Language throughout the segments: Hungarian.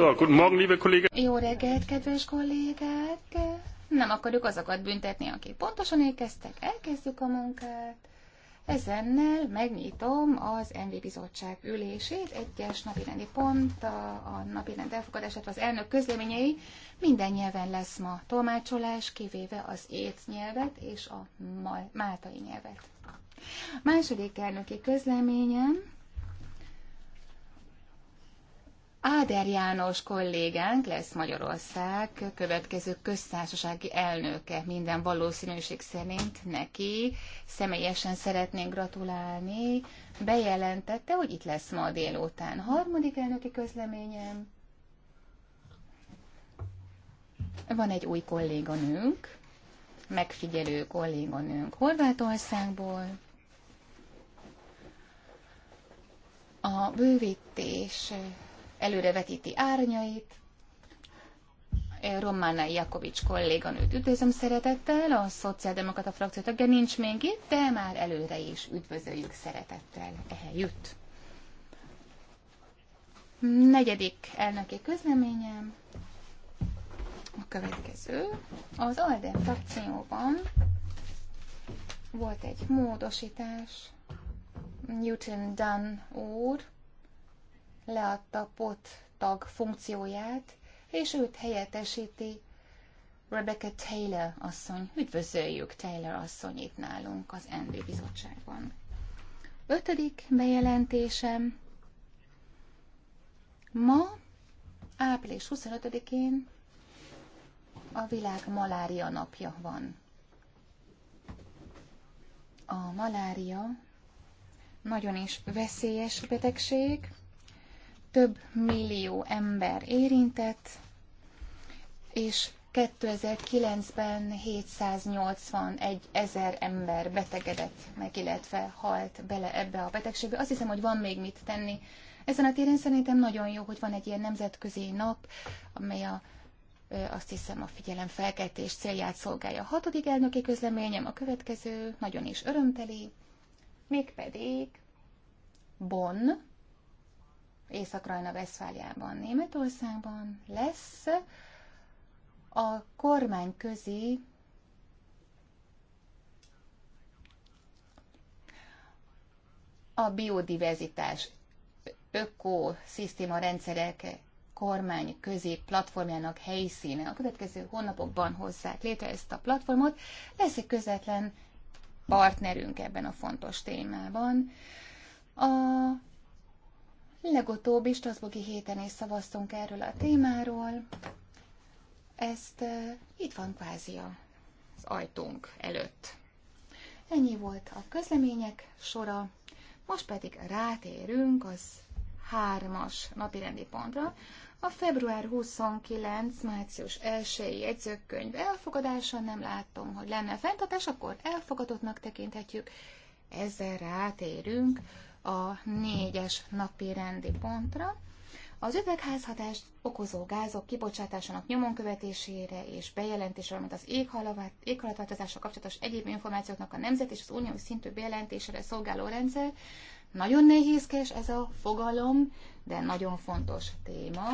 So, guten Morgen, liebe Kollegen. Jó reggelt, kedves kollégák! Nem akarjuk azokat büntetni, akik pontosan érkeztek. Elkezdjük a munkát. Ezennel megnyitom az MV Bizottság ülését, egyes napi rendi pont, a, a rend elfogadását, az elnök közleményei. Minden nyelven lesz ma tolmácsolás, kivéve az ét nyelvet és a máltai nyelvet. Második elnöki közleményem, Áder János kollégánk lesz Magyarország következő köztársasági elnöke minden valószínűség szerint neki. Személyesen szeretnénk gratulálni. Bejelentette, hogy itt lesz ma délután. Harmadik elnöki közleményem. Van egy új kolléganőnk, megfigyelő kolléganőnk Horvátországból. A bővítés előrevetíti árnyait. Romána Jakovics kolléganőt üdvözlöm szeretettel, a Szociáldemokrata frakció tagja nincs még itt, de már előre is üdvözöljük szeretettel ehelyütt. Negyedik elnöki közleményem a következő. Az Alden frakcióban volt egy módosítás, Newton Dunn úr, leadta pot tag funkcióját, és őt helyettesíti Rebecca Taylor asszony. Üdvözöljük Taylor asszony itt nálunk az NB bizottságban. Ötödik bejelentésem. Ma, április 25-én a világ malária napja van. A malária nagyon is veszélyes betegség, több millió ember érintett, és 2009-ben 781 ezer ember betegedett meg, illetve halt bele ebbe a betegségbe. Azt hiszem, hogy van még mit tenni. Ezen a téren szerintem nagyon jó, hogy van egy ilyen nemzetközi nap, amely a, azt hiszem a felkeltés célját szolgálja. A hatodik elnöki közleményem a következő, nagyon is örömteli, mégpedig Bonn Észak-Rajna Veszfáliában, Németországban lesz a kormányközi a biodiverzitás ökoszisztéma rendszerek kormány közé platformjának helyszíne. A következő hónapokban hozzák létre ezt a platformot. Lesz egy közvetlen partnerünk ebben a fontos témában. A Legutóbbi Strasbourgi héten is szavaztunk erről a témáról. Ezt uh, itt van kvázi az ajtónk előtt. Ennyi volt a közlemények sora, most pedig rátérünk az hármas napirendi pontra, a február 29. március 1-i jegyzőkönyv elfogadása, nem látom, hogy lenne fenntartás, akkor elfogadottnak tekinthetjük. Ezzel rátérünk a négyes napi rendi pontra. Az üvegházhatást okozó gázok kibocsátásának nyomon követésére és bejelentésre, valamint az éghajlatváltozással kapcsolatos egyéb információknak a nemzet és az unió szintű bejelentésére szolgáló rendszer. Nagyon nehézkes ez a fogalom, de nagyon fontos téma.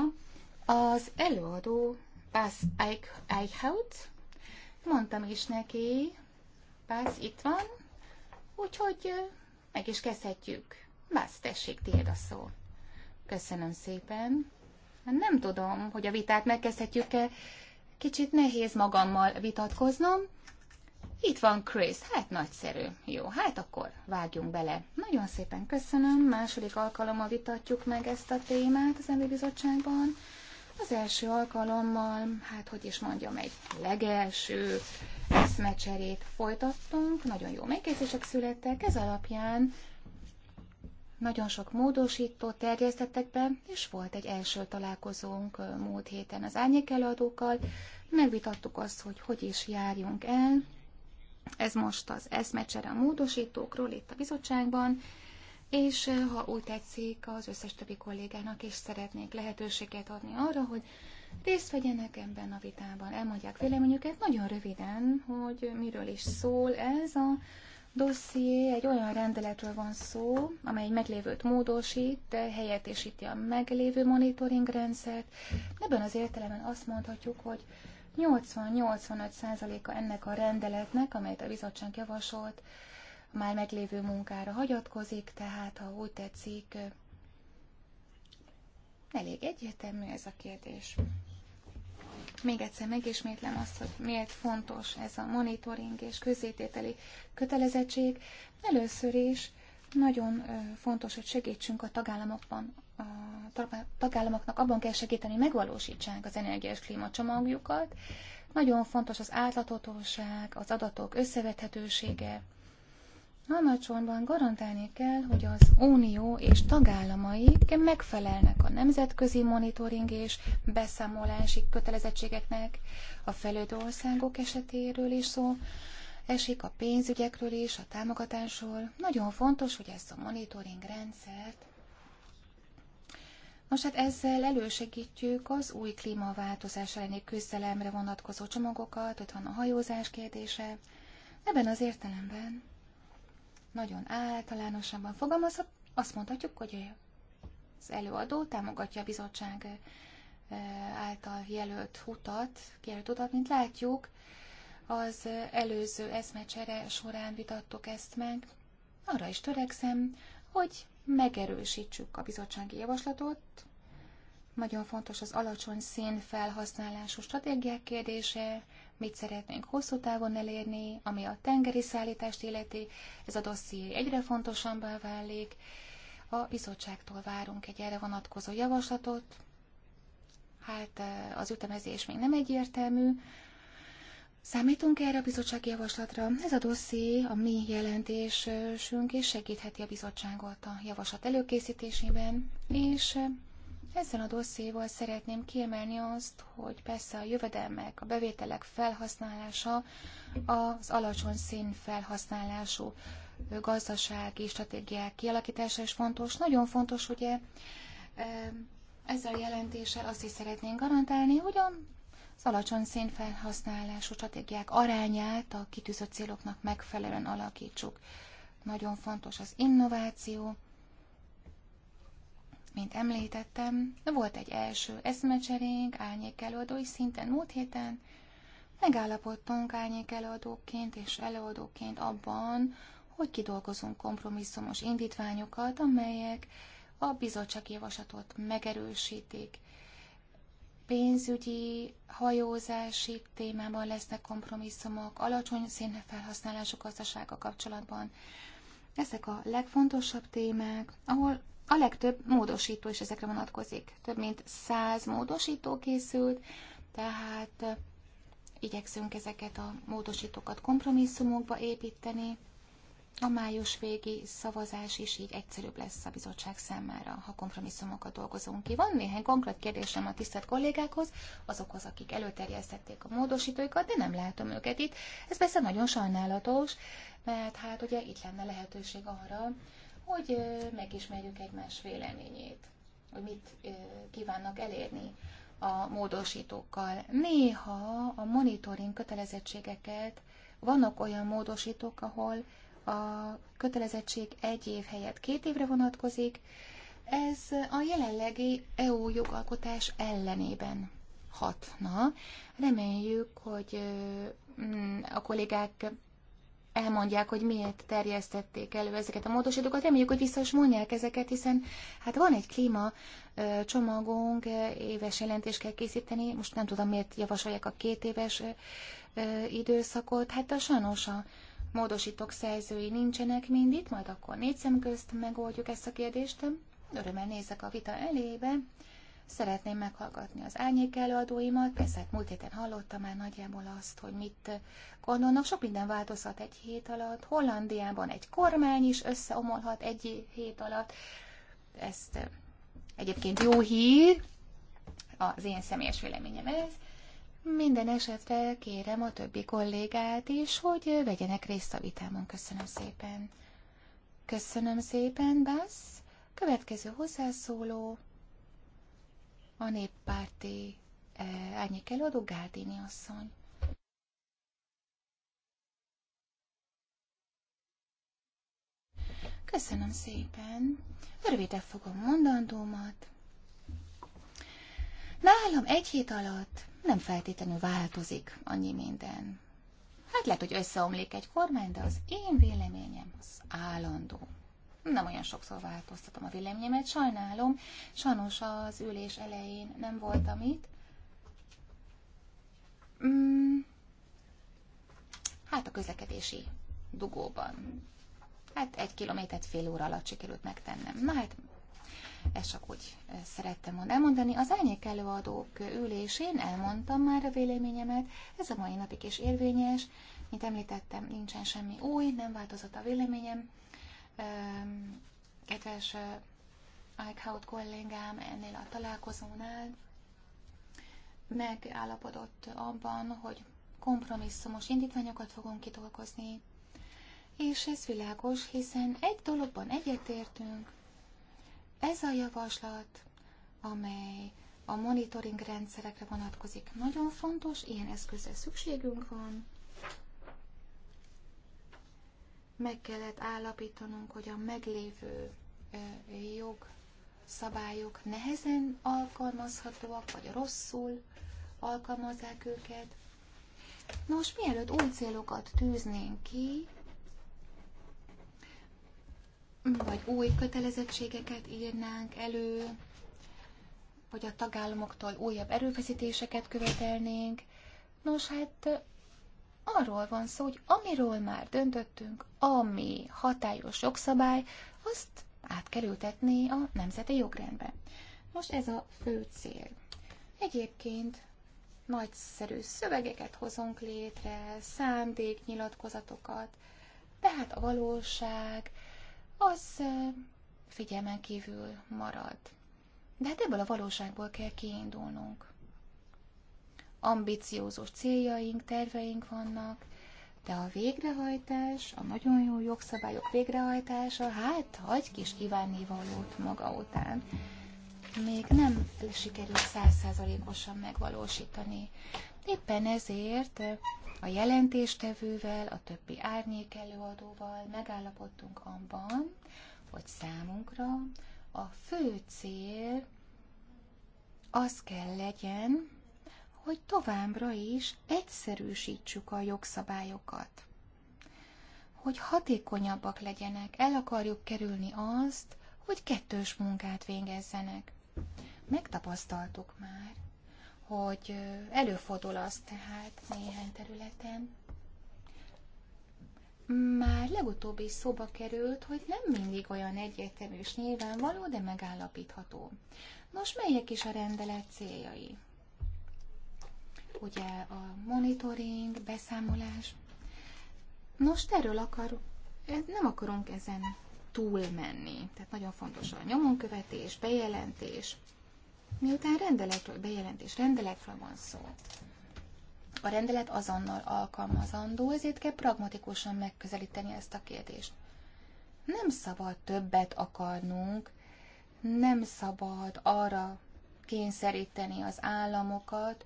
Az előadó Bas Eichhout, mondtam is neki, Bas itt van, úgyhogy meg is kezdhetjük. Bász, tessék, tiéd a szó. Köszönöm szépen. Nem tudom, hogy a vitát megkezdhetjük-e. Kicsit nehéz magammal vitatkoznom. Itt van Chris, hát nagyszerű. Jó, hát akkor vágjunk bele. Nagyon szépen köszönöm, második alkalommal vitatjuk meg ezt a témát az Emberi Bizottságban. Az első alkalommal, hát hogy is mondjam, egy legelső eszmecserét folytattunk, nagyon jó megjegyzések születtek, ez alapján nagyon sok módosító terjesztettek be, és volt egy első találkozónk múlt héten az árnyék előadókkal. Megvitattuk azt, hogy hogy is járjunk el. Ez most az eszmecsere a módosítókról itt a bizottságban és eh, ha úgy tetszik, az összes többi kollégának is szeretnék lehetőséget adni arra, hogy részt vegyenek ebben a vitában, elmondják véleményüket nagyon röviden, hogy miről is szól ez a dosszié. Egy olyan rendeletről van szó, amely meglévőt módosít, de helyettesíti a meglévő monitoring rendszert. Ebben az értelemben azt mondhatjuk, hogy 80-85%-a ennek a rendeletnek, amelyet a bizottság javasolt, már meglévő munkára hagyatkozik, tehát ha úgy tetszik, elég egyértelmű ez a kérdés. Még egyszer megismétlem azt, hogy miért fontos ez a monitoring és közzétételi kötelezettség. Először is nagyon fontos, hogy segítsünk a tagállamokban, a tagállamoknak abban kell segíteni, megvalósítsák az energiás klímacsomagjukat. Nagyon fontos az átlatotóság, az adatok összevethetősége, Nanacsonban garantálni kell, hogy az Unió és tagállamai megfelelnek a nemzetközi monitoring és beszámolási kötelezettségeknek, a fejlődő országok esetéről is szó, esik a pénzügyekről is, a támogatásról. Nagyon fontos, hogy ezt a monitoring rendszert Nos, hát ezzel elősegítjük az új klímaváltozás elleni küzdelemre vonatkozó csomagokat, ott van a hajózás kérdése. Ebben az értelemben nagyon általánosabban fogalmazhat, azt mondhatjuk, hogy az előadó támogatja a bizottság által jelölt utat, kijelölt utat, mint látjuk, az előző eszmecsere során vitattuk ezt meg. Arra is törekszem, hogy megerősítsük a bizottsági javaslatot. Nagyon fontos az alacsony szén felhasználású stratégiák kérdése, mit szeretnénk hosszú távon elérni, ami a tengeri szállítást illeti. Ez a dosszié egyre fontosabbá válik. A bizottságtól várunk egy erre vonatkozó javaslatot. Hát e, az ütemezés még nem egyértelmű. Számítunk erre a bizottsági javaslatra. Ez a dosszié a mi jelentésünk és segítheti a bizottságot a javaslat előkészítésében, és e, ezzel a dosszéval szeretném kiemelni azt, hogy persze a jövedelmek, a bevételek felhasználása az alacsony szín felhasználású gazdasági stratégiák kialakítása is fontos. Nagyon fontos, ugye ezzel a jelentéssel azt is szeretnénk garantálni, hogy az alacsony szín felhasználású stratégiák arányát a kitűzött céloknak megfelelően alakítsuk. Nagyon fontos az innováció, mint említettem, volt egy első eszmecserénk álnyék előadói szinten múlt héten, megállapodtunk álnyék előadóként és előadóként abban, hogy kidolgozunk kompromisszumos indítványokat, amelyek a bizottság javaslatot megerősítik. Pénzügyi, hajózási témában lesznek kompromisszumok, alacsony szénfelhasználású gazdasága kapcsolatban. Ezek a legfontosabb témák, ahol a legtöbb módosító is ezekre vonatkozik. Több mint száz módosító készült, tehát igyekszünk ezeket a módosítókat kompromisszumokba építeni. A május végi szavazás is így egyszerűbb lesz a bizottság számára, ha kompromisszumokat dolgozunk ki. Van néhány konkrét kérdésem a tisztelt kollégákhoz, azokhoz, akik előterjesztették a módosítóikat, de nem látom őket itt. Ez persze nagyon sajnálatos, mert hát ugye itt lenne lehetőség arra, hogy megismerjük egymás véleményét, hogy mit kívánnak elérni a módosítókkal. Néha a monitoring kötelezettségeket vannak olyan módosítók, ahol a kötelezettség egy év helyett két évre vonatkozik. Ez a jelenlegi EU jogalkotás ellenében hatna. Reméljük, hogy mm, a kollégák elmondják, hogy miért terjesztették elő ezeket a módosítókat. Reméljük, hogy vissza is mondják ezeket, hiszen hát van egy klíma csomagunk, éves jelentést kell készíteni. Most nem tudom, miért javasolják a két éves időszakot. Hát a sajnos a módosítók szerzői nincsenek mind itt, majd akkor négy szem közt megoldjuk ezt a kérdést. Örömmel nézek a vita elébe. Szeretném meghallgatni az árnyék előadóimat, persze hát múlt héten hallottam már nagyjából azt, hogy mit gondolnak. Sok minden változhat egy hét alatt. Hollandiában egy kormány is összeomolhat egy hét alatt. Ezt eh, egyébként jó hír, az én személyes véleményem ez. Minden esetre kérem a többi kollégát is, hogy vegyenek részt a vitámon. Köszönöm szépen. Köszönöm szépen, Bass. Következő hozzászóló a néppárti eh, árnyék előadó Gárdini asszony. Köszönöm szépen. Röviden fogom mondandómat. Nálam egy hét alatt nem feltétlenül változik annyi minden. Hát lehet, hogy összeomlik egy kormány, de az én véleményem az állandó nem olyan sokszor változtatom a véleményemet, sajnálom, sajnos az ülés elején nem voltam amit. Mm, hát a közlekedési dugóban. Hát egy kilométert fél óra alatt sikerült megtennem. Na hát, ezt csak úgy eh, szerettem elmondani. Az elnyék előadók ülésén elmondtam már a véleményemet, ez a mai napig is érvényes. Mint említettem, nincsen semmi új, nem változott a véleményem kedves Eichhout kollégám ennél a találkozónál megállapodott abban, hogy kompromisszumos indítványokat fogunk kidolgozni, és ez világos, hiszen egy dologban egyetértünk, ez a javaslat, amely a monitoring rendszerekre vonatkozik, nagyon fontos, ilyen eszközre szükségünk van, meg kellett állapítanunk, hogy a meglévő jogszabályok nehezen alkalmazhatóak, vagy rosszul alkalmazzák őket. Nos, mielőtt új célokat tűznénk ki, vagy új kötelezettségeket írnánk elő, vagy a tagállamoktól újabb erőfeszítéseket követelnénk. Nos, hát Arról van szó, hogy amiről már döntöttünk, ami hatályos jogszabály, azt át kell ültetni a nemzeti jogrendbe. Most ez a fő cél. Egyébként nagyszerű szövegeket hozunk létre, szándéknyilatkozatokat, de hát a valóság az figyelmen kívül marad. De hát ebből a valóságból kell kiindulnunk ambiciózus céljaink, terveink vannak, de a végrehajtás, a nagyon jó jogszabályok végrehajtása, hát hagy kis kívánnivalót maga után. Még nem sikerült százszázalékosan megvalósítani. Éppen ezért a jelentéstevővel, a többi árnyék előadóval megállapodtunk abban, hogy számunkra a fő cél az kell legyen, hogy továbbra is egyszerűsítsük a jogszabályokat, hogy hatékonyabbak legyenek, el akarjuk kerülni azt, hogy kettős munkát végezzenek. Megtapasztaltuk már, hogy előfordul az tehát néhány területen. Már legutóbb is szóba került, hogy nem mindig olyan egyértelmű és nyilvánvaló, de megállapítható. Nos, melyek is a rendelet céljai? ugye a monitoring, beszámolás. Nos, erről akar, nem akarunk ezen túlmenni. Tehát nagyon fontos a nyomonkövetés, bejelentés. Miután rendeletről, bejelentés rendeletről van szó, a rendelet azonnal alkalmazandó, ezért kell pragmatikusan megközelíteni ezt a kérdést. Nem szabad többet akarnunk, nem szabad arra kényszeríteni az államokat,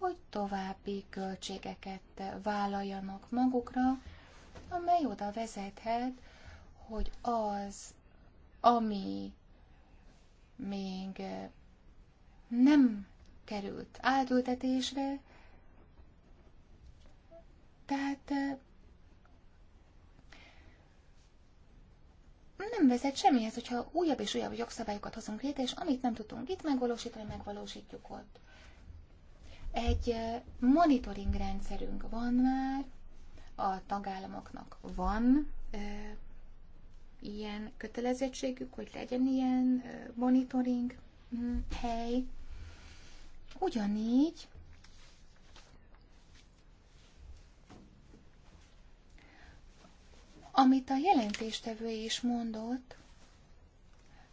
hogy további költségeket vállaljanak magukra, amely oda vezethet, hogy az, ami még nem került áldültetésre, tehát nem vezet semmihez, hogyha újabb és újabb jogszabályokat hozunk létre, és amit nem tudunk, itt megvalósítani, megvalósítjuk ott. Egy monitoring rendszerünk van már, a tagállamoknak van ö, ilyen kötelezettségük, hogy legyen ilyen ö, monitoring hm, hely. Ugyanígy amit a jelentéstevő is mondott,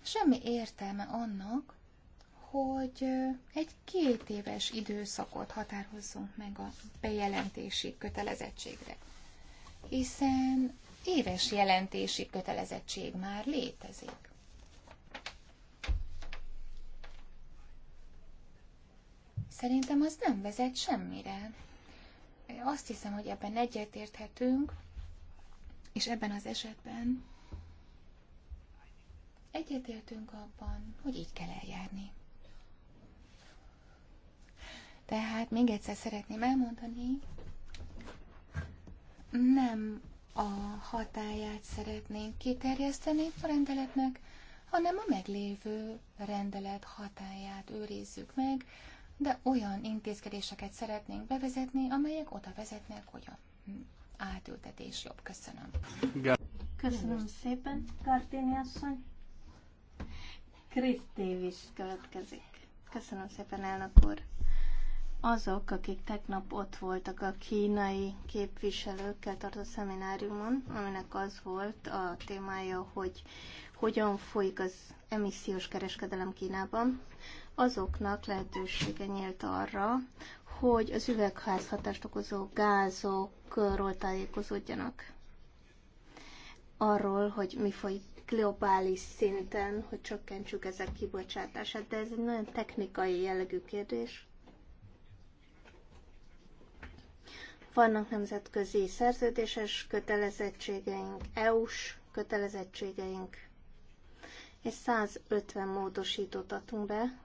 semmi értelme annak, hogy egy két éves időszakot határozzunk meg a bejelentési kötelezettségre. Hiszen éves jelentési kötelezettség már létezik. Szerintem az nem vezet semmire. Azt hiszem, hogy ebben egyetérthetünk, és ebben az esetben egyetértünk abban, hogy így kell eljárni. Tehát még egyszer szeretném elmondani, nem a hatáját szeretnénk kiterjeszteni a rendeletnek, hanem a meglévő rendelet hatáját őrizzük meg, de olyan intézkedéseket szeretnénk bevezetni, amelyek oda vezetnek, hogy a átültetés jobb. Köszönöm. Köszönöm szépen, Kartini asszony. Krisz is következik. Köszönöm szépen, elnök úr azok, akik tegnap ott voltak a kínai képviselőkkel tartott szemináriumon, aminek az volt a témája, hogy hogyan folyik az emissziós kereskedelem Kínában, azoknak lehetősége nyílt arra, hogy az üvegházhatást okozó gázokról tájékozódjanak. Arról, hogy mi folyik globális szinten, hogy csökkentsük ezek kibocsátását, de ez egy nagyon technikai jellegű kérdés, Vannak nemzetközi szerződéses kötelezettségeink, EU-s kötelezettségeink, és 150 módosítót adtunk be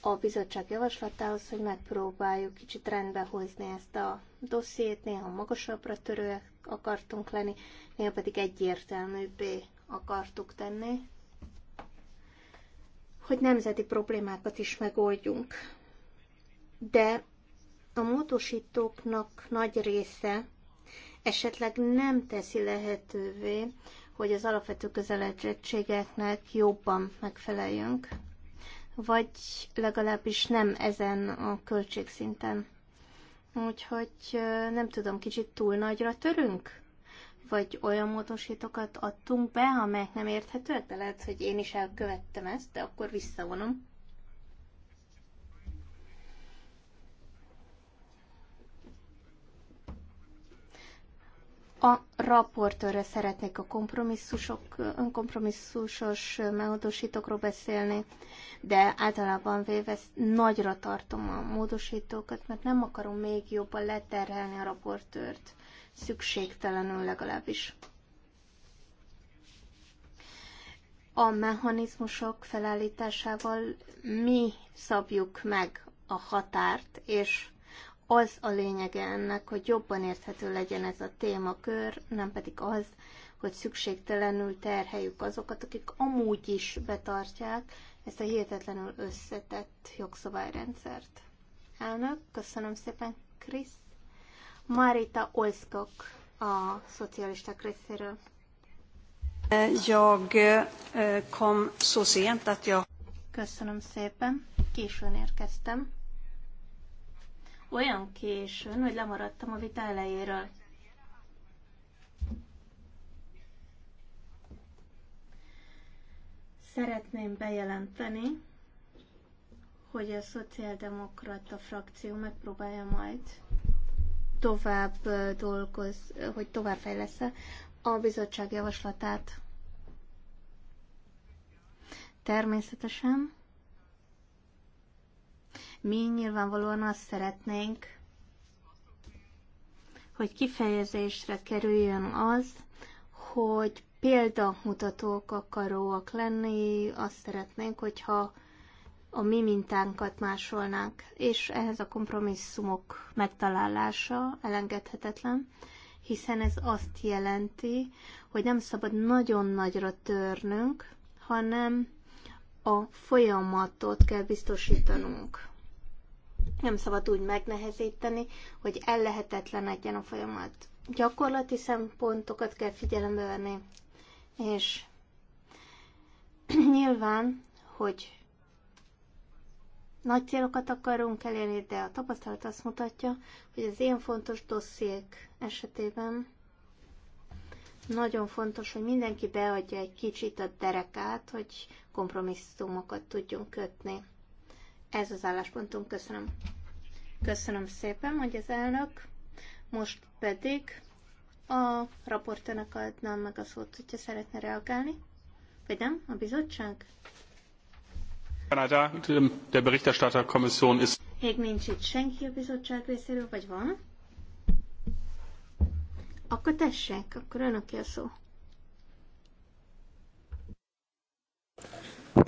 a bizottság javaslatához, hogy megpróbáljuk kicsit rendbe hozni ezt a dossziét, néha magasabbra törőek akartunk lenni, néha pedig egyértelműbbé akartuk tenni, hogy nemzeti problémákat is megoldjunk. De a módosítóknak nagy része esetleg nem teszi lehetővé, hogy az alapvető közeledtségeknek jobban megfeleljünk, vagy legalábbis nem ezen a költségszinten. Úgyhogy nem tudom, kicsit túl nagyra törünk? Vagy olyan módosítókat adtunk be, amelyek nem érthetőek, de lehet, hogy én is elkövettem ezt, de akkor visszavonom. A raportőrre szeretnék a kompromisszusok, önkompromisszusos módosítókról beszélni, de általában véve nagyra tartom a módosítókat, mert nem akarom még jobban leterhelni a raportőrt, szükségtelenül legalábbis. A mechanizmusok felállításával mi szabjuk meg a határt, és az a lényege ennek, hogy jobban érthető legyen ez a témakör, nem pedig az, hogy szükségtelenül terheljük azokat, akik amúgy is betartják ezt a hihetetlenül összetett jogszabályrendszert. Elnök, köszönöm szépen, Krisz. Marita Olszkok a szocialisták részéről. Jag eh, kom szó szépen, tehát Köszönöm szépen, későn érkeztem olyan későn, hogy lemaradtam a vita elejéről. Szeretném bejelenteni, hogy a szociáldemokrata frakció megpróbálja majd tovább dolgoz, hogy tovább fejlesz a bizottság javaslatát. Természetesen mi nyilvánvalóan azt szeretnénk, hogy kifejezésre kerüljön az, hogy példamutatók akaróak lenni, azt szeretnénk, hogyha a mi mintánkat másolnánk, és ehhez a kompromisszumok megtalálása elengedhetetlen, hiszen ez azt jelenti, hogy nem szabad nagyon nagyra törnünk, hanem a folyamatot kell biztosítanunk. Nem szabad úgy megnehezíteni, hogy ellehetetlenedjen a folyamat. Gyakorlati szempontokat kell figyelembe venni, és nyilván, hogy nagy célokat akarunk elérni, de a tapasztalat azt mutatja, hogy az ilyen fontos dossziék esetében nagyon fontos, hogy mindenki beadja egy kicsit a derekát, hogy kompromisszumokat tudjunk kötni. Ez az álláspontunk. Köszönöm. Köszönöm szépen, hogy az elnök. Most pedig a raportőnek adnám meg a szót, hogyha szeretne reagálni. Vagy nem? A bizottság? Kanada, der Berichterstatter Kommission ist... Még nincs itt senki a bizottság részéről, vagy van? Akkor tessék, akkor önök a szó.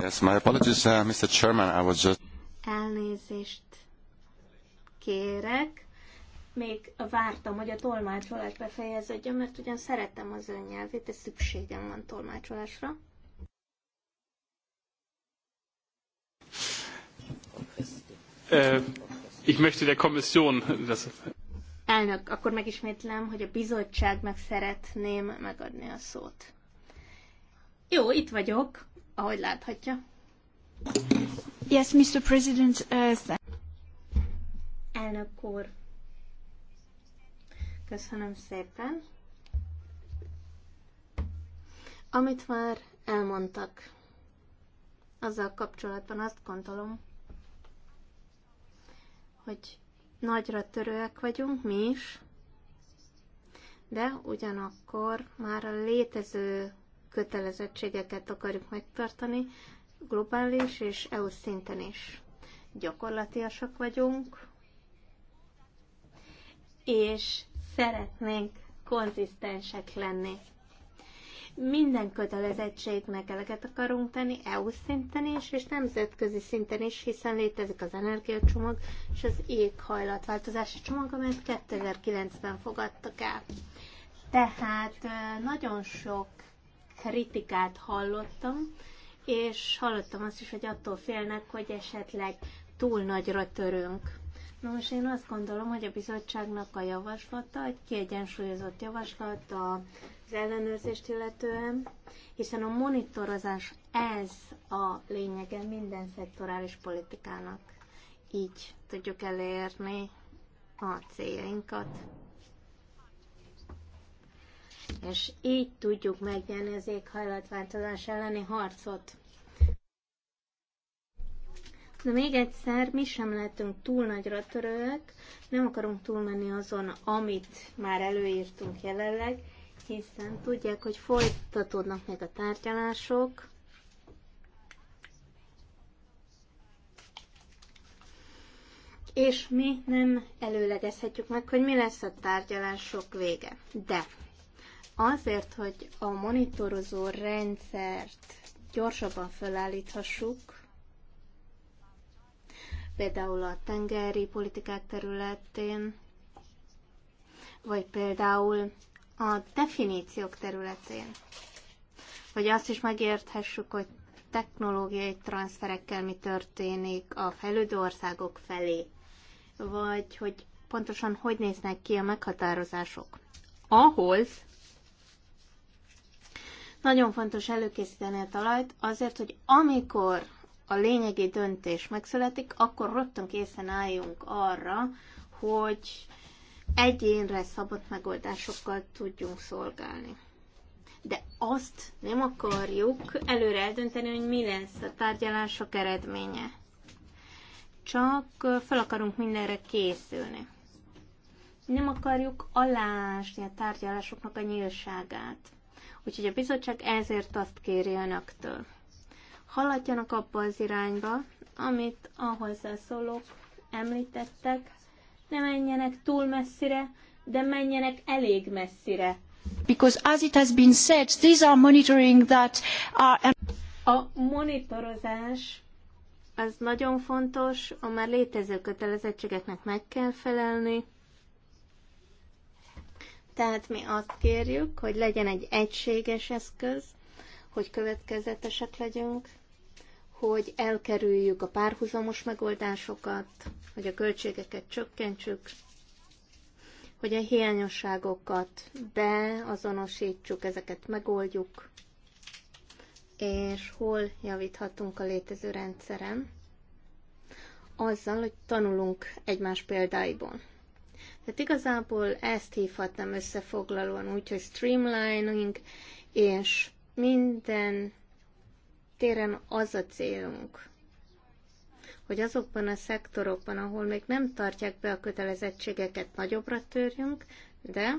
Yes, my apologies, uh, Mr. Chairman, I was just elnézést kérek. Még vártam, hogy a tolmácsolás befejeződjön, mert ugyan szeretem az önnyelvét, de szükségem van tolmácsolásra. Uh, ich möchte der Kommission das... Elnök, akkor megismétlem, hogy a bizottságnak szeretném megadni a szót. Jó, itt vagyok, ahogy láthatja. Yes, Mr. President. Uh, Elnök úr. Köszönöm szépen. Amit már elmondtak, azzal kapcsolatban azt gondolom, hogy nagyra törőek vagyunk mi is, de ugyanakkor már a létező kötelezettségeket akarjuk megtartani, globális és EU szinten is. Gyakorlatiasak vagyunk, és szeretnénk konzisztensek lenni. Minden kötelezettségnek eleget akarunk tenni, EU szinten is, és nemzetközi szinten is, hiszen létezik az energiacsomag és az éghajlatváltozási csomag, amelyet 2009-ben fogadtak el. Tehát nagyon sok kritikát hallottam, és hallottam azt is, hogy attól félnek, hogy esetleg túl nagyra törünk. Na most én azt gondolom, hogy a bizottságnak a javaslata egy kiegyensúlyozott javaslat az ellenőrzést illetően, hiszen a monitorozás ez a lényege minden szektorális politikának. Így tudjuk elérni a céljainkat és így tudjuk megnyerni az éghajlatváltozás elleni harcot. De még egyszer, mi sem lehetünk túl nagyra törőek, nem akarunk túlmenni azon, amit már előírtunk jelenleg, hiszen tudják, hogy folytatódnak még a tárgyalások, és mi nem előlegezhetjük meg, hogy mi lesz a tárgyalások vége. De Azért, hogy a monitorozó rendszert gyorsabban felállíthassuk, például a tengeri politikák területén, vagy például a definíciók területén, hogy azt is megérthessük, hogy technológiai transferekkel mi történik a fejlődő országok felé, vagy hogy pontosan hogy néznek ki a meghatározások. Ahhoz, nagyon fontos előkészíteni a talajt azért, hogy amikor a lényegi döntés megszületik, akkor rögtön készen álljunk arra, hogy egyénre szabott megoldásokkal tudjunk szolgálni. De azt nem akarjuk előre eldönteni, hogy mi lesz a tárgyalások eredménye. Csak fel akarunk mindenre készülni. Nem akarjuk alásni a tárgyalásoknak a nyílságát. Úgyhogy a bizottság ezért azt kéri önöktől. Haladjanak abba az irányba, amit a hozzászólók említettek, ne menjenek túl messzire, de menjenek elég messzire. Because as it has been said, these are monitoring that are... A monitorozás az nagyon fontos, a már létező kötelezettségeknek meg kell felelni, tehát mi azt kérjük, hogy legyen egy egységes eszköz, hogy következetesek legyünk, hogy elkerüljük a párhuzamos megoldásokat, hogy a költségeket csökkentsük, hogy a hiányosságokat beazonosítsuk, ezeket megoldjuk, és hol javíthatunk a létező rendszeren, azzal, hogy tanulunk egymás példáiból. Tehát igazából ezt hívhatnám összefoglalóan úgy, hogy streamlining, és minden téren az a célunk, hogy azokban a szektorokban, ahol még nem tartják be a kötelezettségeket, nagyobbra törjünk, de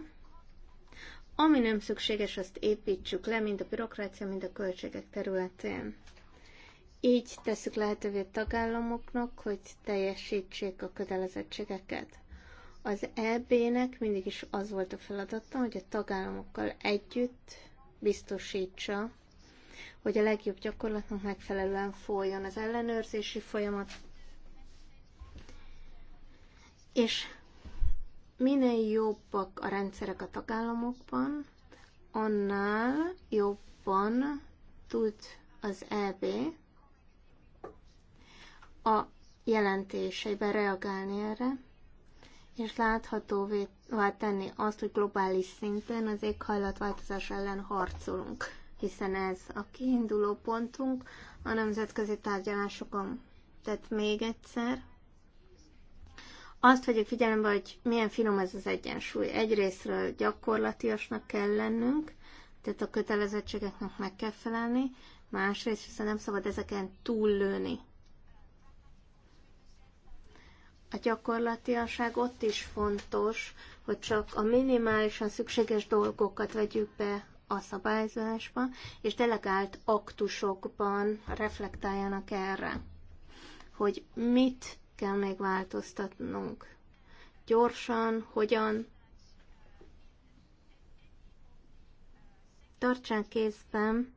ami nem szükséges, azt építsük le, mind a bürokrácia, mind a költségek területén. Így tesszük lehetővé tagállamoknak, hogy teljesítsék a kötelezettségeket. Az EB-nek mindig is az volt a feladata, hogy a tagállamokkal együtt biztosítsa, hogy a legjobb gyakorlatnak megfelelően folyjon az ellenőrzési folyamat, és minél jobbak a rendszerek a tagállamokban, annál jobban tud az EB a jelentéseiben reagálni erre, és láthatóvá tenni azt, hogy globális szinten az éghajlatváltozás ellen harcolunk, hiszen ez a kiinduló pontunk a nemzetközi tárgyalásokon. Tehát még egyszer, azt vegyük figyelembe, hogy milyen finom ez az egyensúly. Egyrésztről gyakorlatiasnak kell lennünk, tehát a kötelezettségeknek meg kell felelni, másrészt viszont nem szabad ezeken túllőni a gyakorlatiasság ott is fontos, hogy csak a minimálisan szükséges dolgokat vegyük be a szabályzásba, és delegált aktusokban reflektáljanak erre, hogy mit kell még változtatnunk. Gyorsan, hogyan. Tartsán kézben,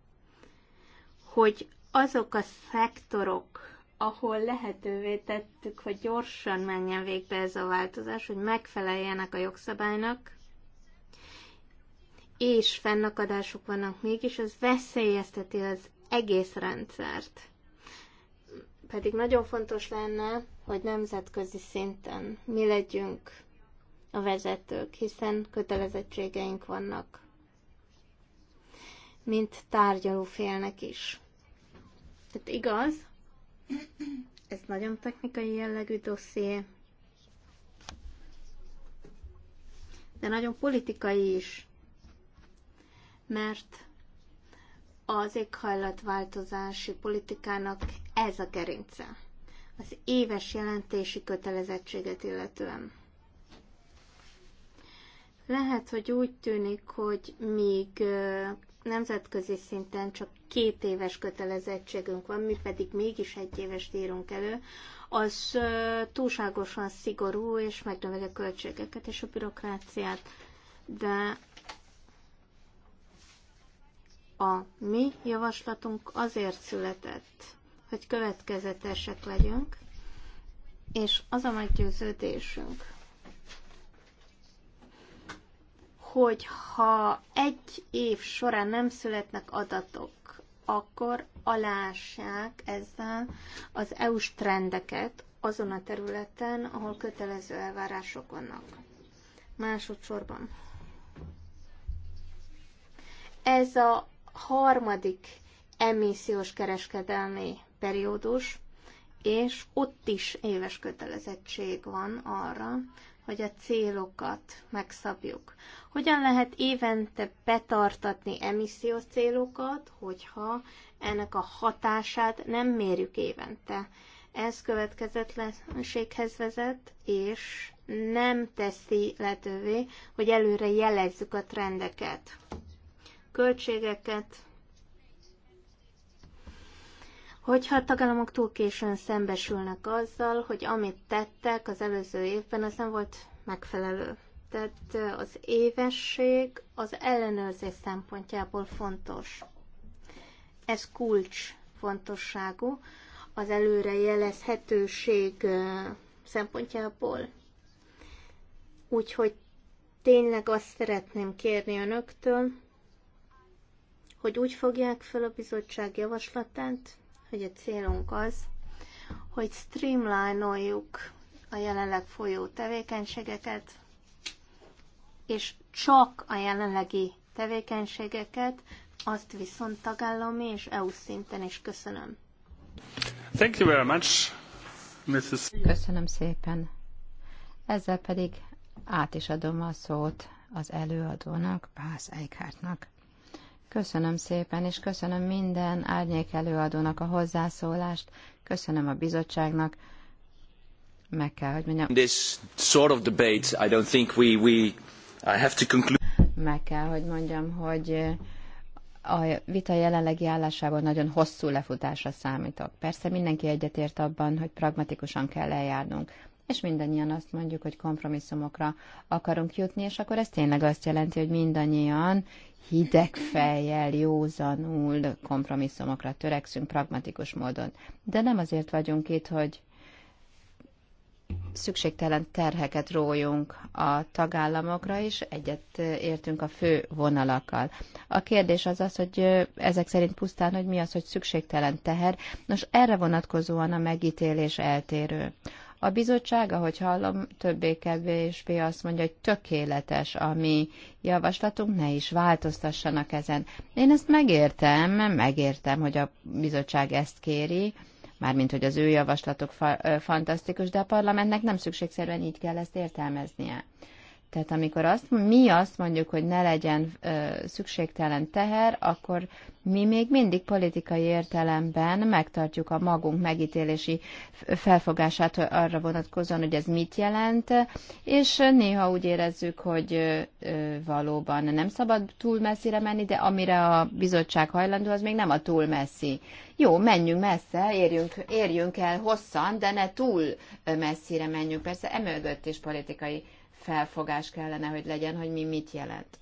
hogy azok a szektorok, ahol lehetővé tettük, hogy gyorsan menjen végbe ez a változás, hogy megfeleljenek a jogszabálynak, és fennakadások vannak mégis, az veszélyezteti az egész rendszert. Pedig nagyon fontos lenne, hogy nemzetközi szinten mi legyünk a vezetők, hiszen kötelezettségeink vannak, mint tárgyalófélnek is. Tehát igaz, ez nagyon technikai jellegű dosszié, de nagyon politikai is, mert az éghajlatváltozási politikának ez a gerince. Az éves jelentési kötelezettséget illetően. Lehet, hogy úgy tűnik, hogy míg nemzetközi szinten csak két éves kötelezettségünk van, mi pedig mégis egy éves írunk elő, az túlságosan szigorú, és megnöveli a költségeket és a bürokráciát. De a mi javaslatunk azért született, hogy következetesek legyünk, és az a meggyőződésünk, hogy ha egy év során nem születnek adatok, akkor alássák ezzel az EU-s trendeket azon a területen, ahol kötelező elvárások vannak. Másodszorban. Ez a harmadik emissziós kereskedelmi periódus, és ott is éves kötelezettség van arra, hogy a célokat megszabjuk. Hogyan lehet évente betartatni emissziós célokat, hogyha ennek a hatását nem mérjük évente? Ez következetlenséghez vezet, és nem teszi lehetővé, hogy előre jelezzük a trendeket, költségeket, hogyha a tagállamok túl későn szembesülnek azzal, hogy amit tettek az előző évben, az nem volt megfelelő. Tehát az évesség az ellenőrzés szempontjából fontos. Ez kulcs fontosságú az előrejelezhetőség szempontjából. Úgyhogy tényleg azt szeretném kérni önöktől, hogy úgy fogják fel a bizottság javaslatát, hogy a célunk az, hogy streamlinoljuk a jelenleg folyó tevékenységeket, és csak a jelenlegi tevékenységeket, azt viszont tagállami és EU szinten is köszönöm. Thank you very much, Mrs. Köszönöm szépen. Ezzel pedig át is adom a szót az előadónak, Pász Eichhártnak. Köszönöm szépen, és köszönöm minden árnyék előadónak a hozzászólást, köszönöm a bizottságnak, meg kell, hogy mondjam. This sort of debate, I don't think we, we I have to conclude. Meg kell, hogy mondjam, hogy eh, a vita jelenlegi állásában nagyon hosszú lefutásra számítok. Persze mindenki egyetért abban, hogy pragmatikusan kell eljárnunk. És mindannyian azt mondjuk, hogy kompromisszumokra akarunk jutni, és akkor ez tényleg azt jelenti, hogy mindannyian hideg fejjel, józanul kompromisszumokra törekszünk pragmatikus módon. De nem azért vagyunk itt, hogy szükségtelen terheket rójunk a tagállamokra, és egyet értünk a fő vonalakkal. A kérdés az az, hogy ezek szerint pusztán, hogy mi az, hogy szükségtelen teher. Nos, erre vonatkozóan a megítélés eltérő. A bizottság, ahogy hallom, többé-kevésbé azt mondja, hogy tökéletes a mi javaslatunk, ne is változtassanak ezen. Én ezt megértem, megértem, hogy a bizottság ezt kéri, mármint hogy az ő javaslatok fa- fantasztikus, de a parlamentnek nem szükségszerűen így kell ezt értelmeznie. Tehát amikor azt, mi azt mondjuk, hogy ne legyen ö, szükségtelen teher, akkor mi még mindig politikai értelemben megtartjuk a magunk megítélési felfogását arra vonatkozóan, hogy ez mit jelent, és néha úgy érezzük, hogy ö, valóban nem szabad túl messzire menni, de amire a bizottság hajlandó, az még nem a túl messzi. Jó, menjünk messze, érjünk, érjünk el hosszan, de ne túl messzire menjünk. Persze emögött is politikai felfogás kellene, hogy legyen, hogy mi mit jelent.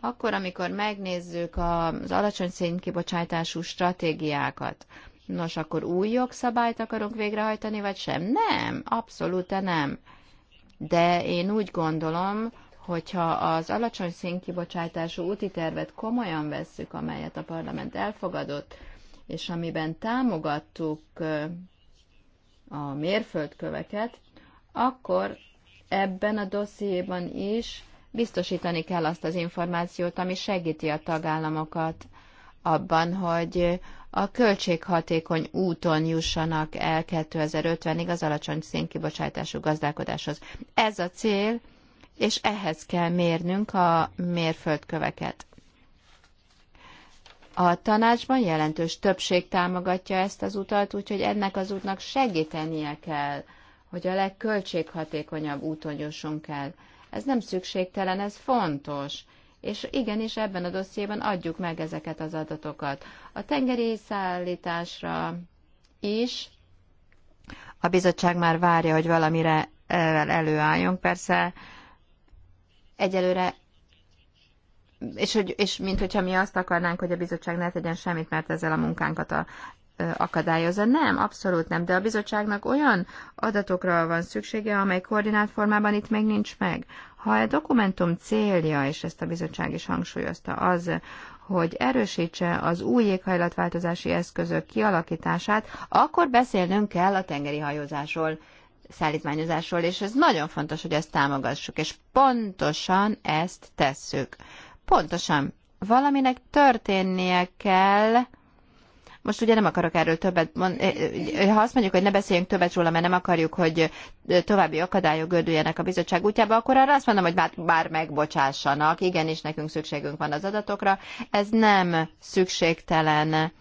Akkor, amikor megnézzük az alacsony szénkibocsátású stratégiákat, nos, akkor új jogszabályt akarunk végrehajtani, vagy sem? Nem, abszolút nem. De én úgy gondolom, hogyha az alacsony szénkibocsátású úti tervet komolyan vesszük, amelyet a parlament elfogadott, és amiben támogattuk a mérföldköveket, akkor ebben a dossziéban is biztosítani kell azt az információt, ami segíti a tagállamokat abban, hogy a költséghatékony úton jussanak el 2050-ig az alacsony szénkibocsátású gazdálkodáshoz. Ez a cél, és ehhez kell mérnünk a mérföldköveket. A tanácsban jelentős többség támogatja ezt az utat, úgyhogy ennek az útnak segítenie kell hogy a legköltséghatékonyabb úton jussunk el. Ez nem szükségtelen, ez fontos. És igenis ebben a dossziéban adjuk meg ezeket az adatokat. A tengeri szállításra is a bizottság már várja, hogy valamire előálljon. Persze egyelőre és, hogy, és mint hogyha mi azt akarnánk, hogy a bizottság ne tegyen semmit, mert ezzel a munkánkat a, akadályozza. Nem, abszolút nem, de a bizottságnak olyan adatokra van szüksége, amely koordinált formában itt még nincs meg. Ha a e dokumentum célja, és ezt a bizottság is hangsúlyozta, az, hogy erősítse az új éghajlatváltozási eszközök kialakítását, akkor beszélnünk kell a tengeri hajózásról, szállítmányozásról, és ez nagyon fontos, hogy ezt támogassuk, és pontosan ezt tesszük. Pontosan, valaminek történnie kell, most ugye nem akarok erről többet mondani. Ha azt mondjuk, hogy ne beszéljünk többet róla, mert nem akarjuk, hogy további akadályok gördüljenek a bizottság útjába, akkor arra azt mondom, hogy bár, bár megbocsássanak, igenis nekünk szükségünk van az adatokra. Ez nem szükségtelen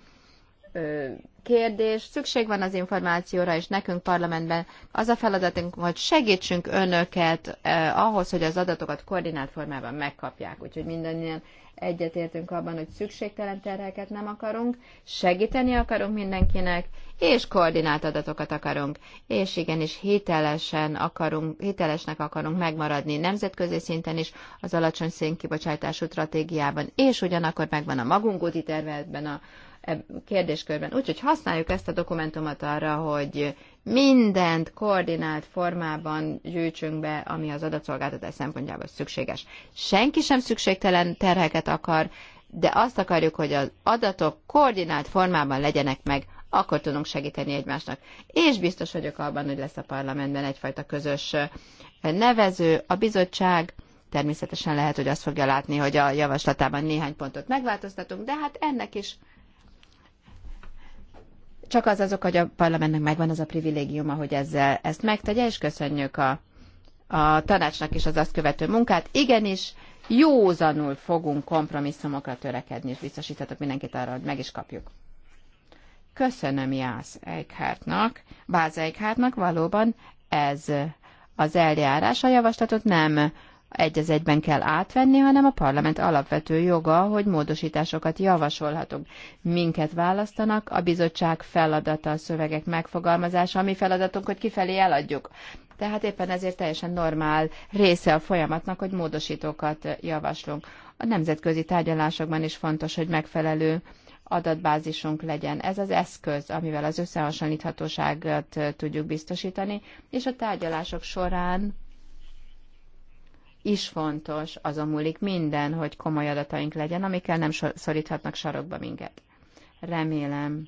kérdés, szükség van az információra, és nekünk parlamentben az a feladatunk, hogy segítsünk önöket eh, ahhoz, hogy az adatokat koordinált formában megkapják. Úgyhogy minden ilyen egyetértünk abban, hogy szükségtelen terheket nem akarunk, segíteni akarunk mindenkinek, és koordinált adatokat akarunk, és igenis hitelesen akarunk, hitelesnek akarunk megmaradni nemzetközi szinten is az alacsony szénkibocsátású stratégiában, és ugyanakkor megvan a magunk úti terve ebben a e, kérdéskörben. Úgyhogy használjuk ezt a dokumentumot arra, hogy mindent koordinált formában gyűjtsünk be, ami az adatszolgáltatás szempontjából szükséges. Senki sem szükségtelen terheket akar, de azt akarjuk, hogy az adatok koordinált formában legyenek meg, akkor tudunk segíteni egymásnak. És biztos vagyok abban, hogy lesz a parlamentben egyfajta közös nevező, a bizottság, természetesen lehet, hogy azt fogja látni, hogy a javaslatában néhány pontot megváltoztatunk, de hát ennek is csak az azok, hogy a parlamentnek megvan az a privilégiuma, hogy ezzel ezt megtegye, és köszönjük a, a tanácsnak is az azt követő munkát. Igenis, józanul fogunk kompromisszumokra törekedni, és biztosíthatok mindenkit arra, hogy meg is kapjuk. Köszönöm Jász Eichhártnak. Báz Eichhártnak valóban ez az eljárás a javaslatot nem egy az egyben kell átvenni, hanem a parlament alapvető joga, hogy módosításokat javasolhatunk. Minket választanak, a bizottság feladata a szövegek megfogalmazása, a mi feladatunk, hogy kifelé eladjuk. Tehát éppen ezért teljesen normál része a folyamatnak, hogy módosítókat javaslunk. A nemzetközi tárgyalásokban is fontos, hogy megfelelő adatbázisunk legyen. Ez az eszköz, amivel az összehasonlíthatóságot tudjuk biztosítani, és a tárgyalások során is fontos, azon múlik minden, hogy komoly adataink legyen, amikkel nem szoríthatnak sarokba minket. Remélem,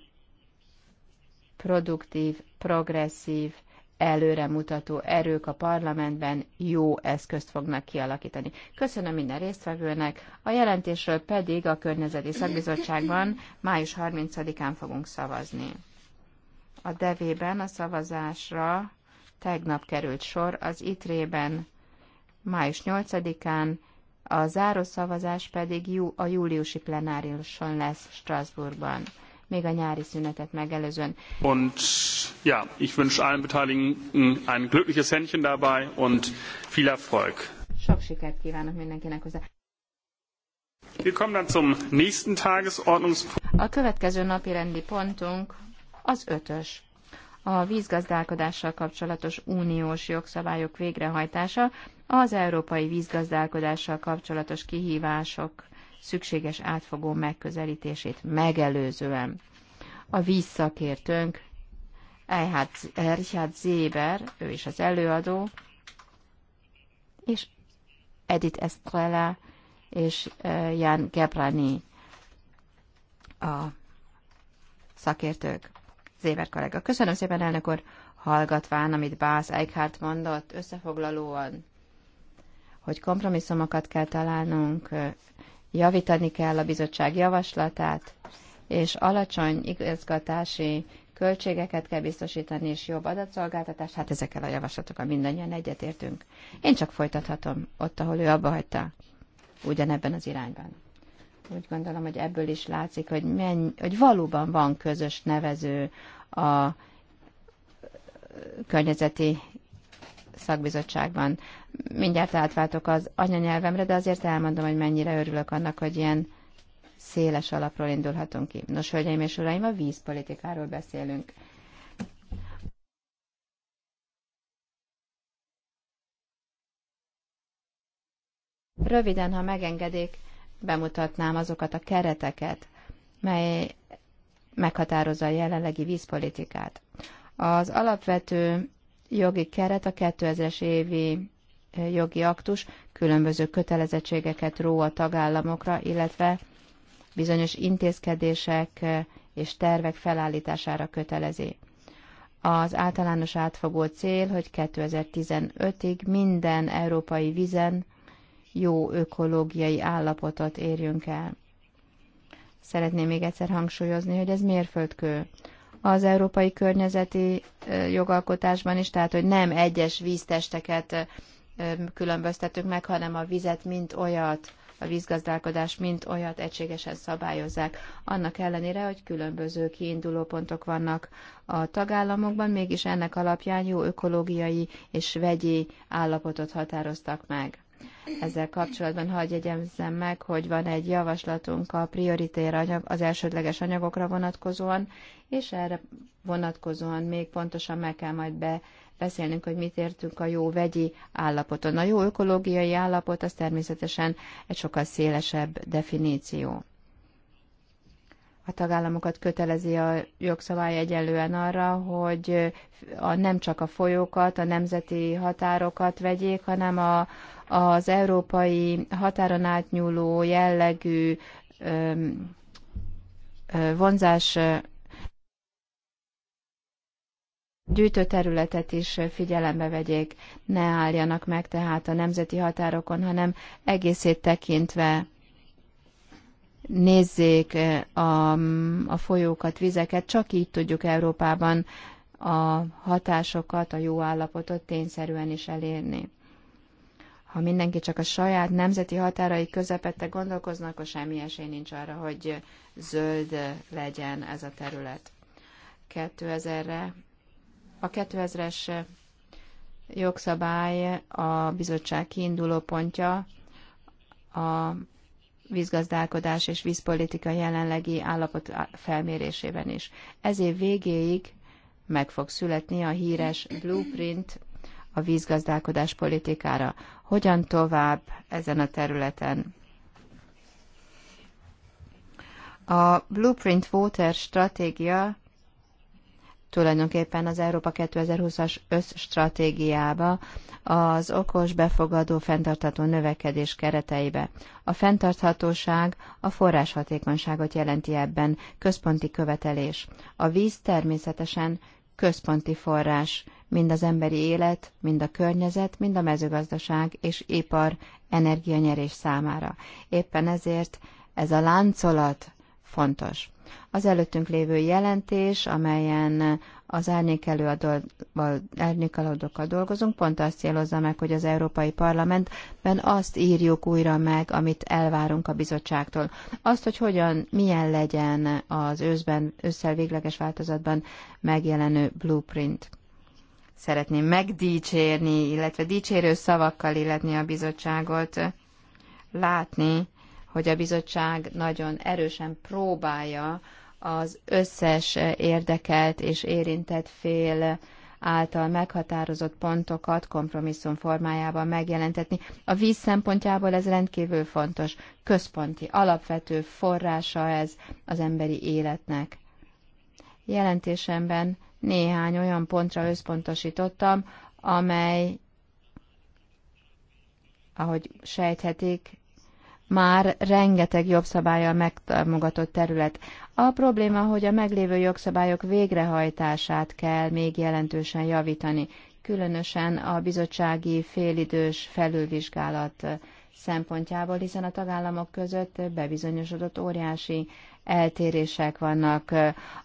produktív, progresszív, előremutató erők a parlamentben jó eszközt fognak kialakítani. Köszönöm minden résztvevőnek, a jelentésről pedig a Környezeti Szakbizottságban május 30-án fogunk szavazni. A devében a szavazásra tegnap került sor, az itrében május 8-án, a záró szavazás pedig jú, a júliusi plenárison lesz Strasbourgban, még a nyári szünetet megelőzően. Und ja, ich wünsche allen Beteiligten ein glückliches Händchen dabei und viel Erfolg. Sok sikert kívánok mindenkinek hozzá. Wir kommen dann zum nächsten Tagesordnungspunkt. A következő napi rendi pontunk az ötös a vízgazdálkodással kapcsolatos uniós jogszabályok végrehajtása az európai vízgazdálkodással kapcsolatos kihívások szükséges átfogó megközelítését megelőzően. A vízszakértőnk Erhard Zéber, ő is az előadó, és Edith Estrella és Jan Gebrani a szakértők. Zéber kollega. Köszönöm szépen, elnök úr, hallgatván, amit Bász Eichhardt mondott, összefoglalóan, hogy kompromisszumokat kell találnunk, javítani kell a bizottság javaslatát, és alacsony igazgatási költségeket kell biztosítani, és jobb adatszolgáltatást, hát ezekkel a javaslatokkal mindannyian egyetértünk. Én csak folytathatom ott, ahol ő abba hagyta, ugyanebben az irányban úgy gondolom, hogy ebből is látszik, hogy, menny, hogy valóban van közös nevező a környezeti szakbizottságban. Mindjárt átváltok az anyanyelvemre, de azért elmondom, hogy mennyire örülök annak, hogy ilyen széles alapról indulhatunk ki. Nos, hölgyeim és uraim, a vízpolitikáról beszélünk. Röviden, ha megengedik, bemutatnám azokat a kereteket, mely meghatározza a jelenlegi vízpolitikát. Az alapvető jogi keret a 2000-es évi jogi aktus különböző kötelezettségeket ró a tagállamokra, illetve bizonyos intézkedések és tervek felállítására kötelezi. Az általános átfogó cél, hogy 2015-ig minden európai vizen jó ökológiai állapotot érjünk el. Szeretném még egyszer hangsúlyozni, hogy ez mérföldkő az európai környezeti jogalkotásban is, tehát hogy nem egyes víztesteket különböztetünk meg, hanem a vizet mint olyat, a vízgazdálkodás mint olyat egységesen szabályozzák. Annak ellenére, hogy különböző kiindulópontok vannak a tagállamokban, mégis ennek alapján jó ökológiai és vegyi állapotot határoztak meg. Ezzel kapcsolatban hagyj jegyezzem meg, hogy van egy javaslatunk a prioritér anyag, az elsődleges anyagokra vonatkozóan, és erre vonatkozóan még pontosan meg kell majd be beszélnünk, hogy mit értünk a jó vegyi állapoton. A jó ökológiai állapot az természetesen egy sokkal szélesebb definíció. A tagállamokat kötelezi a jogszabály egyelően arra, hogy a, nem csak a folyókat, a nemzeti határokat vegyék, hanem a, az európai határon átnyúló jellegű vonzás gyűjtőterületet is figyelembe vegyék, ne álljanak meg tehát a nemzeti határokon, hanem egészét tekintve nézzék a, a folyókat, vizeket, csak így tudjuk Európában a hatásokat, a jó állapotot tényszerűen is elérni. Ha mindenki csak a saját nemzeti határai közepette gondolkozna, akkor semmi esély nincs arra, hogy zöld legyen ez a terület. 2000-re, a 2000-es jogszabály a bizottság kiinduló pontja a vízgazdálkodás és vízpolitika jelenlegi állapot felmérésében is. Ez év végéig meg fog születni a híres blueprint a vízgazdálkodás politikára. Hogyan tovább ezen a területen? A Blueprint Water stratégia tulajdonképpen az Európa 2020-as összstratégiába, az okos, befogadó, fenntartható növekedés kereteibe. A fenntarthatóság a forráshatékonyságot jelenti ebben, központi követelés. A víz természetesen központi forrás mind az emberi élet, mind a környezet, mind a mezőgazdaság és ipar energianyerés számára. Éppen ezért ez a láncolat fontos. Az előttünk lévő jelentés, amelyen az árnyékelőadókkal dolgozunk, pont azt célozza meg, hogy az Európai Parlamentben azt írjuk újra meg, amit elvárunk a bizottságtól. Azt, hogy hogyan, milyen legyen az őszben, ősszel végleges változatban megjelenő blueprint szeretném megdícsérni, illetve dicsérő szavakkal illetni a bizottságot, látni, hogy a bizottság nagyon erősen próbálja az összes érdekelt és érintett fél által meghatározott pontokat kompromisszum formájában megjelentetni. A víz szempontjából ez rendkívül fontos, központi, alapvető forrása ez az emberi életnek. Jelentésemben néhány olyan pontra összpontosítottam, amely, ahogy sejthetik, már rengeteg jogszabálya megtámogatott terület. A probléma, hogy a meglévő jogszabályok végrehajtását kell még jelentősen javítani, különösen a bizottsági félidős felülvizsgálat szempontjából, hiszen a tagállamok között bebizonyosodott óriási eltérések vannak.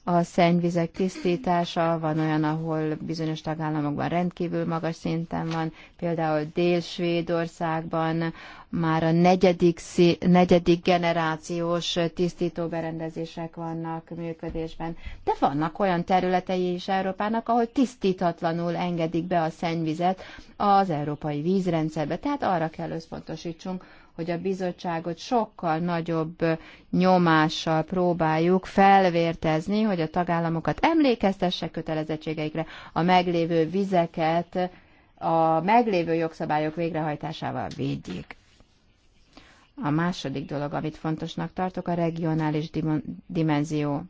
A szennyvizek tisztítása, van olyan, ahol bizonyos tagállamokban rendkívül magas szinten van, például Dél-Svédországban már a negyedik, negyedik generációs tisztító berendezések vannak működésben. De vannak olyan területei is Európának, ahol tisztítatlanul engedik be a szennyvizet az európai vízrendszerbe, tehát arra kell összpontosítsunk, hogy a bizottságot sokkal nagyobb nyomással próbáljuk felvértezni, hogy a tagállamokat emlékeztesse kötelezettségeikre a meglévő vizeket, a meglévő jogszabályok végrehajtásával védjék. A második dolog, amit fontosnak tartok, a regionális dimenzió.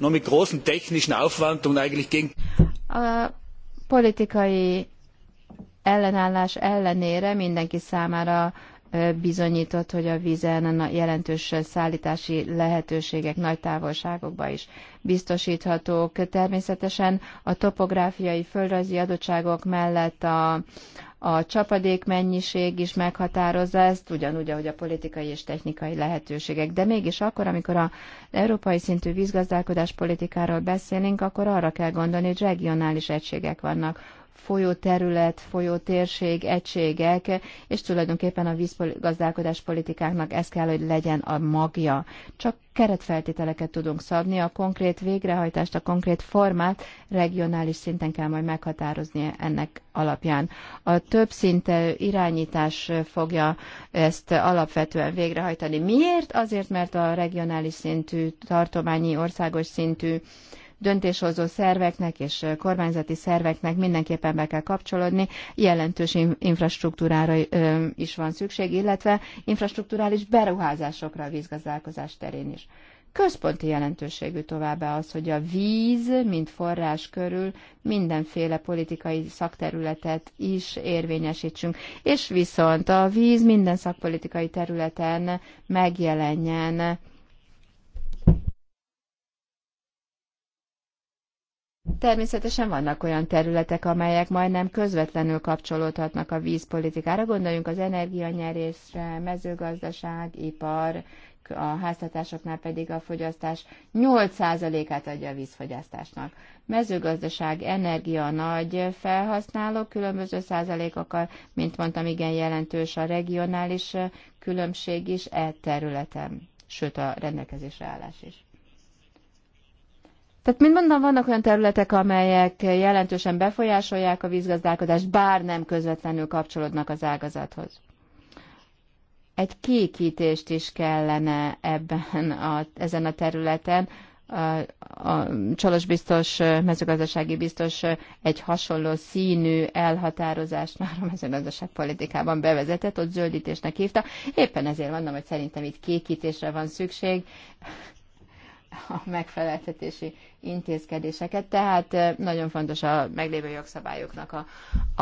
No, mit großen technischen Aufwand und eigentlich gegen... A politikai ellenállás ellenére mindenki számára bizonyított, hogy a vízen jelentős szállítási lehetőségek nagy távolságokba is biztosíthatók. Természetesen a topográfiai földrajzi adottságok mellett a, a csapadék mennyiség is meghatározza ezt, ugyanúgy, ahogy a politikai és technikai lehetőségek. De mégis akkor, amikor a európai szintű vízgazdálkodás politikáról beszélünk, akkor arra kell gondolni, hogy regionális egységek vannak, folyóterület, folyótérség, egységek, és tulajdonképpen a vízgazdálkodás politikáknak ez kell, hogy legyen a magja. Csak keretfeltételeket tudunk szabni, a konkrét végrehajtást, a konkrét formát regionális szinten kell majd meghatározni ennek alapján. A több szinte irányítás fogja ezt alapvetően végrehajtani. Miért? Azért, mert a regionális szintű, tartományi, országos szintű döntéshozó szerveknek és kormányzati szerveknek mindenképpen be kell kapcsolódni, jelentős infrastruktúrára is van szükség, illetve infrastruktúrális beruházásokra a vízgazdálkozás terén is. Központi jelentőségű továbbá az, hogy a víz, mint forrás körül mindenféle politikai szakterületet is érvényesítsünk, és viszont a víz minden szakpolitikai területen megjelenjen Természetesen vannak olyan területek, amelyek majdnem közvetlenül kapcsolódhatnak a vízpolitikára. Gondoljunk az energianyerésre, mezőgazdaság, ipar, a háztatásoknál pedig a fogyasztás 8%-át adja a vízfogyasztásnak. Mezőgazdaság, energia nagy felhasználók, különböző százalékokkal, mint mondtam, igen jelentős a regionális különbség is e területen, sőt a rendelkezésre állás is. Tehát mondtam, vannak olyan területek, amelyek jelentősen befolyásolják a vízgazdálkodást, bár nem közvetlenül kapcsolódnak az ágazathoz. Egy kékítést is kellene ebben a, ezen a területen. A, a Csolos biztos, mezőgazdasági biztos egy hasonló színű elhatározást már a mezőgazdaságpolitikában bevezetett, ott zöldítésnek hívta. Éppen ezért mondom, hogy szerintem itt kékítésre van szükség a megfeleltetési intézkedéseket. Tehát nagyon fontos a meglévő jogszabályoknak a,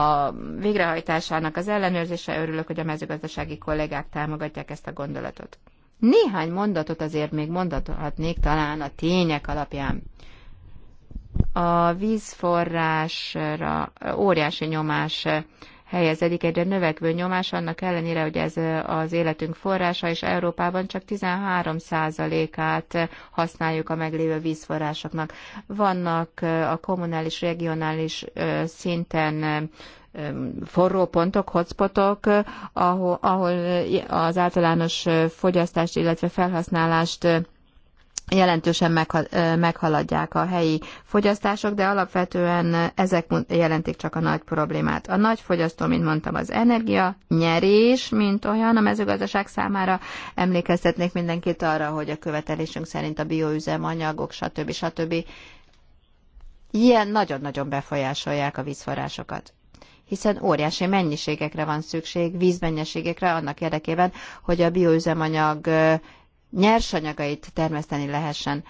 a végrehajtásának az ellenőrzése. Örülök, hogy a mezőgazdasági kollégák támogatják ezt a gondolatot. Néhány mondatot azért még mondhatnék talán a tények alapján. A vízforrásra óriási nyomás helyezedik egyre növekvő nyomás, annak ellenére, hogy ez az életünk forrása, és Európában csak 13%-át használjuk a meglévő vízforrásoknak. Vannak a kommunális, regionális szinten forró pontok, hotspotok, ahol, ahol az általános fogyasztást, illetve felhasználást jelentősen meghaladják a helyi fogyasztások, de alapvetően ezek jelentik csak a nagy problémát. A nagy fogyasztó, mint mondtam, az energia, nyerés, mint olyan a mezőgazdaság számára. Emlékeztetnék mindenkit arra, hogy a követelésünk szerint a bioüzemanyagok, stb. stb. ilyen nagyon-nagyon befolyásolják a vízforrásokat hiszen óriási mennyiségekre van szükség, vízmennyiségekre annak érdekében, hogy a bioüzemanyag nyersanyagait termeszteni lehessen.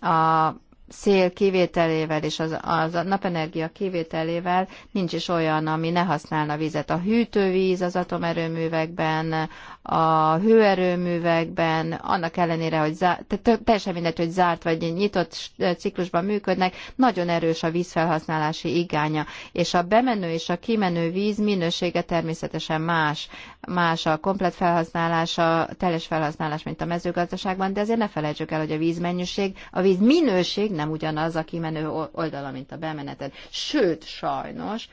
A szél kivételével és az, az a napenergia kivételével nincs is olyan, ami ne használna vizet. A hűtővíz az atomerőművekben, a hőerőművekben, annak ellenére, hogy zár, teljesen mindegy, hogy zárt vagy nyitott ciklusban működnek, nagyon erős a vízfelhasználási igánya, és a bemenő és a kimenő víz minősége természetesen más. Más a komplet felhasználás, a teljes felhasználás, mint a mezőgazdaságban, de azért ne felejtsük el, hogy a vízmennyiség, a víz minőség nem ugyanaz a kimenő oldala, mint a bemeneted. Sőt, sajnos,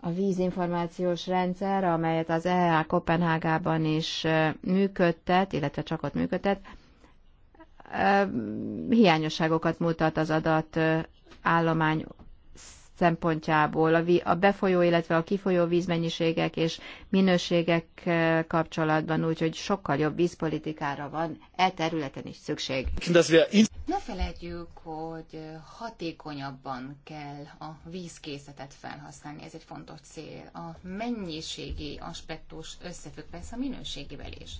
a vízinformációs rendszer, amelyet az EEA Kopenhágában is működtet, illetve csak ott működtet, hiányosságokat mutat az adat állomány szempontjából, a, a befolyó, illetve a kifolyó vízmennyiségek és minőségek eh, kapcsolatban, úgyhogy sokkal jobb vízpolitikára van e területen is szükség. Ne felejtjük, hogy hatékonyabban kell a vízkészletet felhasználni, ez egy fontos cél. A mennyiségi aspektus összefügg persze a minőségivel is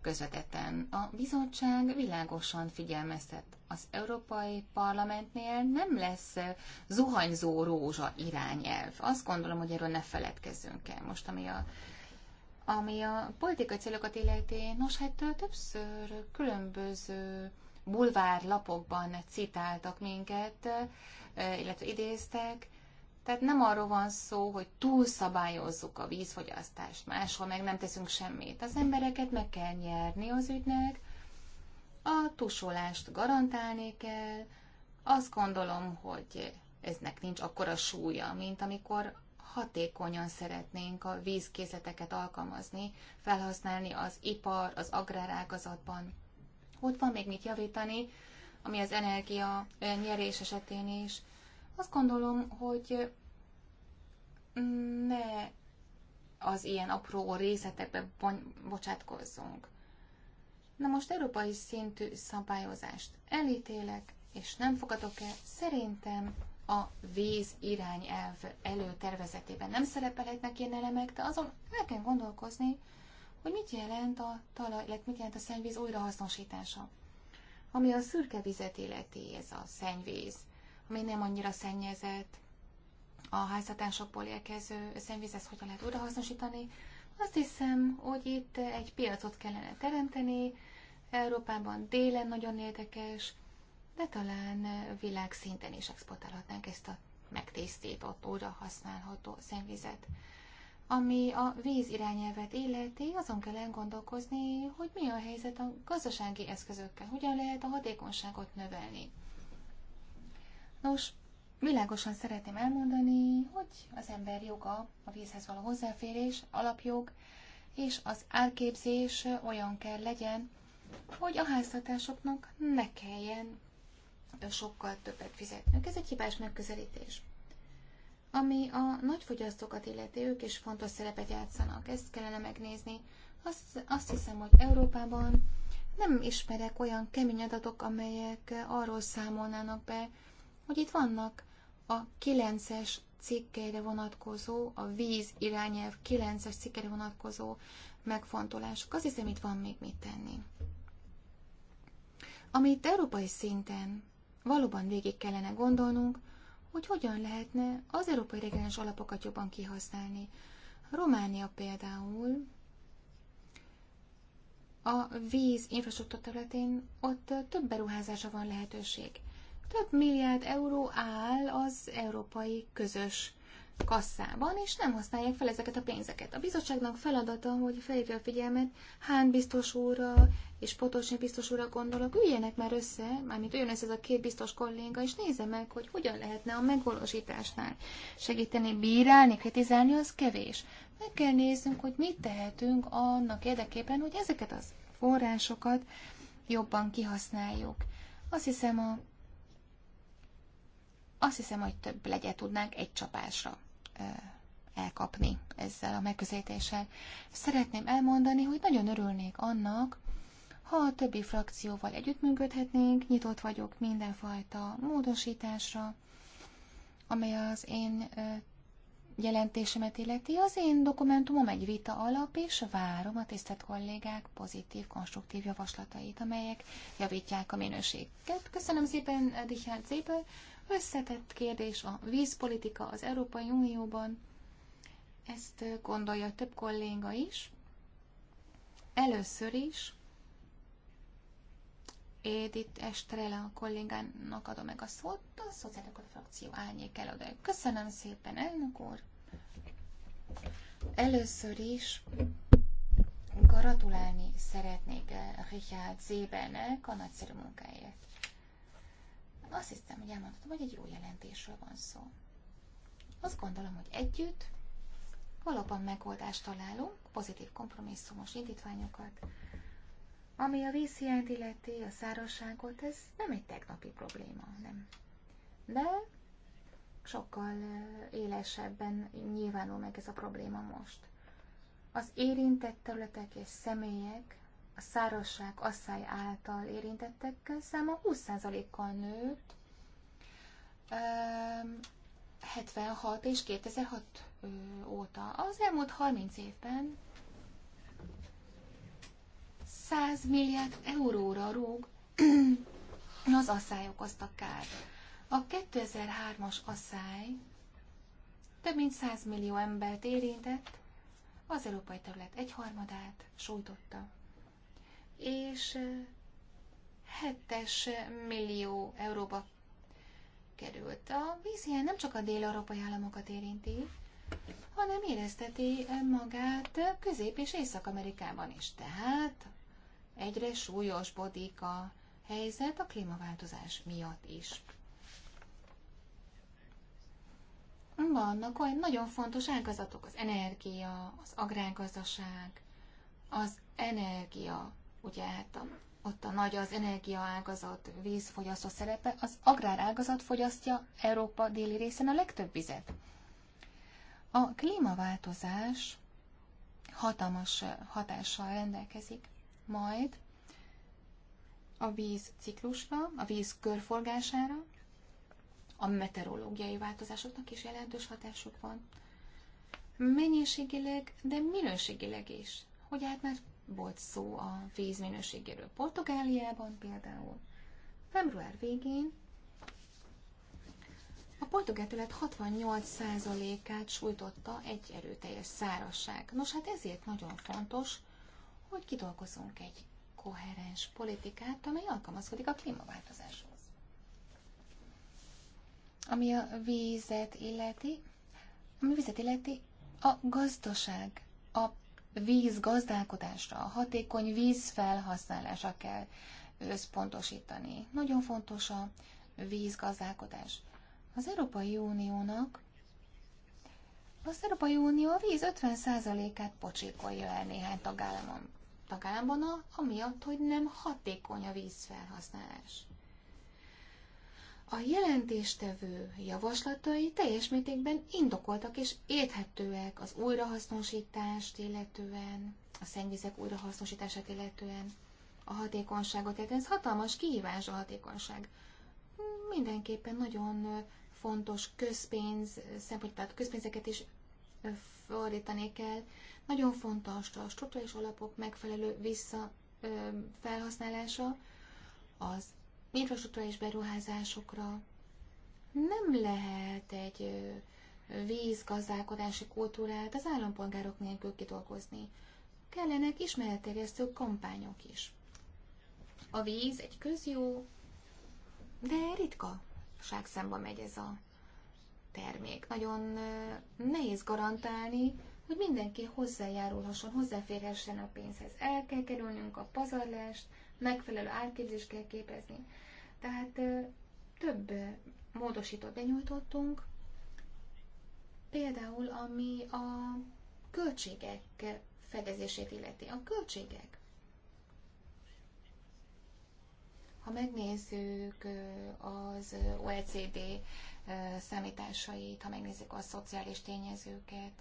közvetetten. A bizottság világosan figyelmeztet. Az Európai Parlamentnél nem lesz eh, zuhanyzó rózsa irányelv. Azt gondolom, hogy erről ne feledkezzünk el. Most, ami a ami a politikai célokat illeti, nos hát eh, többször különböző bulvár lapokban citáltak minket, eh, illetve idéztek, tehát nem arról van szó, hogy túlszabályozzuk a vízfogyasztást, máshol meg nem teszünk semmit. Az embereket meg kell nyerni az ügynek, a tusolást garantálni kell. Azt gondolom, hogy eznek nincs akkora súlya, mint amikor hatékonyan szeretnénk a vízkészleteket alkalmazni, felhasználni az ipar, az agrárágazatban. Ott van még mit javítani, ami az energia nyerés esetén is. Azt gondolom, hogy ne az ilyen apró részletekbe bocsátkozzunk. Na most európai szintű szabályozást elítélek, és nem fogadok el, szerintem a víz irányelv előtervezetében nem szerepelhetnek ilyen elemek, de azon el kell gondolkozni, hogy mit jelent a talaj, illetve mit jelent a szennyvíz újrahasznosítása. Ami a szürke vizet életi, ez a szennyvíz, ami nem annyira szennyezett, a háztatásokból érkező szennyvizet hogyan lehet újrahasznosítani, Azt hiszem, hogy itt egy piacot kellene teremteni, Európában délen nagyon érdekes, de talán világszinten is exportálhatnánk ezt a megtisztított, újrahasználható használható szennyvizet. Ami a víz irányelvet illeti, azon kell elgondolkozni, hogy mi a helyzet a gazdasági eszközökkel, hogyan lehet a hatékonyságot növelni. Nos, Világosan szeretném elmondani, hogy az ember joga, a vízhez való hozzáférés, alapjog, és az árképzés olyan kell legyen, hogy a háztartásoknak ne kelljen sokkal többet fizetnünk. Ez egy hibás megközelítés. Ami a nagyfogyasztókat illeti, ők is fontos szerepet játszanak. Ezt kellene megnézni. Azt, azt hiszem, hogy Európában nem ismerek olyan kemény adatok, amelyek arról számolnának be, hogy itt vannak a 9-es cikkeire vonatkozó, a víz irányelv 9-es cikkeire vonatkozó megfontolások. Azt hiszem, itt van még mit tenni. Ami itt európai szinten valóban végig kellene gondolnunk, hogy hogyan lehetne az európai regionális alapokat jobban kihasználni. Románia például a víz infrastruktúra területén ott több beruházásra van lehetőség. Több milliárd euró áll az európai közös kasszában, és nem használják fel ezeket a pénzeket. A bizottságnak feladata, hogy felhívja a figyelmet, Hán biztos úrra és Potosnyi biztos úrra gondolok, üljenek már össze, mármint üljön össze ez a két biztos kolléga, és nézze meg, hogy hogyan lehetne a megvalósításnál segíteni, bírálni, kritizálni, az kevés. Meg kell néznünk, hogy mit tehetünk annak érdekében, hogy ezeket az forrásokat jobban kihasználjuk. Azt hiszem, a azt hiszem, hogy több legyet tudnánk egy csapásra elkapni ezzel a megközelítéssel. Szeretném elmondani, hogy nagyon örülnék annak, ha a többi frakcióval együttműködhetnénk, nyitott vagyok mindenfajta módosításra, amely az én jelentésemet illeti. Az én dokumentumom egy vita alap, és várom a tisztelt kollégák pozitív, konstruktív javaslatait, amelyek javítják a minőséget. Köszönöm szépen Richard Zéből! Összetett kérdés a vízpolitika az Európai Unióban, ezt gondolja több kolléga is. Először is Edith Estrella kollégának adom meg a szót, a Szociáldemokrata frakció árnyék előadója. Köszönöm szépen, elnök úr! Először is gratulálni szeretnék eh, Richard Zébelnek a nagyszerű munkáért. Azt hiszem, hogy elmondhatom, hogy egy jó jelentésről van szó. Azt gondolom, hogy együtt valóban megoldást találunk, pozitív kompromisszumos indítványokat, ami a vízhiányt illeti, a szárazságot, ez nem egy tegnapi probléma, nem. De sokkal eh, élesebben nyilvánul meg ez a probléma most. Az érintett területek és személyek a szárazság asszály által érintettek száma 20%-kal nőtt 76 és 2006 óta. Az elmúlt 30 évben 100 milliárd euróra rúg az asszály okozta kár. A 2003-as asszály több mint 100 millió embert érintett, az európai terület egyharmadát sújtotta és 7 millió euróba került. A vízhiány nem csak a dél-európai államokat érinti, hanem érezteti magát Közép- és Észak-Amerikában is. Tehát egyre súlyosbodik a helyzet a klímaváltozás miatt is. Vannak olyan nagyon fontos ágazatok, az energia, az agrárgazdaság, az energia ugye hát a, ott a nagy az energiaágazat, vízfogyasztó szerepe, az agrárágazat fogyasztja Európa déli részen a legtöbb vizet. A klímaváltozás hatalmas eh, hatással rendelkezik majd a víz ciklusra, a víz körforgására, a meteorológiai változásoknak is jelentős hatásuk van. Mennyiségileg, de minőségileg is. Hogy hát már volt szó a víz minőségéről Portugáliában például. Február végén a portugál terület 68%-át sújtotta egy erőteljes szárasság. Nos, hát ezért nagyon fontos, hogy kidolgozunk egy koherens politikát, amely alkalmazkodik a klímaváltozáshoz. Ami a vízet illeti, ami vizet illeti, a gazdaság, a vízgazdálkodásra, a hatékony vízfelhasználásra kell összpontosítani. Nagyon fontos a vízgazdálkodás. Az Európai Uniónak az Európai Unió a víz 50%-át pocsékolja el néhány tagállamon. Tagállamban a, amiatt, hogy nem hatékony a vízfelhasználás. A jelentéstevő javaslatai teljes mértékben indokoltak és érthetőek az újrahasznosítást illetően, a szennyvizek újrahasznosítását illetően, a hatékonyságot, tehát ez hatalmas kihívás a hatékonyság. Mindenképpen nagyon fontos közpénz, tehát közpénzeket is fordítani kell. Nagyon fontos a struktúrális alapok megfelelő visszafelhasználása, az infrastruktúrális beruházásokra. Nem lehet egy vízgazdálkodási kultúrát az állampolgárok nélkül kidolgozni. Kellenek ismeretterjesztő kampányok is. A víz egy közjó, de ritka ságszámba megy ez a termék. Nagyon nehéz garantálni, hogy mindenki hozzájárulhasson, hozzáférhessen a pénzhez. El kell kerülnünk a pazarlást, megfelelő átképzést kell képezni. Tehát több módosítót benyújtottunk, például ami a költségek fedezését illeti. A költségek. Ha megnézzük az OECD számításait, ha megnézzük a szociális tényezőket,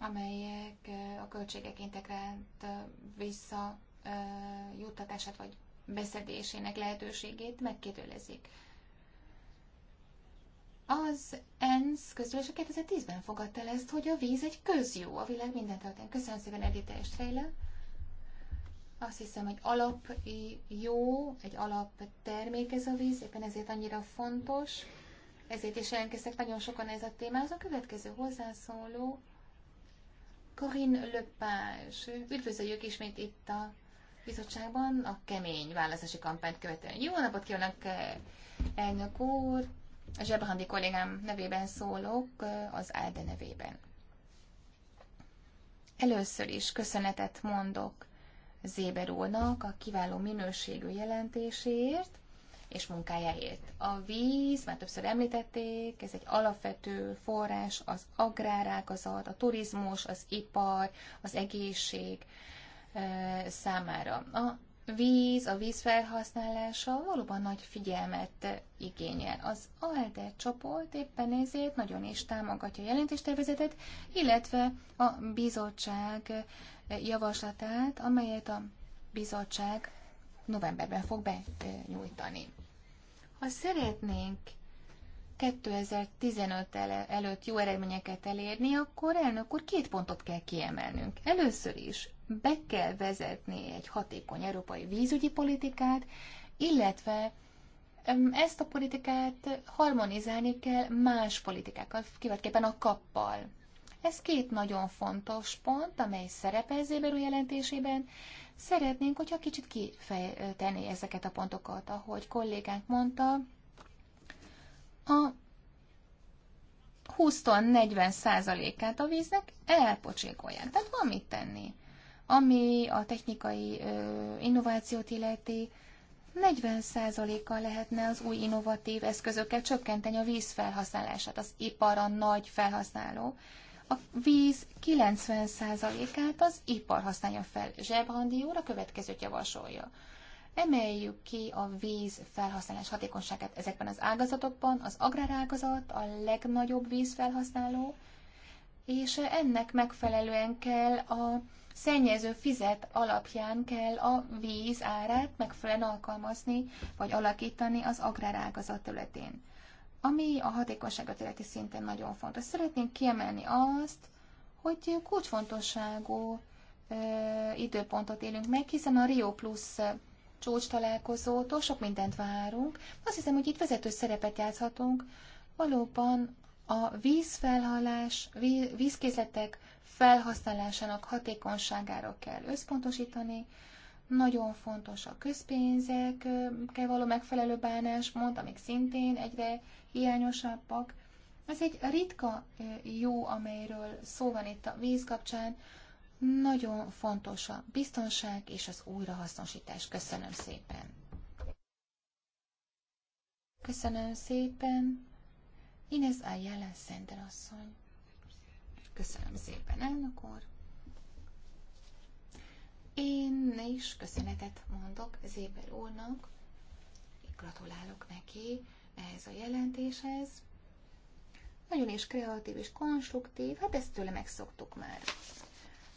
amelyek a költségek integrált vissza juttatását vagy beszedésének lehetőségét megkérdőlezik. Az ENSZ közülése 2010-ben fogadta el ezt, hogy a víz egy közjó a világ minden területén. Köszönöm szépen Edith Estrella. Azt hiszem, hogy alap jó, egy termék ez a víz, éppen ezért annyira fontos. Ezért is jelentkeztek nagyon sokan ez a témához. A következő hozzászóló Corinne Lepage. Üdvözöljük ismét itt a bizottságban a kemény választási kampányt követően. Jó napot kívánok, elnök úr! Zsebahandi kollégám nevében szólok, az Áde nevében. Először is köszönetet mondok Zéber úrnak a kiváló minőségű jelentéséért és munkájáért. A víz, már többször említették, ez egy alapvető forrás az agrárágazat, a turizmus, az ipar, az egészség, számára. A víz, a víz felhasználása valóban nagy figyelmet igényel. Az ALDE csoport éppen ezért nagyon is támogatja a jelentéstervezetet, illetve a bizottság javaslatát, amelyet a bizottság novemberben fog benyújtani. Ha szeretnénk 2015 előtt jó eredményeket elérni, akkor elnök úr két pontot kell kiemelnünk. Először is be kell vezetni egy hatékony európai vízügyi politikát, illetve ezt a politikát harmonizálni kell más politikákkal, kivetképpen a kappal. Ez két nagyon fontos pont, amely szerepel Zéberú jelentésében. Szeretnénk, hogyha kicsit kifejteni ezeket a pontokat, ahogy kollégánk mondta, a 20 40 százalékát a víznek elpocsékolják. Tehát van mit tenni. Ami a technikai ö, innovációt illeti, 40 kal lehetne az új innovatív eszközökkel csökkenteni a víz felhasználását. Az ipar a nagy felhasználó. A víz 90 át az ipar használja fel. Zsebhandi úr a következőt javasolja emeljük ki a víz felhasználás hatékonyságát ezekben az ágazatokban. Az agrárágazat a legnagyobb vízfelhasználó, és ennek megfelelően kell a szennyező fizet alapján kell a víz árát megfelelően alkalmazni vagy alakítani az agrárágazat területén. Ami a hatékonyságot területi szinten nagyon fontos. Szeretnénk kiemelni azt, hogy kulcsfontosságú időpontot élünk meg, hiszen a Rio Plus csúcs találkozótól, sok mindent várunk. Azt hiszem, hogy itt vezető szerepet játszhatunk. Valóban a vízfelhalás, vízkészletek felhasználásának hatékonyságára kell összpontosítani. Nagyon fontos a kell való megfelelő bánásmód, amik szintén egyre hiányosabbak. Ez egy ritka jó, amelyről szó van itt a víz kapcsán. Nagyon fontos a biztonság és az újrahasznosítás. Köszönöm szépen! Köszönöm szépen! Inez Ayala Szender asszony. Köszönöm szépen, elnök úr! Én is köszönetet mondok Zéber úrnak, gratulálok neki ehhez a jelentéshez. Nagyon is kreatív és konstruktív, hát ezt tőle megszoktuk már.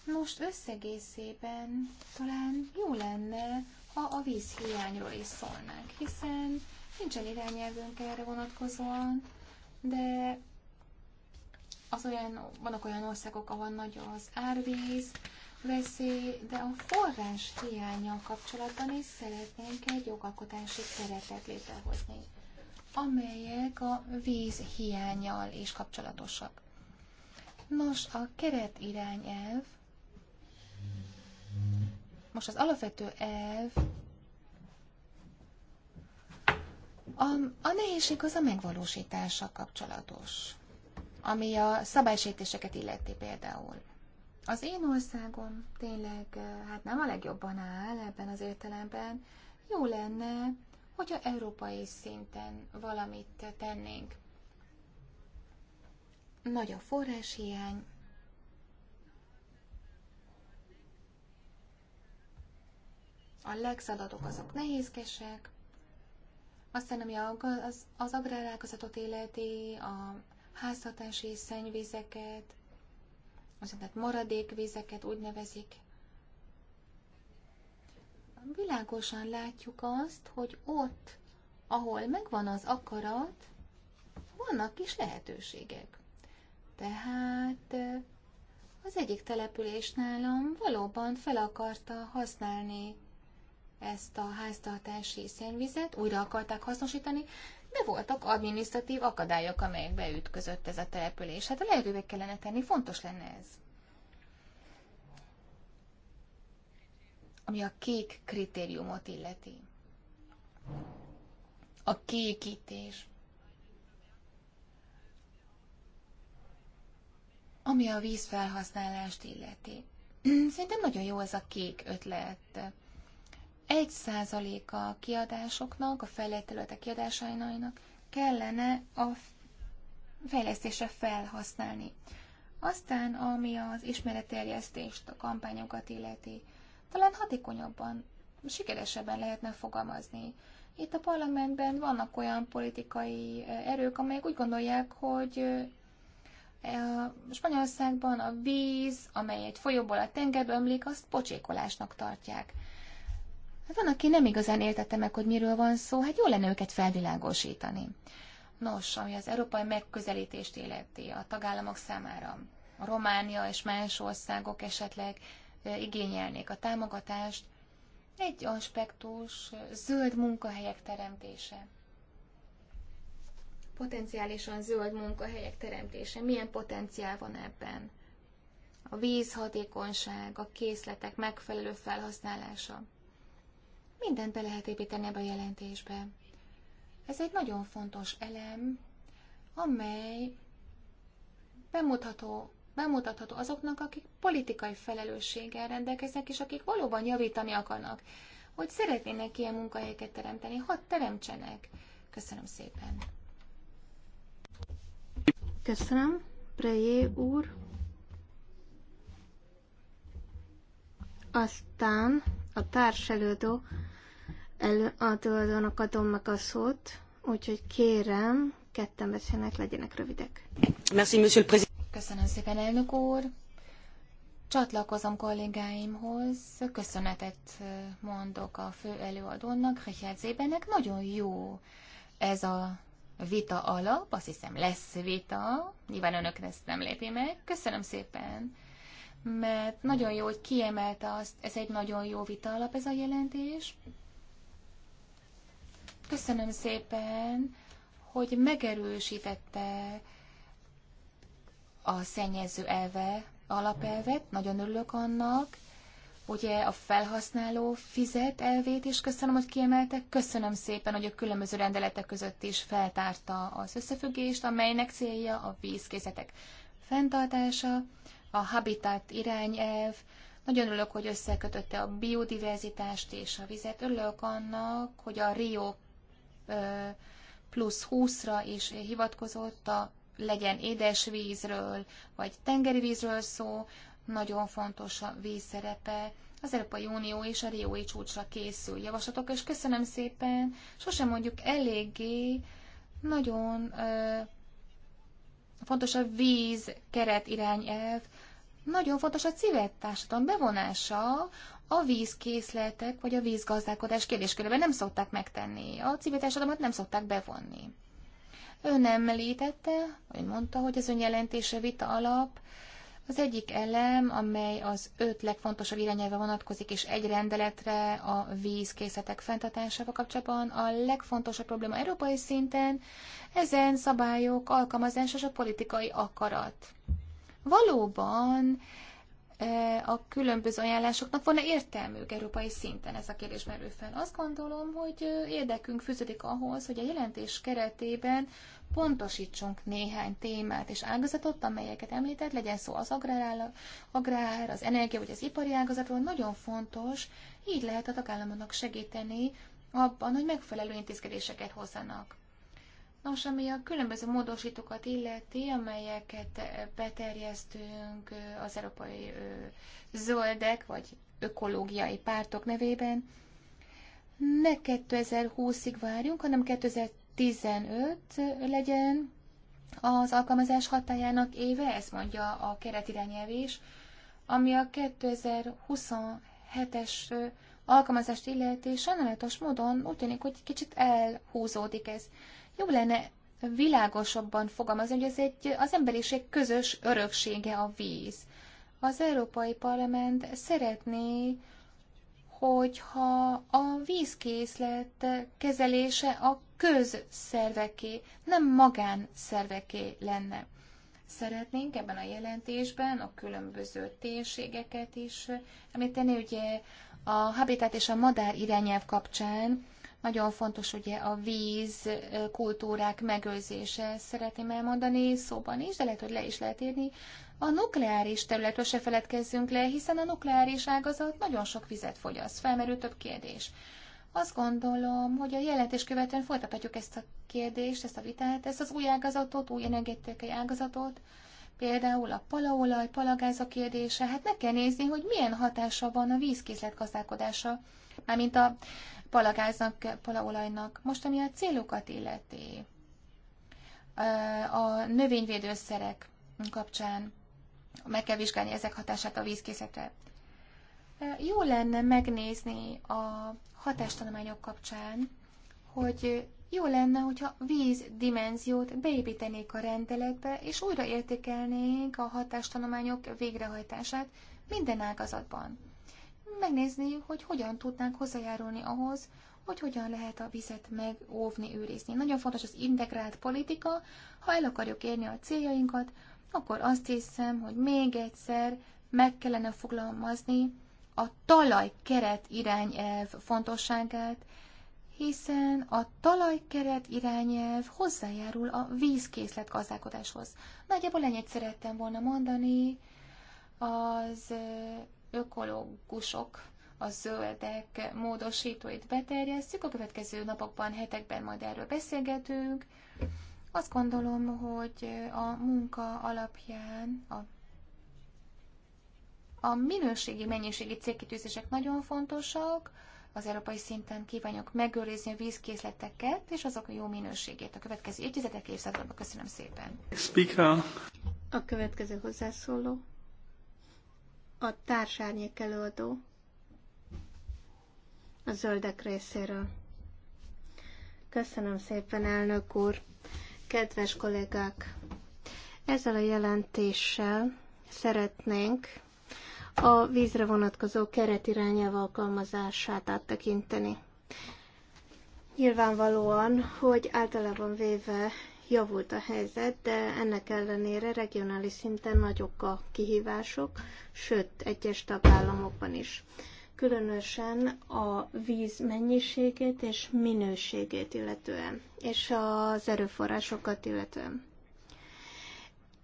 Most összegészében talán jó lenne, ha a vízhiányról is szólnánk, hiszen nincsen irányelvünk erre vonatkozóan, de az olyan, vannak olyan országok, ahol nagy az árvíz, veszély, de a forrás hiánya kapcsolatban is szeretnénk egy jogalkotási keretet létrehozni, amelyek a víz hiányjal is kapcsolatosak. Nos, a keret irányelv most az alapvető elv, a, a nehézség az a megvalósítása kapcsolatos, ami a szabálysértéseket illeti például. Az én országom tényleg hát nem a legjobban áll ebben az értelemben. Jó lenne, hogyha európai szinten valamit tennénk. Nagy a forráshiány, A legszadatok azok nehézkesek. Aztán, ami az, az agrárágazatot életi, a háztartási szennyvizeket, tehát maradékvizeket úgy nevezik. Világosan látjuk azt, hogy ott, ahol megvan az akarat, vannak is lehetőségek. Tehát az egyik település nálam valóban fel akarta használni ezt a háztartási szennyvizet, újra akarták hasznosítani, de voltak adminisztratív akadályok, amelyek beütközött ez a település. Hát a lehetővé kellene tenni, fontos lenne ez. Ami a kék kritériumot illeti. A kékítés. Ami a vízfelhasználást illeti. Szerintem nagyon jó ez a kék ötlet egy százaléka a kiadásoknak, a fejlett területek kiadásainak kellene a fejlesztésre felhasználni. Aztán, ami az ismeretterjesztést, a kampányokat illeti, talán hatékonyabban, sikeresebben lehetne fogalmazni. Itt a parlamentben vannak olyan politikai eh, erők, amelyek úgy gondolják, hogy eh, Spanyolországban a víz, amely egy folyóból a tengerbe ömlik, azt pocsékolásnak tartják. Hát van, aki nem igazán értette meg, hogy miről van szó, hát jó lenne őket felvilágosítani. Nos, ami az európai megközelítést illeti a tagállamok számára, a Románia és más országok esetleg igényelnék a támogatást, egy aspektus, zöld munkahelyek teremtése. Potenciálisan zöld munkahelyek teremtése. Milyen potenciál van ebben? A víz hatékonyság, a készletek megfelelő felhasználása. Mindent be lehet építeni ebbe a jelentésbe. Ez egy nagyon fontos elem, amely bemutató, bemutatható azoknak, akik politikai felelősséggel rendelkeznek, és akik valóban javítani akarnak, hogy szeretnének ilyen munkahelyeket teremteni, hadd teremtsenek. Köszönöm szépen. Köszönöm, Prejé úr. Aztán a társelődő előadónak adom meg a szót, úgyhogy kérem, ketten beszélnek, legyenek rövidek. Merci, monsieur le président. Köszönöm szépen, elnök úr. Csatlakozom kollégáimhoz, köszönetet mondok a fő előadónak, Richard Zébennek. Nagyon jó ez a vita alap, azt hiszem lesz vita, nyilván önök ezt nem lépi meg. Köszönöm szépen, mert nagyon jó, hogy kiemelte azt, ez egy nagyon jó vita alap ez a jelentés. Köszönöm szépen, hogy megerősítette a szennyező elve, alapelvet. Nagyon örülök annak. Ugye a felhasználó fizet elvét is köszönöm, hogy kiemeltek. Köszönöm szépen, hogy a különböző rendeletek között is feltárta az összefüggést, amelynek célja a vízkészletek fenntartása, a habitat irányelv, nagyon örülök, hogy összekötötte a biodiverzitást és a vizet. Örülök annak, hogy a Rio plusz 20-ra is hivatkozott a legyen édesvízről, vagy tengeri vízről szó, nagyon fontos a víz szerepe. Az Európai Unió és a Riói csúcsra készül javaslatok, és köszönöm szépen, sosem mondjuk eléggé, nagyon ö, fontos a víz keret irányelv, nagyon fontos a civil társadalom bevonása a vízkészletek vagy a vízgazdálkodás kérdéskörében nem szokták megtenni. A civil társadalmat nem szokták bevonni. Ön említette, vagy mondta, hogy az önjelentése vita alap, az egyik elem, amely az öt legfontosabb irányelve vonatkozik, és egy rendeletre a vízkészletek fenntartásával kapcsolatban a legfontosabb probléma európai szinten, ezen szabályok alkalmazása és a politikai akarat. Valóban E, a különböző ajánlásoknak van-e értelmük európai szinten ez a kérdés merül fel. Azt gondolom, hogy érdekünk fűződik ahhoz, hogy a jelentés keretében pontosítsunk néhány témát és ágazatot, amelyeket említett, legyen szó az agrár, agrár az energia vagy az ipari ágazatról, nagyon fontos, így lehet a tagállamoknak segíteni abban, hogy megfelelő intézkedéseket hozzanak. Nos, ami a különböző módosítókat illeti, amelyeket beterjesztünk az európai zöldek vagy ökológiai pártok nevében, ne 2020-ig várjunk, hanem 2015 legyen az alkalmazás hatájának éve, ezt mondja a keretirányelvés, ami a 2027-es alkalmazást illeti, sajnálatos módon úgy tűnik, hogy kicsit elhúzódik ez. Jó lenne világosabban fogalmazni, hogy ez egy, az emberiség közös öröksége a víz. Az Európai Parlament szeretné, hogyha a vízkészlet kezelése a közszerveké, nem magánszerveké lenne. Szeretnénk ebben a jelentésben a különböző térségeket is említeni, ugye a habitat és a madár irányelv kapcsán nagyon fontos ugye a víz kultúrák megőrzése, szeretném elmondani szóban is, de lehet, hogy le is lehet írni. A nukleáris területről se feledkezzünk le, hiszen a nukleáris ágazat nagyon sok vizet fogyaszt. Felmerül több kérdés. Azt gondolom, hogy a jelentés követően folytatjuk ezt a kérdést, ezt a vitát, ezt az új ágazatot, új energetikai ágazatot, például a palaolaj, palagáz a kérdése, hát meg kell nézni, hogy milyen hatása van a vízkészlet gazdálkodása, mármint a palagáznak, palaolajnak. Most, ami a célokat illeti, a növényvédőszerek kapcsán meg kell vizsgálni ezek hatását a vízkészletre. Jó lenne megnézni a hatástanományok kapcsán, hogy jó lenne, hogyha víz dimenziót beépítenék a rendeletbe, és újra értékelnénk a hatástanományok végrehajtását minden ágazatban megnézni, hogy hogyan tudnánk hozzájárulni ahhoz, hogy hogyan lehet a vizet megóvni, őrizni. Nagyon fontos az integrált politika, ha el akarjuk érni a céljainkat, akkor azt hiszem, hogy még egyszer meg kellene foglalmazni a talajkeret irányelv fontosságát, hiszen a talajkeret irányelv hozzájárul a vízkészlet gazdálkodáshoz. Nagyjából ennyit szerettem volna mondani, az ökológusok, a zöldek módosítóit beterjesztjük. A következő napokban, hetekben majd erről beszélgetünk. Azt gondolom, hogy a munka alapján a a minőségi, mennyiségi célkitűzések nagyon fontosak, az európai szinten kívánjuk megőrizni a vízkészleteket és azok a jó minőségét a következő évtizedek évszázadban. Köszönöm szépen. Speaker. A következő hozzászóló a társárnyék előadó a zöldek részéről. Köszönöm szépen, elnök úr! Kedves kollégák! Ezzel a jelentéssel szeretnénk a vízre vonatkozó keretirányelv alkalmazását áttekinteni. Nyilvánvalóan, hogy általában véve javult a helyzet, de ennek ellenére regionális szinten nagyok a kihívások, sőt, egyes tagállamokban is. Különösen a víz mennyiségét és minőségét illetően, és az erőforrásokat illetően.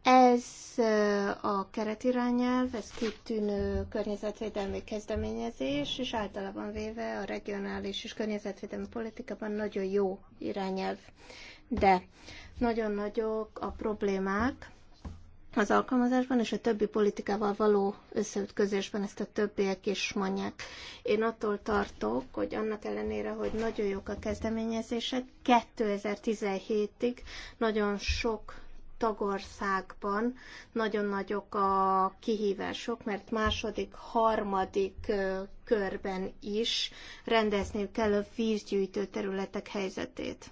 Ez a keretirányelv, ez kitűnő környezetvédelmi kezdeményezés, és általában véve a regionális és környezetvédelmi politikában nagyon jó irányelv. De nagyon nagyok a problémák az alkalmazásban és a többi politikával való összeütközésben ezt a többiek is mondják. Én attól tartok, hogy annak ellenére, hogy nagyon jók a kezdeményezések, 2017-ig nagyon sok tagországban nagyon nagyok a kihívások, mert második, harmadik körben is rendezniük kell a vízgyűjtő területek helyzetét.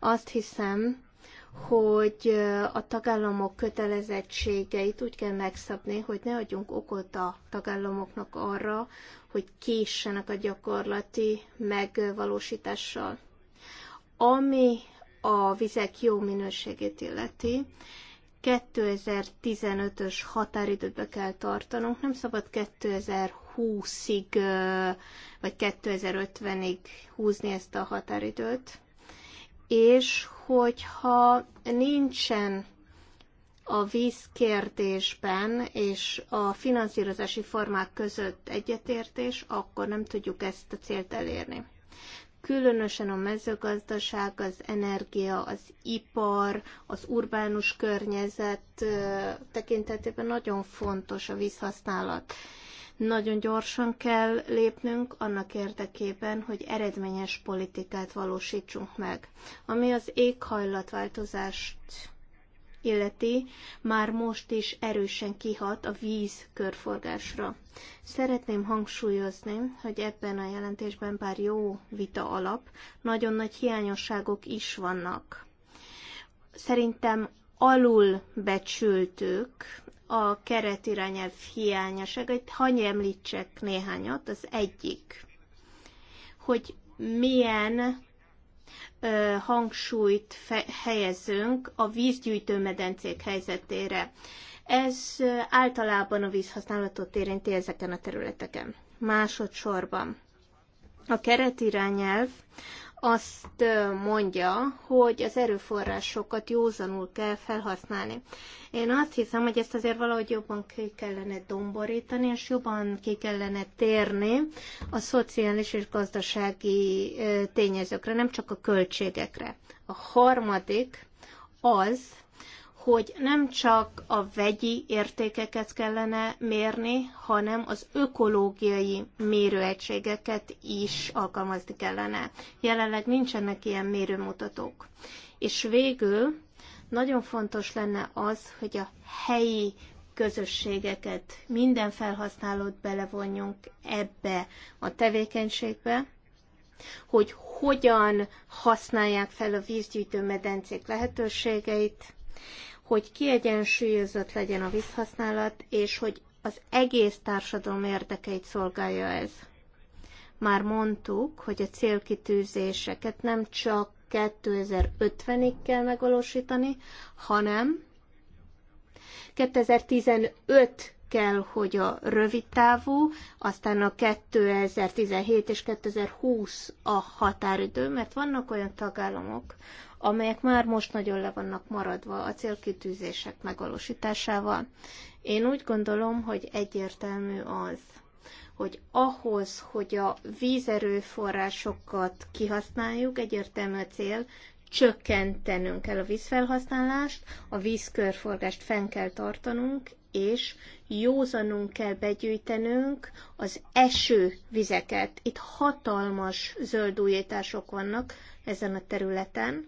Azt hiszem, hogy a tagállamok kötelezettségeit úgy kell megszabni, hogy ne adjunk okot a tagállamoknak arra, hogy késsenek a gyakorlati megvalósítással. Ami a vizek jó minőségét illeti, 2015-ös határidőt be kell tartanunk, nem szabad 2020-ig vagy 2050-ig húzni ezt a határidőt, és hogyha nincsen a vízkérdésben és a finanszírozási formák között egyetértés, akkor nem tudjuk ezt a célt elérni. Különösen a mezőgazdaság, az energia, az ipar, az urbánus környezet tekintetében nagyon fontos a vízhasználat. Nagyon gyorsan kell lépnünk annak érdekében, hogy eredményes politikát valósítsunk meg. Ami az éghajlatváltozást illeti, már most is erősen kihat a víz körforgásra. Szeretném hangsúlyozni, hogy ebben a jelentésben pár jó vita alap, nagyon nagy hiányosságok is vannak. Szerintem alul becsültük a keretirányelv hiányosságait, hagyj említsek néhányat, az egyik, hogy milyen ö, hangsúlyt fe, helyezünk a medencék helyzetére. Ez ö, általában a vízhasználatot érinti ezeken a területeken. Másodszorban a keretirányelv azt mondja, hogy az erőforrásokat józanul kell felhasználni. Én azt hiszem, hogy ezt azért valahogy jobban ki kellene domborítani, és jobban ki kellene térni a szociális és gazdasági tényezőkre, nem csak a költségekre. A harmadik az, hogy nem csak a vegyi értékeket kellene mérni, hanem az ökológiai mérőegységeket is alkalmazni kellene. Jelenleg nincsenek ilyen mérőmutatók. És végül nagyon fontos lenne az, hogy a helyi közösségeket, minden felhasználót belevonjunk ebbe a tevékenységbe, hogy hogyan használják fel a vízgyűjtő medencék lehetőségeit, hogy kiegyensúlyozott legyen a vízhasználat, és hogy az egész társadalom érdekeit szolgálja ez. Már mondtuk, hogy a célkitűzéseket nem csak 2050-ig kell megvalósítani, hanem 2015 kell, hogy a rövid távú, aztán a 2017 és 2020 a határidő, mert vannak olyan tagállamok, amelyek már most nagyon le vannak maradva a célkitűzések megvalósításával. Én úgy gondolom, hogy egyértelmű az, hogy ahhoz, hogy a vízerőforrásokat kihasználjuk, egyértelmű a cél, csökkentenünk kell a vízfelhasználást, a vízkörforgást fenn kell tartanunk, és józanunk kell begyűjtenünk az esővizeket. Itt hatalmas zöldújítások vannak, ezen a területen.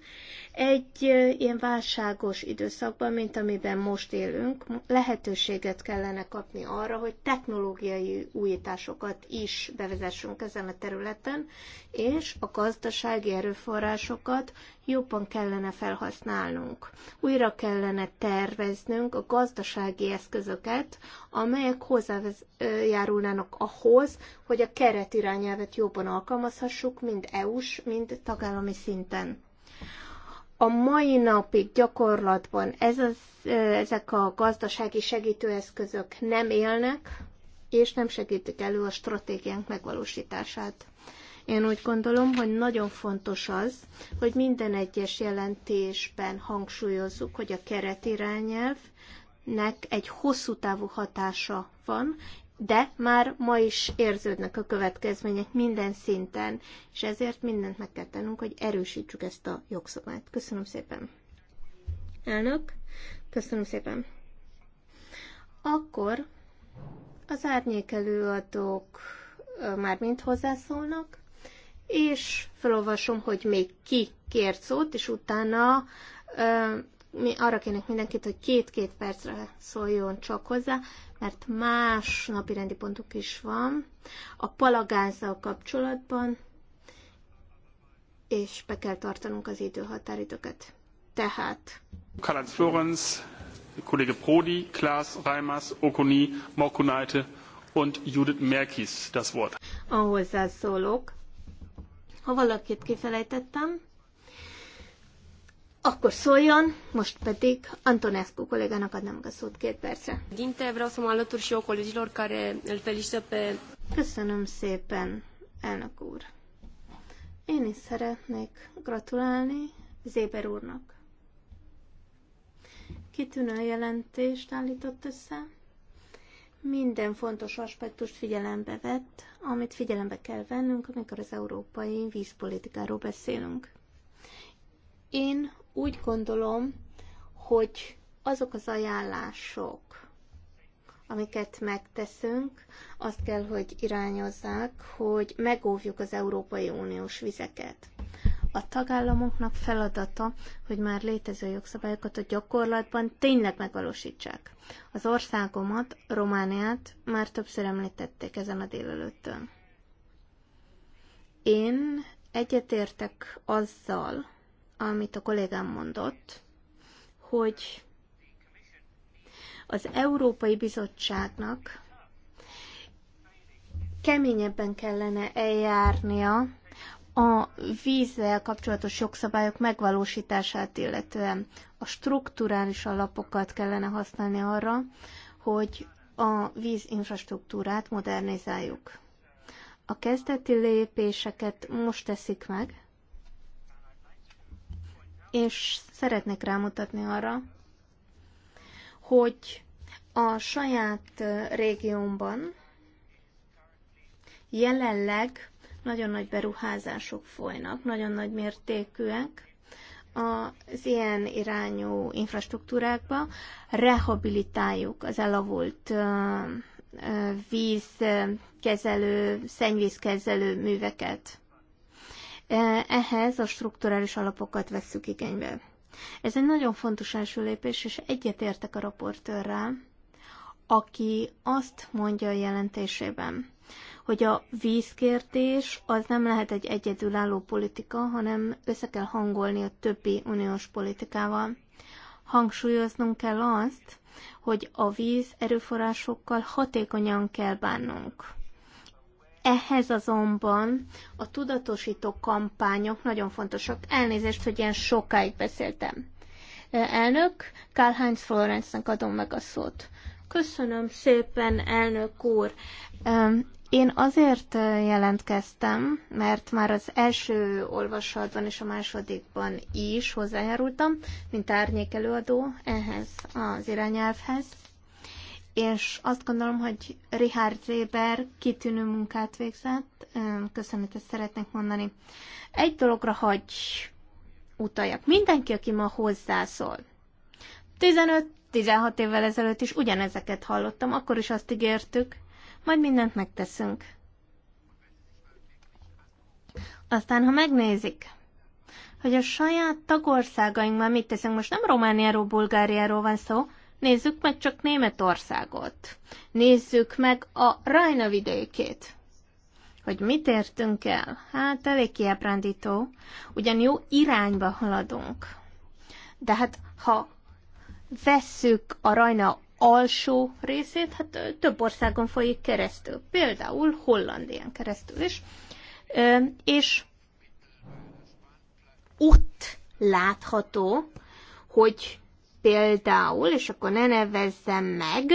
Egy ilyen válságos időszakban, mint amiben most élünk, lehetőséget kellene kapni arra, hogy technológiai újításokat is bevezessünk ezen a területen, és a gazdasági erőforrásokat jobban kellene felhasználnunk. Újra kellene terveznünk a gazdasági eszközöket, amelyek hozzájárulnának ahhoz, hogy a keretirányelvet jobban alkalmazhassuk, mind EU-s, mind tagállami állami szinten. A mai napig gyakorlatban ez az, ezek a gazdasági segítőeszközök nem élnek, és nem segítik elő a stratégiánk megvalósítását. Én úgy gondolom, hogy nagyon fontos az, hogy minden egyes jelentésben hangsúlyozzuk, hogy a keretirányelvnek egy hosszú távú hatása van, de már ma is érződnek a következmények minden szinten, és ezért mindent meg kell tennünk, hogy erősítsük ezt a jogszabályt. Köszönöm szépen. Elnök, köszönöm szépen. Akkor az árnyékelőadók már mind hozzászólnak, és felolvasom, hogy még ki kért szót, és utána mi arra kérnék mindenkit, hogy két-két percre szóljon csak hozzá, mert más napi rendi pontok is van. A palagázzal kapcsolatban, és be kell tartanunk az időhatáridőket. Tehát... Karl-Heinz Florenz, Kollege Prodi, Klaas, Reimers, Okoni, Mokunajte und Judith Merkis das Wort. A szólok, Ha valakit kifelejtettem, akkor szóljon, most pedig Antonescu kollégának adnám a szót két percre. Dinte, vreau să mă alătur și eu colegilor care îl felicită pe... Köszönöm szépen, elnök úr. Én is szeretnék gratulálni Zéber úrnak. Kitűnő jelentést állított össze. Minden fontos aspektust figyelembe vett, amit figyelembe kell vennünk, amikor az európai vízpolitikáról beszélünk. Én úgy gondolom, hogy azok az ajánlások, amiket megteszünk, azt kell, hogy irányozzák, hogy megóvjuk az Európai Uniós vizeket. A tagállamoknak feladata, hogy már létező jogszabályokat a gyakorlatban tényleg megvalósítsák. Az országomat, Romániát már többször említették ezen a délelőttön. Én egyetértek azzal, amit a kollégám mondott, hogy az Európai Bizottságnak keményebben kellene eljárnia a vízzel kapcsolatos jogszabályok megvalósítását illetően. A strukturális alapokat kellene használni arra, hogy a vízinfrastruktúrát modernizáljuk. A kezdeti lépéseket most teszik meg, és szeretnék rámutatni arra, hogy a saját régiómban jelenleg nagyon nagy beruházások folynak, nagyon nagy mértékűek az ilyen irányú infrastruktúrákba. Rehabilitáljuk az elavult vízkezelő, szennyvízkezelő műveket. E, ehhez a strukturális alapokat vesszük igénybe. Ez egy nagyon fontos első lépés, és egyetértek a raportőrrel, aki azt mondja a jelentésében, hogy a vízkérdés az nem lehet egy egyedülálló politika, hanem össze kell hangolni a többi uniós politikával. Hangsúlyoznunk kell azt, hogy a víz erőforrásokkal hatékonyan kell bánnunk. Ehhez azonban a tudatosító kampányok nagyon fontosak. Elnézést, hogy ilyen sokáig beszéltem. Elnök, Karl-Heinz Florence-nek adom meg a szót. Köszönöm szépen, elnök úr. Én azért jelentkeztem, mert már az első olvasatban és a másodikban is hozzájárultam, mint árnyékelőadó ehhez az irányelvhez és azt gondolom, hogy Richard Zéber kitűnő munkát végzett, ezt szeretnék mondani. Egy dologra hagy utaljak. Mindenki, aki ma hozzászól, 15-16 évvel ezelőtt is ugyanezeket hallottam, akkor is azt ígértük, majd mindent megteszünk. Aztán, ha megnézik, hogy a saját tagországainkban mit teszünk, most nem Romániáról, Bulgáriáról van szó, Nézzük meg csak Németországot. Nézzük meg a Rajna vidékét. Hogy mit értünk el? Hát elég kiábrándító. Ugyan jó irányba haladunk. De hát ha vesszük a Rajna alsó részét, hát több országon folyik keresztül. Például Hollandián keresztül is. És ott látható, hogy például, és akkor ne nevezzem meg,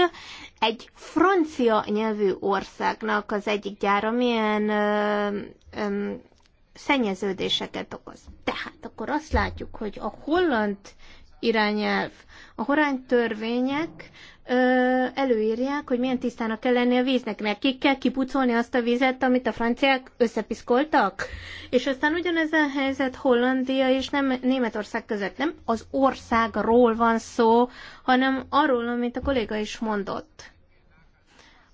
egy francia nyelvű országnak az egyik gyára milyen ö, ö, szennyeződéseket okoz. Tehát akkor azt látjuk, hogy a holland irányelv. A horány törvények ö, előírják, hogy milyen tisztának kell lenni a víznek, mert ki kell kipucolni azt a vizet, amit a franciák összepiszkoltak. És aztán ugyanez a helyzet Hollandia és nem Németország között. Nem az országról van szó, hanem arról, amit a kolléga is mondott.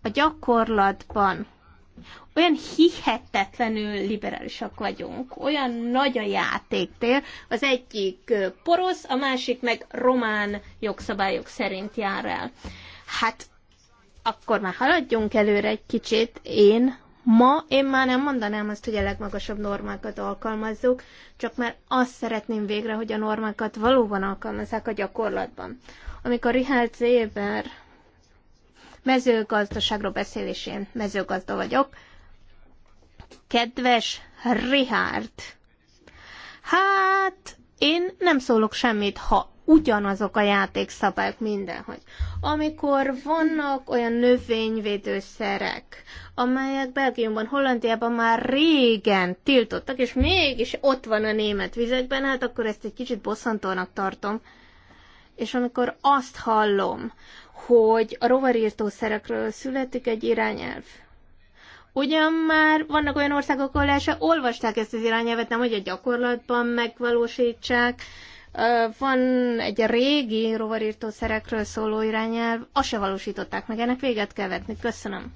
A gyakorlatban olyan hihetetlenül liberálisak vagyunk, olyan nagy a játéktér, az egyik porosz, a másik meg román jogszabályok szerint jár el. Hát akkor már haladjunk előre egy kicsit. Én ma, én már nem mondanám azt, hogy a legmagasabb normákat alkalmazzuk, csak már azt szeretném végre, hogy a normákat valóban alkalmazzák a gyakorlatban. Amikor Richard Zéber mezőgazdaságról beszél, és én mezőgazda vagyok, Kedves Richard, hát én nem szólok semmit, ha ugyanazok a játékszabályok mindenhogy. Amikor vannak olyan növényvédőszerek, amelyek Belgiumban, Hollandiában már régen tiltottak, és mégis ott van a német vizekben, hát akkor ezt egy kicsit bosszantónak tartom. És amikor azt hallom, hogy a rovarírtószerekről születik egy irányelv, Ugyan már vannak olyan országok, ahol se olvasták ezt az irányelvet, nem hogy a gyakorlatban megvalósítsák. Van egy régi rovarírtószerekről szóló irányelv, azt se valósították meg, ennek véget kell vetni. Köszönöm.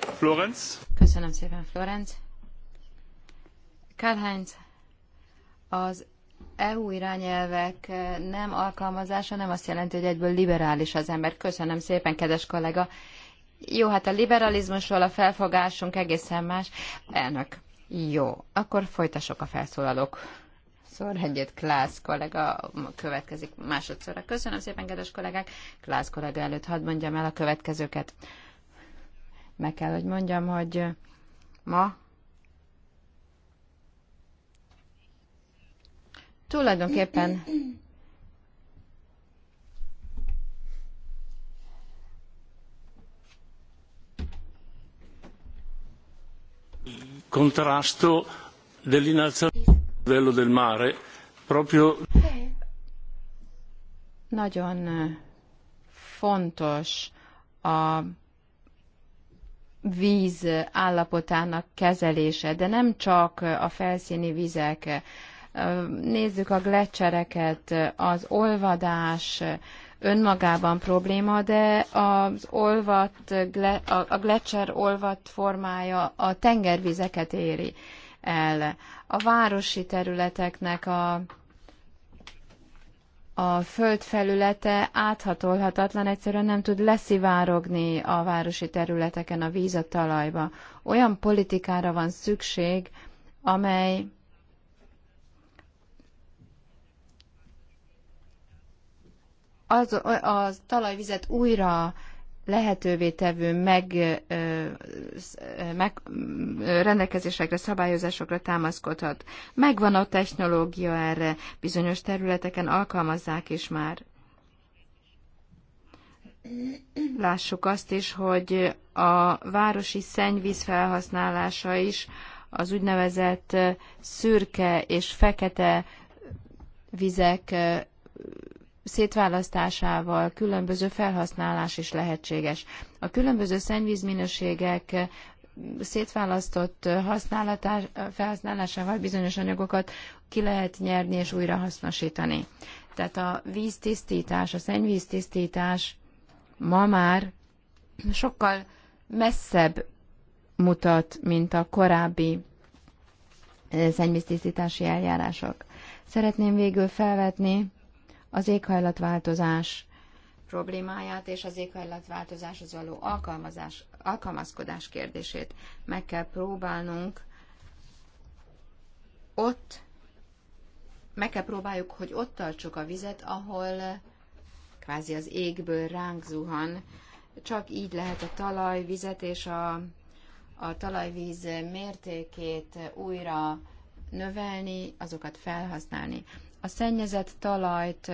Florence. Köszönöm szépen, Florence. Karl-Heinz, az EU irányelvek nem alkalmazása nem azt jelenti, hogy egyből liberális az ember. Köszönöm szépen, kedves kollega. Jó, hát a liberalizmusról a felfogásunk egészen más. Elnök. Jó, akkor folytasok a felszólalók. Szóval egyet Klász kollega következik másodszorra. Köszönöm szépen, kedves kollégák. Klász kollega előtt hadd mondjam el a következőket. Meg kell, hogy mondjam, hogy ma tulajdonképpen contrasto dell'innalzamento del livello del mare proprio nagyon fontos a víz állapotának kezelése, de nem csak a felszíni vizek. Nézzük a gletszereket, az olvadás, önmagában probléma, de az olvat, a gletszer olvat formája a tengervizeket éri el. A városi területeknek a, a földfelülete áthatolhatatlan, egyszerűen nem tud leszivárogni a városi területeken a víz a talajba. Olyan politikára van szükség, amely az, a talajvizet újra lehetővé tevő meg, meg rendelkezésekre, szabályozásokra támaszkodhat. Megvan a technológia erre, bizonyos területeken alkalmazzák is már. Lássuk azt is, hogy a városi szennyvíz felhasználása is az úgynevezett szürke és fekete vizek szétválasztásával különböző felhasználás is lehetséges. A különböző szennyvízminőségek szétválasztott felhasználásával bizonyos anyagokat ki lehet nyerni és újra hasznosítani. Tehát a víztisztítás, a szennyvíztisztítás ma már sokkal messzebb mutat, mint a korábbi eh, szennyvíztisztítási eljárások. Szeretném végül felvetni az éghajlatváltozás problémáját és az éghajlatváltozáshoz való alkalmazás, alkalmazkodás kérdését meg kell próbálnunk ott, meg kell próbáljuk, hogy ott tartsuk a vizet, ahol kvázi az égből ránk zuhan. Csak így lehet a talajvizet és a, a talajvíz mértékét újra növelni, azokat felhasználni. A szennyezett talajt,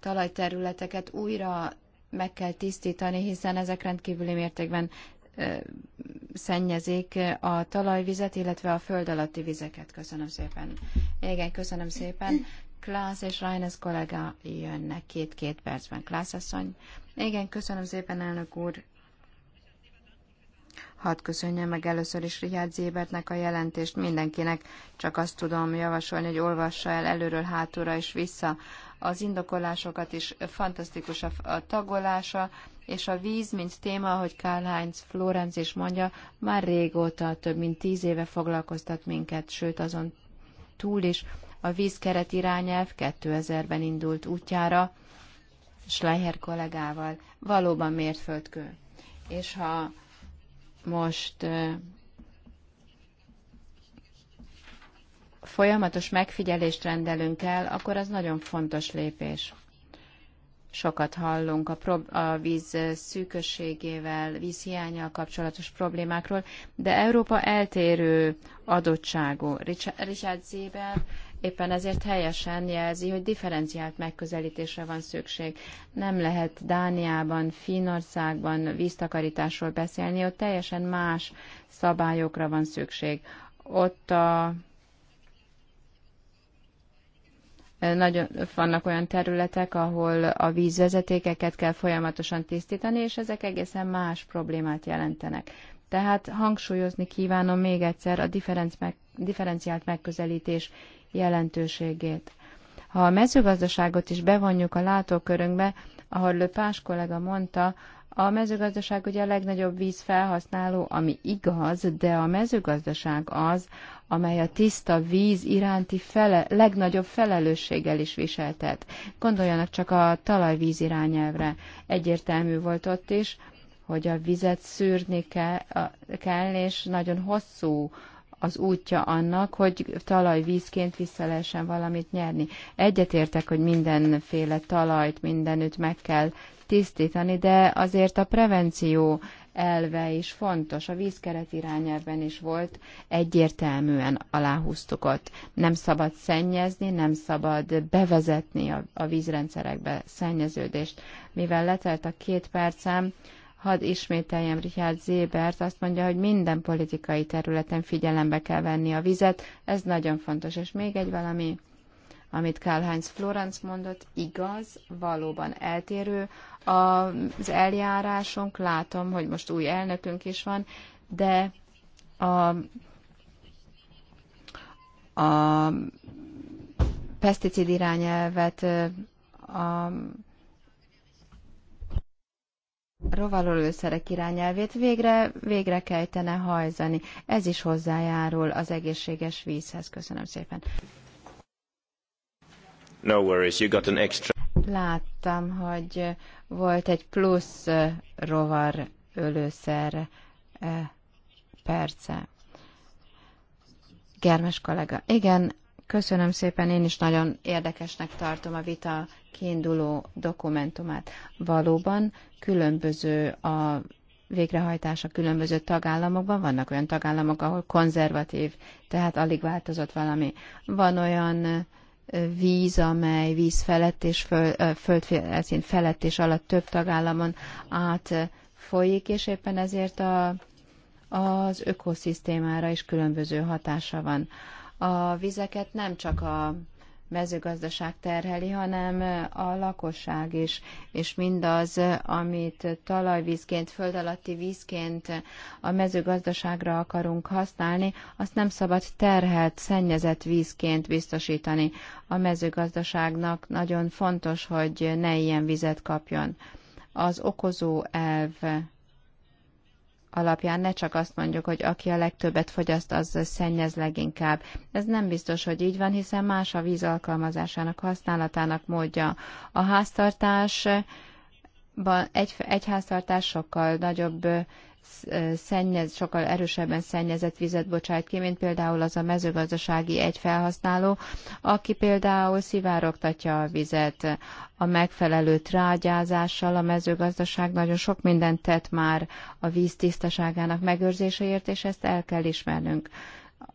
talajterületeket újra meg kell tisztítani, hiszen ezek rendkívüli mértékben szennyezik a talajvizet, illetve a föld alatti vizeket. Köszönöm szépen. Igen, köszönöm szépen. Klász és Reines kollega jönnek két-két percben. Klász asszony. Igen, köszönöm szépen, elnök úr. Hadd köszönjem meg először is Richard Zébertnek a jelentést. Mindenkinek csak azt tudom javasolni, hogy olvassa el előről, hátulra és vissza az indokolásokat is. Fantasztikus a, a tagolása, és a víz, mint téma, ahogy Karl Heinz Florenz is mondja, már régóta, több mint tíz éve foglalkoztat minket, sőt azon túl is. A vízkeret irányelv 2000-ben indult útjára Schleicher kollégával. Valóban mérföldkő. És ha most folyamatos megfigyelést rendelünk el, akkor az nagyon fontos lépés. Sokat hallunk a, prob- a víz szűkösségével, vízhiányjal kapcsolatos problémákról, de Európa eltérő adottságú. Richard Zéber Éppen ezért helyesen jelzi, hogy differenciált megközelítésre van szükség. Nem lehet Dániában, Finnországban víztakarításról beszélni, ott teljesen más szabályokra van szükség. Ott a e, nagyon vannak olyan területek, ahol a vízvezetékeket kell folyamatosan tisztítani, és ezek egészen más problémát jelentenek. Tehát hangsúlyozni kívánom még egyszer a differenciált megközelítés jelentőségét. Ha a mezőgazdaságot is bevonjuk a látókörünkbe, ahogy Löpás kollega mondta, a mezőgazdaság ugye a legnagyobb vízfelhasználó, ami igaz, de a mezőgazdaság az, amely a tiszta víz iránti fele, legnagyobb felelősséggel is viseltet. Gondoljanak csak a talajvíz irányelvre. Egyértelmű volt ott is, hogy a vizet szűrni kell, kell és nagyon hosszú az útja annak, hogy talajvízként vissza lehessen valamit nyerni. Egyetértek, hogy mindenféle talajt mindenütt meg kell tisztítani, de azért a prevenció elve is fontos. A vízkeret irányelven is volt, egyértelműen aláhúztuk ott. Nem szabad szennyezni, nem szabad bevezetni a, a vízrendszerekbe szennyeződést. Mivel letelt a két percem, Hadd ismételjem Richard Zébert, azt mondja, hogy minden politikai területen figyelembe kell venni a vizet, ez nagyon fontos. És még egy valami, amit Karl-Heinz Florence mondott, igaz, valóban eltérő. Az eljárásunk, látom, hogy most új elnökünk is van, de a, a peszticid irányelvet a rovarolőszerek irányelvét végre, végre kellene hajzani. Ez is hozzájárul az egészséges vízhez. Köszönöm szépen. No worries, you got an extra. Láttam, hogy volt egy plusz ölőszer eh, perce. Germes kollega. Igen, Köszönöm szépen, én is nagyon érdekesnek tartom a vita kiinduló dokumentumát. Valóban különböző a végrehajtása különböző tagállamokban. Vannak olyan tagállamok, ahol konzervatív, tehát alig változott valami. Van olyan víz, amely víz felett és föl, föld felett és alatt több tagállamon át folyik, és éppen ezért a, az ökoszisztémára is különböző hatása van a vizeket nem csak a mezőgazdaság terheli, hanem a lakosság is, és mindaz, amit talajvízként, föld alatti vízként a mezőgazdaságra akarunk használni, azt nem szabad terhelt, szennyezett vízként biztosítani. A mezőgazdaságnak nagyon fontos, hogy ne ilyen vizet kapjon. Az okozó elv alapján ne csak azt mondjuk, hogy aki a legtöbbet fogyaszt, az szennyez leginkább. Ez nem biztos, hogy így van, hiszen más a víz alkalmazásának, használatának módja. A háztartás egy, egy háztartás sokkal nagyobb szennyez, sokkal erősebben szennyezett vizet bocsát ki, mint például az a mezőgazdasági egyfelhasználó, aki például szivárogtatja a vizet a megfelelő trágyázással. A mezőgazdaság nagyon sok mindent tett már a víz tisztaságának megőrzéseért, és ezt el kell ismernünk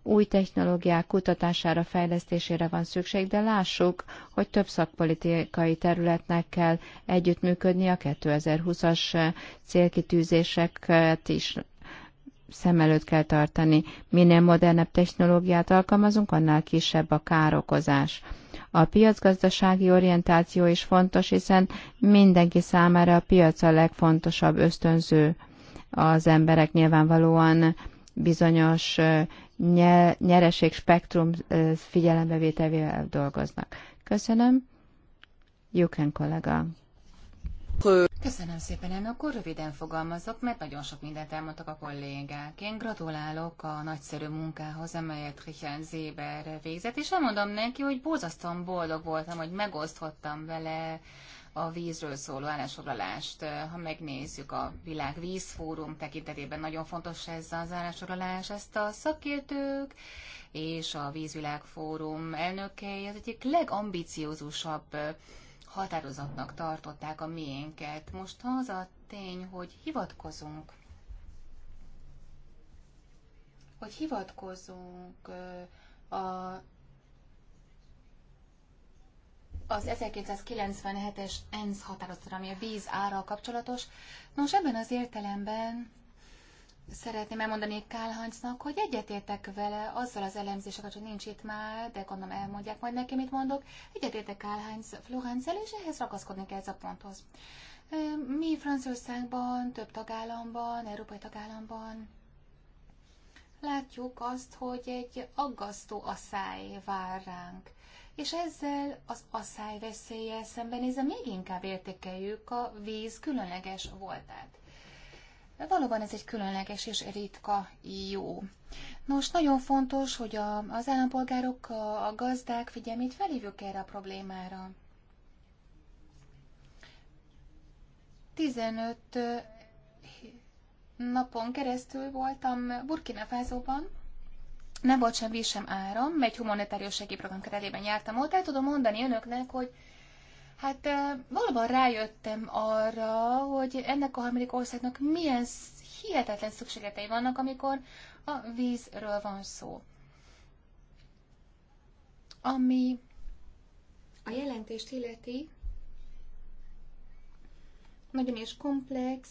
új technológiák kutatására, fejlesztésére van szükség, de lássuk, hogy több szakpolitikai területnek kell együttműködni a 2020-as célkitűzéseket is szem előtt kell tartani. Minél modernebb technológiát alkalmazunk, annál kisebb a károkozás. A piacgazdasági orientáció is fontos, hiszen mindenki számára a piac a legfontosabb ösztönző. Az emberek nyilvánvalóan bizonyos nyereség spektrum figyelembevételével dolgoznak. Köszönöm. Jóken kollega. Köszönöm szépen, én akkor röviden fogalmazok, mert nagyon sok mindent elmondtak a kollégák. Én gratulálok a nagyszerű munkához, amelyet Richard Zéber végzett, és elmondom neki, hogy borzasztóan boldog voltam, hogy megoszthattam vele a vízről szóló állásfoglalást. Ha megnézzük a világ vízfórum tekintetében, nagyon fontos ez az állásfoglalás. Ezt a szakértők és a vízvilágfórum elnökei az egyik legambiciózusabb határozatnak tartották a miénket. Most az a tény, hogy hivatkozunk hogy hivatkozunk a az 1997-es ENSZ határozatra, ami a víz ára kapcsolatos. Nos, ebben az értelemben szeretném elmondani Kálhancnak, hogy egyetértek vele azzal az elemzéseket, hogy nincs itt már, de gondolom elmondják majd neki, mit mondok. Egyetértek Kálhánc Heinz Florenzel, és ehhez ragaszkodni kell ez a ponthoz. Mi Franciaországban, több tagállamban, európai tagállamban látjuk azt, hogy egy aggasztó asszály vár ránk és ezzel az asszály veszéllyel szembenézve még inkább értékeljük a víz különleges voltát. Valóban ez egy különleges és ritka jó. Nos, nagyon fontos, hogy a, az állampolgárok, a, a gazdák figyelmét felhívjuk erre a problémára. 15 eh, napon keresztül voltam Burkina Fázóban, nem volt sem víz, sem áram, egy humanitárius segélyprogram keretében jártam ott, el tudom mondani önöknek, hogy hát valóban rájöttem arra, hogy ennek a harmadik országnak milyen hihetetlen szükségetei vannak, amikor a vízről van szó. Ami a jelentést illeti, nagyon is komplex,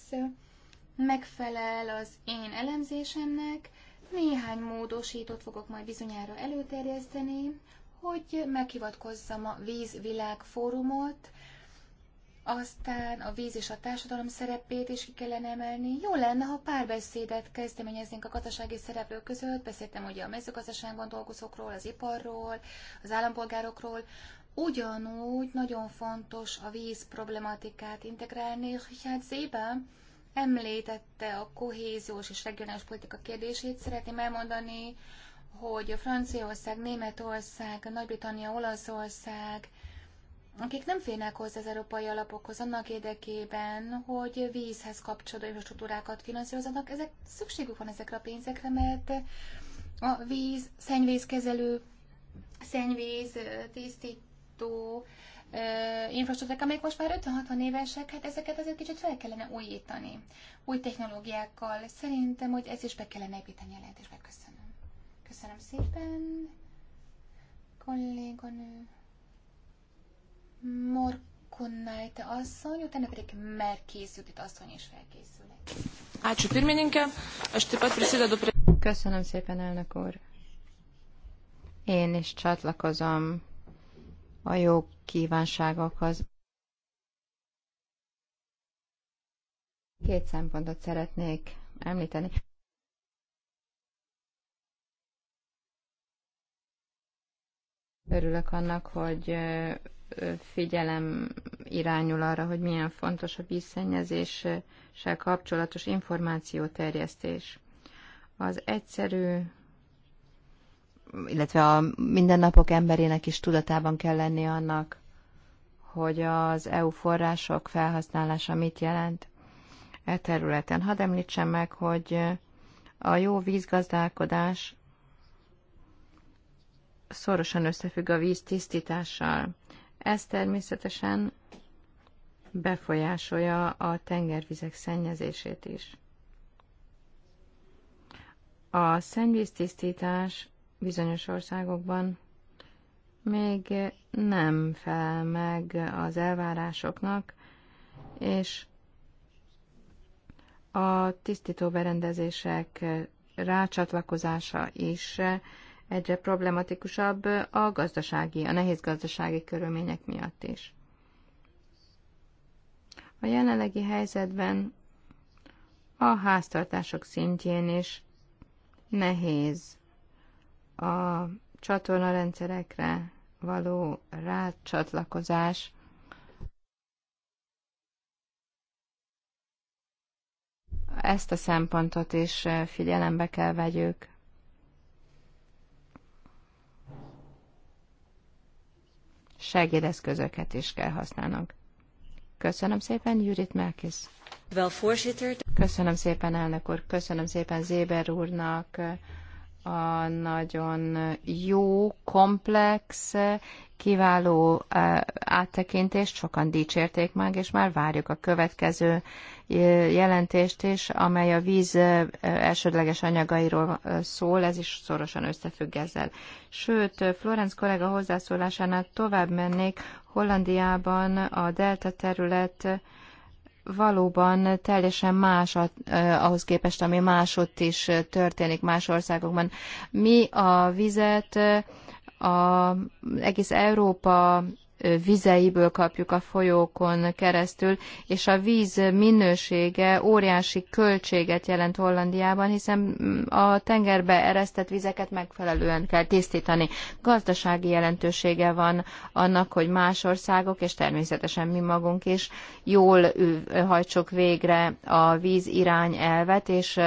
megfelel az én elemzésemnek, néhány módosítót fogok majd bizonyára előterjeszteni, hogy meghivatkozzam a vízvilág fórumot, aztán a víz és a társadalom szerepét is ki kellene emelni. Jó lenne, ha párbeszédet kezdeményeznénk a gazdasági szereplők között. Beszéltem ugye a mezőgazdaságban dolgozókról, az iparról, az állampolgárokról. Ugyanúgy nagyon fontos a víz problematikát integrálni. hát szépen, említette a kohéziós és regionális politika kérdését. Szeretném elmondani, hogy Franciaország, Németország, Nagy-Britannia, Olaszország, akik nem férnek hozzá az európai alapokhoz annak érdekében, hogy vízhez kapcsolódó infrastruktúrákat finanszírozzanak, ezek szükségük van ezekre a pénzekre, mert a víz, szennyvízkezelő, szennyvíz tisztító infrastruktúrák, amelyek most már 50-60 évesek, hát ezeket azért kicsit fel kellene újítani. Új technológiákkal szerintem, hogy ez is be kellene építeni a lehetésbe. Köszönöm. Köszönöm szépen, kolléganő. te asszony, utána pedig Merkész Judit asszony is felkészül. Ácsú pirmininke, és tippet prisidedu... Köszönöm szépen, elnök úr. Én is csatlakozom a jó kívánságokhoz. Két szempontot szeretnék említeni. Örülök annak, hogy figyelem irányul arra, hogy milyen fontos a vízszennyezéssel kapcsolatos információterjesztés, Az egyszerű illetve a mindennapok emberének is tudatában kell lenni annak, hogy az EU források felhasználása mit jelent e területen. Hadd említsem meg, hogy a jó vízgazdálkodás szorosan összefügg a víz tisztítással. Ez természetesen befolyásolja a tengervizek szennyezését is. A szennyvíztisztítás bizonyos országokban még nem felel meg az elvárásoknak, és a tisztító berendezések rácsatlakozása is egyre problematikusabb a gazdasági, a nehéz gazdasági körülmények miatt is. A jelenlegi helyzetben a háztartások szintjén is nehéz a csatorna rendszerekre való rácsatlakozás ezt a szempontot is eh, figyelembe kell vegyük. Segédeszközöket is kell használnunk. Köszönöm szépen, Judith Melkis. Köszönöm szépen, elnök úr. Köszönöm szépen Zéber úrnak eh, a nagyon jó, komplex, kiváló e, áttekintést, sokan dicsérték meg, és már várjuk a következő e, jelentést is, amely a víz e, elsődleges anyagairól szól, ez is szorosan összefügg ezzel. Sőt, Florenc kollega hozzászólásánál tovább mennék, Hollandiában a delta terület valóban teljesen más a, ahhoz képest, ami másott is történik más országokban. Mi a vizet, a egész Európa vizeiből kapjuk a folyókon keresztül, és a víz minősége óriási költséget jelent Hollandiában, hiszen a tengerbe eresztett vizeket megfelelően kell tisztítani. Gazdasági jelentősége van annak, hogy más országok, és természetesen mi magunk is jól hajtsuk végre a víz elvet, és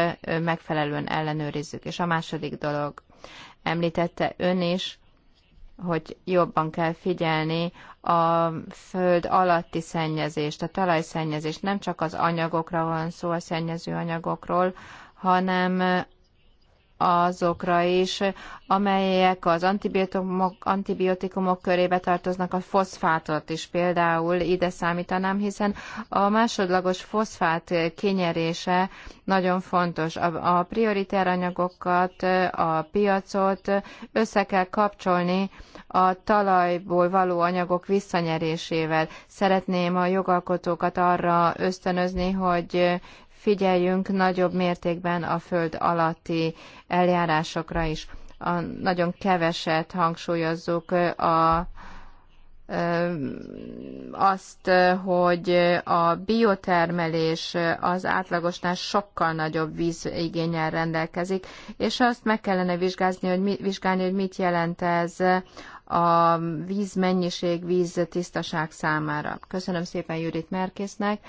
megfelelően ellenőrizzük. És a második dolog, említette ön is, hogy jobban kell figyelni a föld alatti szennyezést, a talajszennyezést. Nem csak az anyagokra van szó, a szennyező anyagokról, hanem azokra is, amelyek az antibiotikumok, antibiotikumok körébe tartoznak, a foszfátot is például ide számítanám, hiszen a másodlagos foszfát kinyerése nagyon fontos. A, a prioritár anyagokat, a piacot össze kell kapcsolni a talajból való anyagok visszanyerésével. Szeretném a jogalkotókat arra ösztönözni, hogy figyeljünk nagyobb mértékben a föld alatti eljárásokra is. A, nagyon keveset hangsúlyozzuk a, azt, hogy a biotermelés az átlagosnál sokkal nagyobb vízigényel rendelkezik, és azt meg kellene vizsgálni, hogy, mi, vizsgálni, hogy mit jelent ez a vízmennyiség, víz tisztaság számára. Köszönöm szépen Judit Merkésznek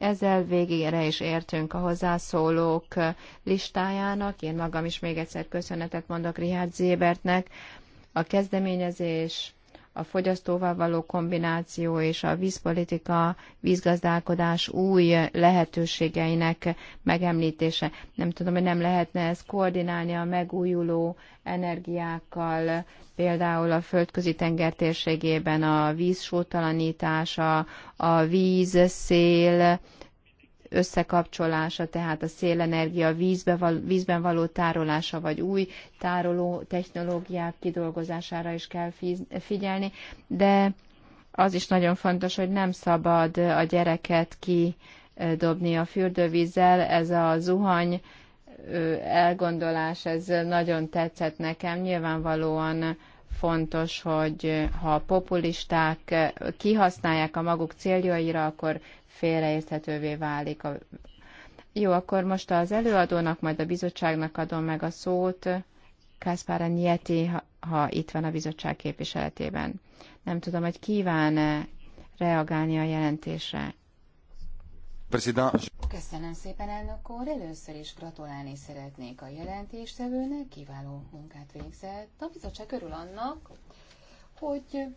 ezzel végére is értünk a hozzászólók listájának. Én magam is még egyszer köszönetet mondok Richard Zébertnek. A kezdeményezés a fogyasztóval való kombináció és a vízpolitika, vízgazdálkodás új lehetőségeinek megemlítése. Nem tudom, hogy nem lehetne ezt koordinálni a megújuló energiákkal, például a földközi tenger térségében a víz a, a víz, szél, összekapcsolása, tehát a szélenergia vízbe val, vízben való tárolása, vagy új tároló technológiák kidolgozására is kell figyelni, de az is nagyon fontos, hogy nem szabad a gyereket kidobni a fürdővízzel, ez a zuhany elgondolás, ez nagyon tetszett nekem, nyilvánvalóan fontos, hogy ha populisták kihasználják a maguk céljaira, akkor félreérthetővé válik. A... Jó, akkor most az előadónak, majd a bizottságnak adom meg a szót. Kászpára Nyeti, ha, ha itt van a bizottság képviseletében. Nem tudom, hogy kíván-e reagálni a jelentésre. Köszönöm szépen, elnök úr! Először is gratulálni szeretnék a jelentéstevőnek, kiváló munkát végzett. A bizottság örül annak, hogy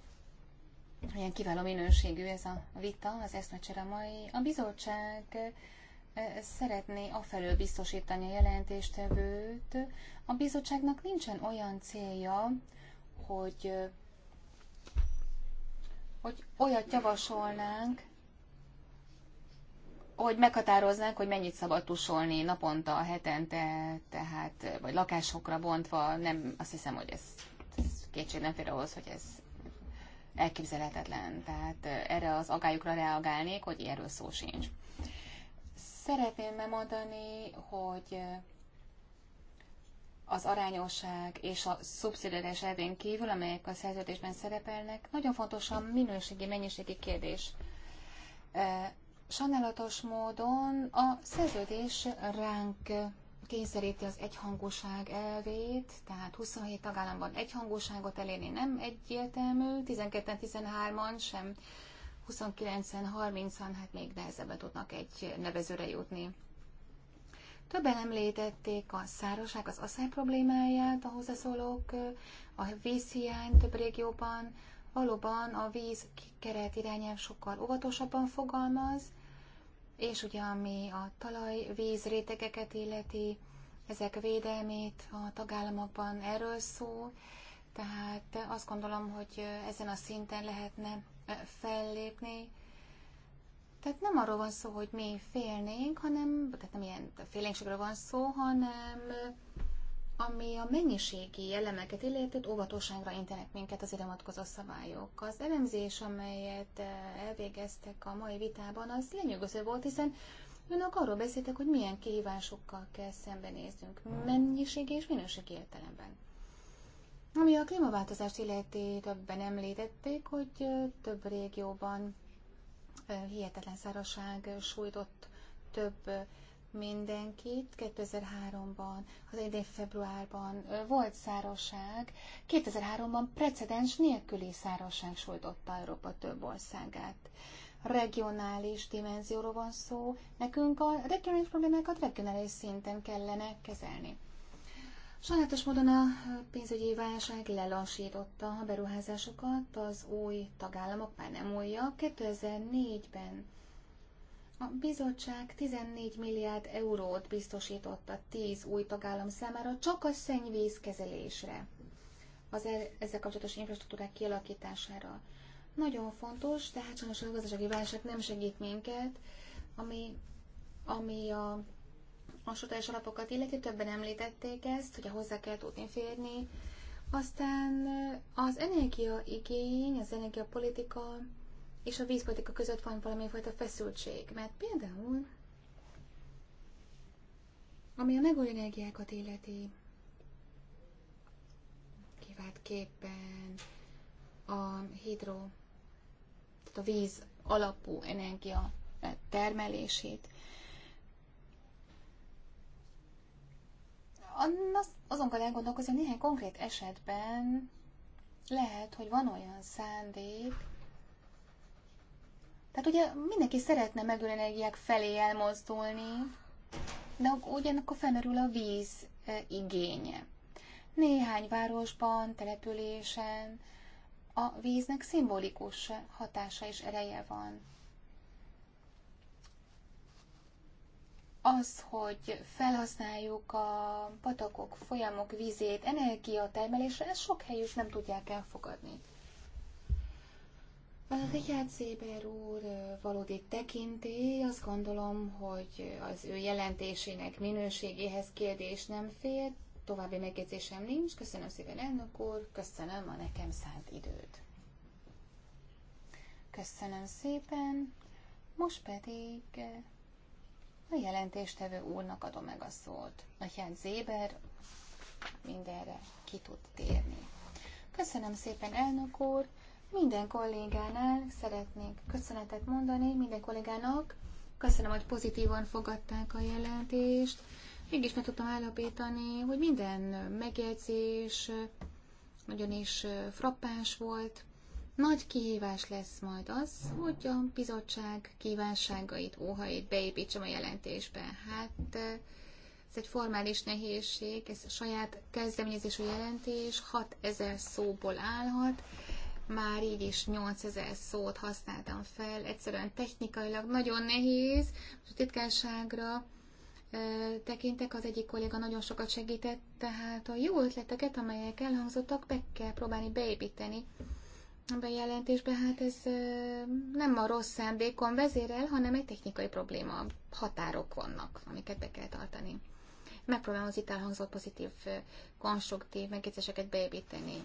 olyan kiváló minőségű ez a vita, az eszmecsere mai. A bizottság szeretné afelől biztosítani a jelentéstevőt. A bizottságnak nincsen olyan célja, hogy, hogy olyat javasolnánk, hogy meghatároznánk, hogy mennyit szabad tusolni naponta, hetente, tehát, vagy lakásokra bontva, nem, azt hiszem, hogy ez, ez kétség nem fér ahhoz, hogy ez elképzelhetetlen. Tehát erre az agályokra reagálnék, hogy erről szó sincs. Szeretném megmondani, hogy az arányosság és a szubszidiaritás elvén kívül, amelyek a szerződésben szerepelnek, nagyon fontos a minőségi, mennyiségi kérdés. Sajnálatos módon a szerződés ránk kényszeríti az egyhangúság elvét, tehát 27 tagállamban egyhangúságot elérni nem egyértelmű, 12-13-an sem, 29 30-an hát még nehezebben tudnak egy nevezőre jutni. Többen említették a szárazság, az asszály problémáját a hozzászólók, a vízhiány több régióban. Valóban a víz keret irányelv sokkal óvatosabban fogalmaz, és ugye ami a talajvíz rétegeket illeti, ezek védelmét a tagállamokban erről szól, tehát azt gondolom, hogy ezen a szinten lehetne eh, fellépni. Tehát nem arról van szó, hogy mi félnénk, hanem, tehát nem ilyen félénkségről van szó, hanem ami a mennyiségi elemeket illeti, óvatosságra intenek minket az ide vonatkozó szabályok. Az elemzés, amelyet eh, elvégeztek a mai vitában, az lenyűgöző volt, hiszen önök arról beszéltek, hogy milyen kihívásokkal kell szembenéznünk, mennyiségi és minőségi értelemben. Ami a klímaváltozást illeti, többen említették, hogy eh, több régióban eh, hihetetlen szárazság sújtott több mindenkit 2003-ban, az idén februárban volt szárazság, 2003-ban precedens nélküli szárazság sújtotta Európa több országát. Regionális dimenzióról van szó, nekünk a regionális problémákat regionális szinten kellene kezelni. Sajnálatos módon a pénzügyi válság lelassította a beruházásokat, az új tagállamok már nem újja. 2004-ben a bizottság 14 milliárd eurót biztosított a 10 új tagállam számára csak a szennyvízkezelésre, az e- ezzel kapcsolatos infrastruktúrák kialakítására. Nagyon fontos, tehát sajnos a gazdasági válság nem segít minket, ami, ami a a sotás alapokat illeti, többen említették ezt, hogy hozzá kell tudni férni. Aztán az energiaigény, az energiapolitika és a vízpolitika között van valami fajta feszültség. Mert például, ami a megújuló energiákat illeti, kivált képen a hidro, tehát a víz alapú energia termelését, azon kell elgondolkozni, hogy néhány konkrét esetben lehet, hogy van olyan szándék, tehát ugye mindenki szeretne megül energiák felé elmozdulni, de ugyanakkor felmerül a víz e, igénye. Néhány városban, településen a víznek szimbolikus hatása és ereje van. az, hogy felhasználjuk a patakok, folyamok vízét energiatermelésre, ezt sok helyütt nem tudják elfogadni. A Richard Zéber úr valódi tekintély, azt gondolom, hogy az ő jelentésének minőségéhez kérdés nem fér, további megjegyzésem nincs. Köszönöm szépen, elnök úr, köszönöm a nekem szánt időt. Köszönöm szépen, most pedig a jelentéstevő úrnak adom meg a szót. Nagyján Zéber mindenre ki tud térni. Köszönöm szépen, elnök úr! Minden kollégánál szeretnék köszönetet mondani, minden kollégának. Köszönöm, hogy pozitívan fogadták a jelentést. Mégis meg tudtam állapítani, hogy minden megjegyzés nagyon is frappás volt. Nagy kihívás lesz majd az, hogy a bizottság kívánságait, óhait beépítsem a jelentésbe. Hát ez egy formális nehézség, ez a saját kezdeményezésű jelentés 6000 szóból állhat, már így is 8000 szót használtam fel, egyszerűen technikailag nagyon nehéz, a titkárságra tekintek, az egyik kolléga nagyon sokat segített, tehát a jó ötleteket, amelyek elhangzottak, be kell próbálni beépíteni a bejelentésbe. Hát ez nem a rossz szándékon vezérel, hanem egy technikai probléma. Határok vannak, amiket be kell tartani. Megpróbálom az itt elhangzott pozitív, konstruktív megjegyzéseket beépíteni.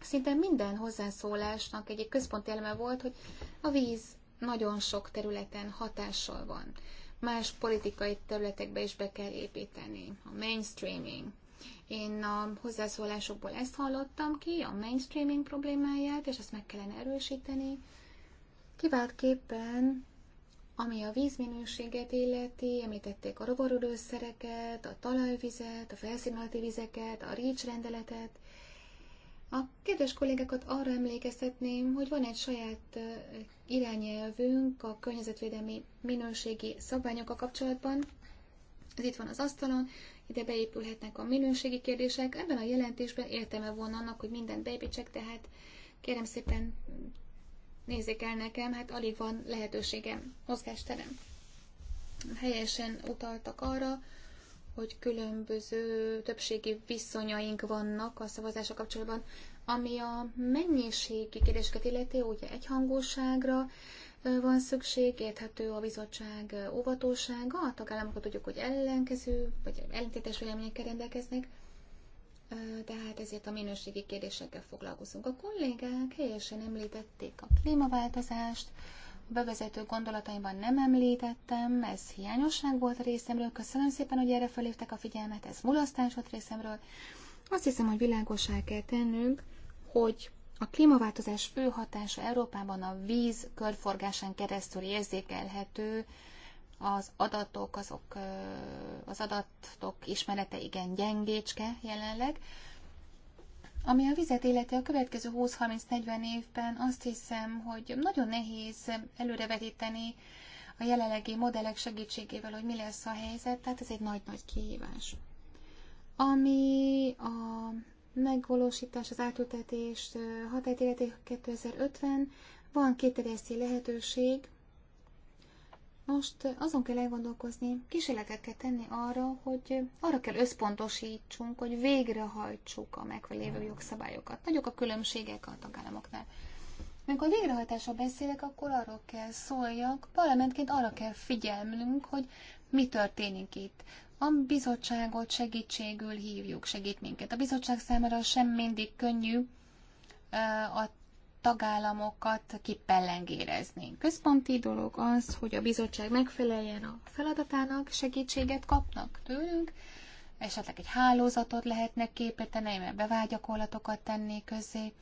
Szinte minden hozzászólásnak egyik központi eleme volt, hogy a víz nagyon sok területen hatással van. Más politikai területekbe is be kell építeni. A mainstreaming. Én a hozzászólásokból ezt hallottam ki, a mainstreaming problémáját, és ezt meg kellene erősíteni. Kiváltképpen, ami a vízminőséget illeti, említették a rovarodőszereket, a talajvizet, a felszín vizeket, a rics rendeletet, a kedves kollégákat arra emlékeztetném, hogy van egy saját irányelvünk a környezetvédelmi minőségi szabványokkal kapcsolatban. Ez itt van az asztalon, ide beépülhetnek a minőségi kérdések. Ebben a jelentésben értelme volna annak, hogy mindent beépítsek, tehát kérem szépen nézzék el nekem, hát alig van lehetőségem, mozgásterem. Helyesen utaltak arra, hogy különböző többségi viszonyaink vannak a szavazása kapcsolatban, ami a mennyiségi kérdéseket illeti, ugye egyhangúságra van szükség, érthető a bizottság óvatósága, a tagállamokat tudjuk, hogy ellenkező, vagy ellentétes véleményekkel rendelkeznek, hát ezért a minőségi kérdésekkel foglalkozunk. A kollégák helyesen említették a klímaváltozást, bevezető gondolataimban nem említettem, ez hiányosság volt a részemről. Köszönöm szépen, hogy erre felhívtak a figyelmet, ez mulasztás volt részemről. Azt hiszem, hogy világosá kell tennünk, hogy a klímaváltozás fő hatása Európában a víz körforgásán keresztül érzékelhető, az adatok, azok, az adatok ismerete igen gyengécske jelenleg. Ami a vizet illeti a következő 20-30-40 évben, azt hiszem, hogy nagyon nehéz előrevetíteni a jelenlegi modellek segítségével, hogy mi lesz a helyzet, tehát ez egy nagy-nagy kihívás. Ami a megvalósítás, az átültetés hatályt illeti 2050, van kiterjeszti lehetőség, most azon kell elgondolkozni, kísérletet kell tenni arra, hogy arra kell összpontosítsunk, hogy végrehajtsuk a megfelelő jogszabályokat. Nagyok a különbségek a tagállamoknál. Amikor a végrehajtásra beszélek, akkor arról kell szóljak, parlamentként arra kell figyelnünk, hogy mi történik itt. A bizottságot segítségül hívjuk, segít minket. A bizottság számára sem mindig könnyű a tagállamokat kipellengérezni. Központi dolog az, hogy a bizottság megfeleljen a feladatának, segítséget kapnak tőlünk, esetleg egy hálózatot lehetnek képíteni, mert bevágyakorlatokat tenni közé.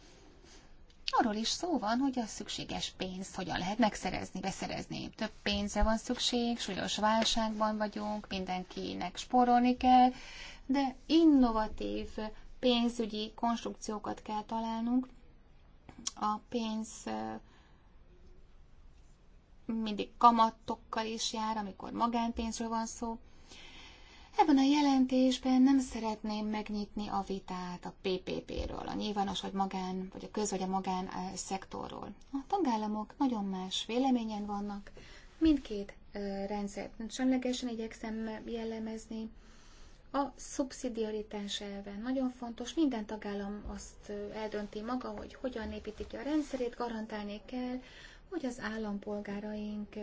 Arról is szó van, hogy a szükséges pénzt hogyan lehet megszerezni, beszerezni. Több pénzre van szükség, súlyos válságban vagyunk, mindenkinek sporolni kell, de innovatív pénzügyi konstrukciókat kell találnunk, a pénz mindig kamatokkal is jár, amikor magánpénzről van szó. Ebben a jelentésben nem szeretném megnyitni a vitát a PPP-ről, a nyilvános vagy magán, vagy a köz vagy a magán szektorról. A tagállamok nagyon más véleményen vannak, mindkét rendszert semlegesen igyekszem jellemezni. A szubszidiaritás elve nagyon fontos, minden tagállam azt eldönti maga, hogy hogyan építi ki a rendszerét, garantálni kell, hogy az állampolgáraink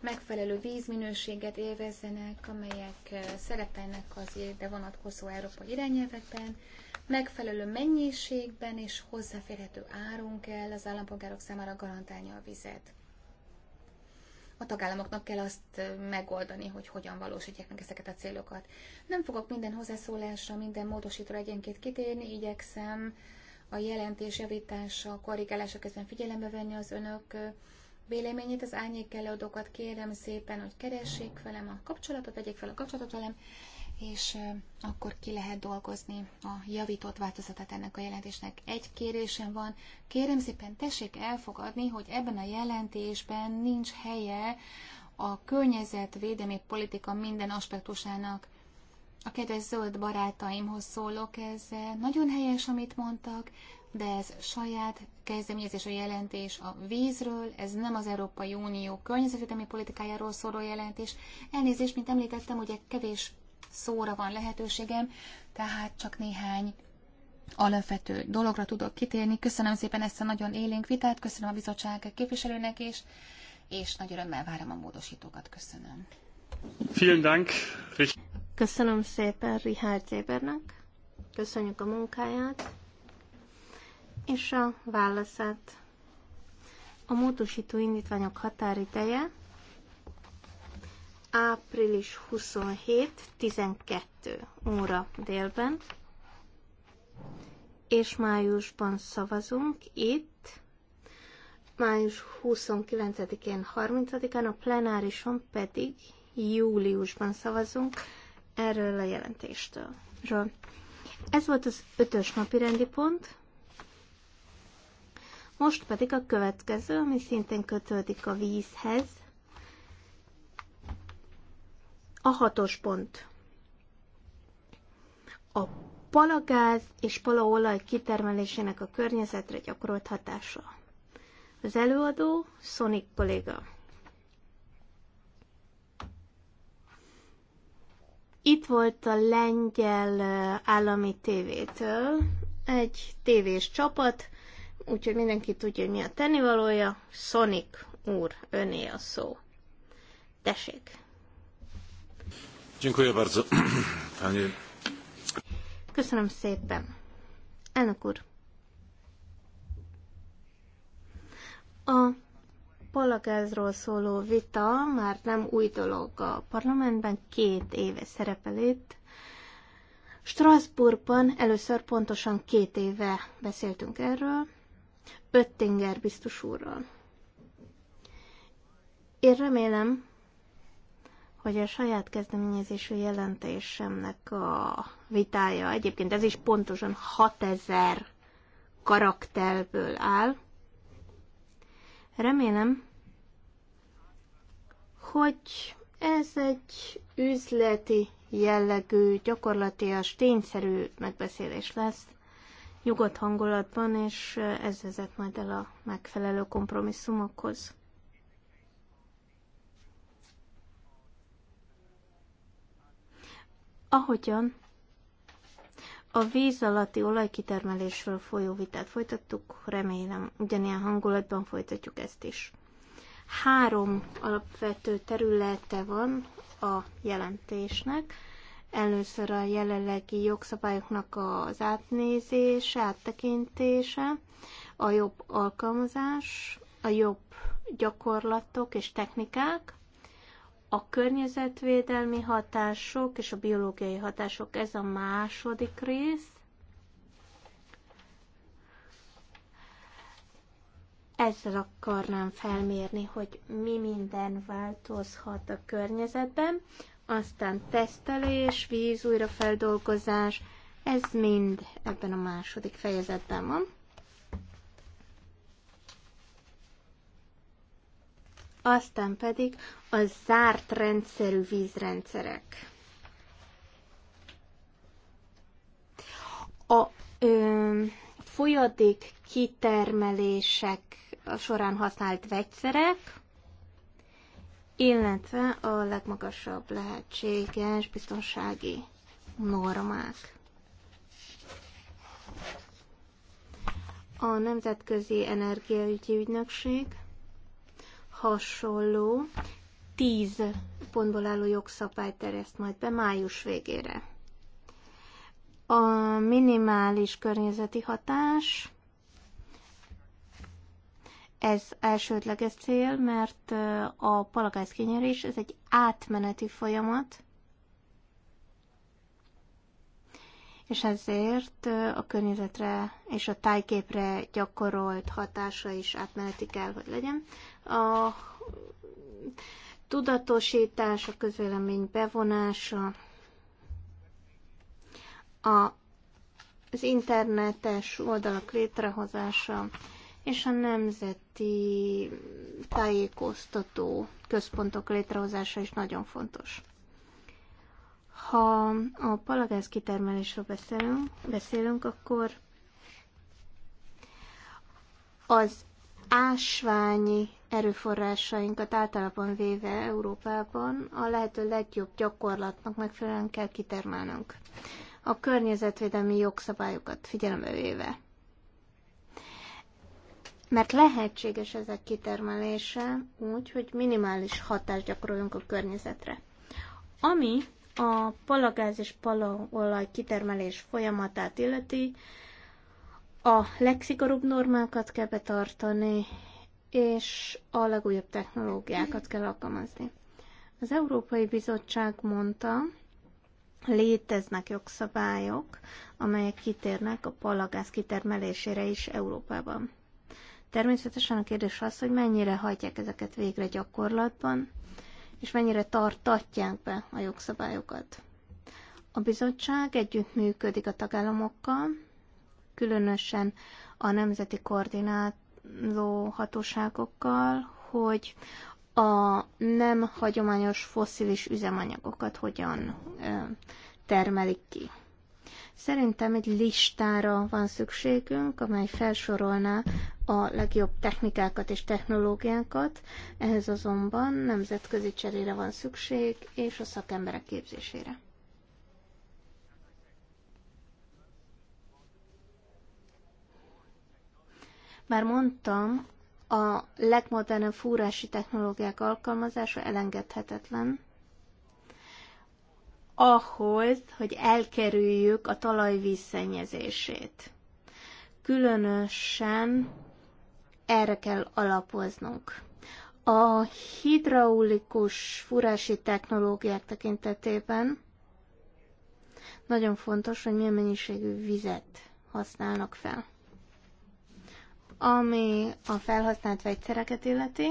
megfelelő vízminőséget élvezzenek, amelyek szerepelnek az érde vonatkozó európai irányelvekben, megfelelő mennyiségben és hozzáférhető áron kell az állampolgárok számára garantálni a vizet a tagállamoknak kell azt megoldani, hogy hogyan valósítják meg ezeket a célokat. Nem fogok minden hozzászólásra, minden módosítóra egyenként kitérni, igyekszem a jelentés javítása, korrigálása közben figyelembe venni az önök véleményét, az árnyék előadókat kérem szépen, hogy keressék velem a kapcsolatot, vegyék fel a kapcsolatot velem, és akkor ki lehet dolgozni a javított változatát ennek a jelentésnek. Egy kérésem van, kérem szépen tessék elfogadni, hogy ebben a jelentésben nincs helye a környezetvédelmi politika minden aspektusának. A kedves zöld barátaimhoz szólok, ez nagyon helyes, amit mondtak, de ez saját kezdeményezés a jelentés a vízről, ez nem az Európai Unió környezetvédelmi politikájáról szóló jelentés. Elnézést, mint említettem, ugye kevés szóra van lehetőségem, tehát csak néhány alapvető dologra tudok kitérni. Köszönöm szépen ezt a nagyon élénk vitát, köszönöm a bizottság képviselőnek is, és nagy örömmel várom a módosítókat. Köszönöm. Vielen Dank. Köszönöm szépen Richard Zébernek. Köszönjük a munkáját és a válaszát. A módosító indítványok határideje április 27, 12 óra délben, és májusban szavazunk itt, május 29-én, 30-án, a plenárison pedig júliusban szavazunk erről a jelentéstől. Ez volt az ötös napi rendi pont. Most pedig a következő, ami szintén kötődik a vízhez, a hatos pont. A palagáz és palaolaj kitermelésének a környezetre gyakorolt hatása. Az előadó Sonic kolléga. Itt volt a lengyel állami tévétől egy tévés csapat, úgyhogy mindenki tudja, hogy mi a tennivalója. Sonic úr, öné a szó. Tessék! Köszönöm szépen. Elnök úr. A palagázról szóló vita már nem új dolog a parlamentben, két éve szerepel itt. Strasbourgban először pontosan két éve beszéltünk erről, Öttinger biztos úrral. Én remélem, hogy a saját kezdeményezésű jelentésemnek a vitája, egyébként ez is pontosan 6000 karakterből áll. Remélem, hogy ez egy üzleti jellegű, gyakorlatias, tényszerű megbeszélés lesz, nyugodt hangulatban, és ez vezet majd el a megfelelő kompromisszumokhoz. Ahogyan a víz alatti olajkitermelésről folyó vitát folytattuk, remélem ugyanilyen hangulatban folytatjuk ezt is. Három alapvető területe van a jelentésnek. Először a jelenlegi jogszabályoknak az átnézése, áttekintése, a jobb alkalmazás, a jobb gyakorlatok és technikák, a környezetvédelmi hatások és a biológiai hatások, ez a második rész. Ezzel akarnám felmérni, hogy mi minden változhat a környezetben, aztán tesztelés, víz, újrafeldolgozás, ez mind ebben a második fejezetben van. aztán pedig a zárt rendszerű vízrendszerek. A ö, folyadék kitermelések során használt vegyszerek, illetve a legmagasabb lehetséges biztonsági normák. A Nemzetközi Energiaügyi Ügynökség hasonló tíz pontból álló jogszabály terjeszt majd be május végére. A minimális környezeti hatás ez elsődleges cél, mert a palagáz kinyerés ez egy átmeneti folyamat, és ezért a környezetre és a tájképre gyakorolt hatása is átmeneti kell, hogy legyen. A tudatosítás, a közvélemény bevonása, a, az internetes oldalak létrehozása és a nemzeti tájékoztató központok létrehozása is nagyon fontos. Ha a palagáz kitermelésről beszélünk, beszélünk, akkor az ásványi erőforrásainkat általában véve Európában a lehető legjobb gyakorlatnak megfelelően kell kitermelnünk. A környezetvédelmi jogszabályokat figyelembe véve. Mert lehetséges ezek kitermelése úgy, hogy minimális hatást gyakoroljunk a környezetre. Ami a palagáz és palaolaj kitermelés folyamatát illeti, a legszigorúbb normákat kell betartani, és a legújabb technológiákat kell alkalmazni. Az Európai Bizottság mondta, léteznek jogszabályok, amelyek kitérnek a palagáz kitermelésére is Európában. Természetesen a kérdés az, hogy mennyire hagyják ezeket végre gyakorlatban, és mennyire tartatják be a jogszabályokat. A bizottság együttműködik a tagállamokkal, különösen a nemzeti koordináló hatóságokkal, hogy a nem hagyományos foszilis üzemanyagokat hogyan termelik ki. Szerintem egy listára van szükségünk, amely felsorolná a legjobb technikákat és technológiákat, ehhez azonban nemzetközi cserére van szükség, és a szakemberek képzésére. Már mondtam, a legmodernebb fúrási technológiák alkalmazása elengedhetetlen, ahhoz, hogy elkerüljük a talajvíz szennyezését. Különösen erre kell alapoznunk. A hidraulikus furási technológiák tekintetében nagyon fontos, hogy milyen mennyiségű vizet használnak fel. Ami a felhasznált vegyszereket illeti,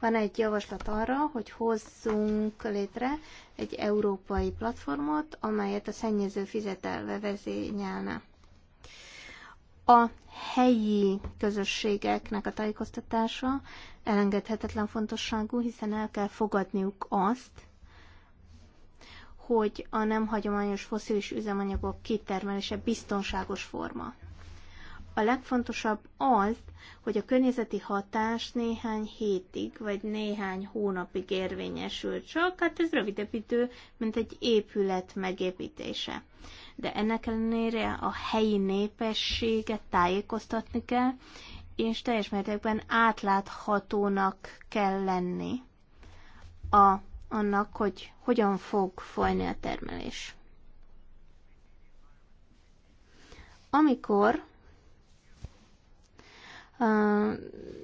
van egy javaslat arra, hogy hozzunk létre egy európai platformot, amelyet a szennyező fizetelve vezényelne. A helyi közösségeknek a tájékoztatása elengedhetetlen fontosságú, hiszen el kell fogadniuk azt, hogy a nem hagyományos foszilis üzemanyagok kitermelése biztonságos forma. A legfontosabb az, hogy a környezeti hatás néhány hétig vagy néhány hónapig érvényesül csak, hát ez rövidebb idő, mint egy épület megépítése de ennek ellenére a helyi népességet tájékoztatni kell, és teljes mértékben átláthatónak kell lenni a, annak, hogy hogyan fog folyni a termelés. Amikor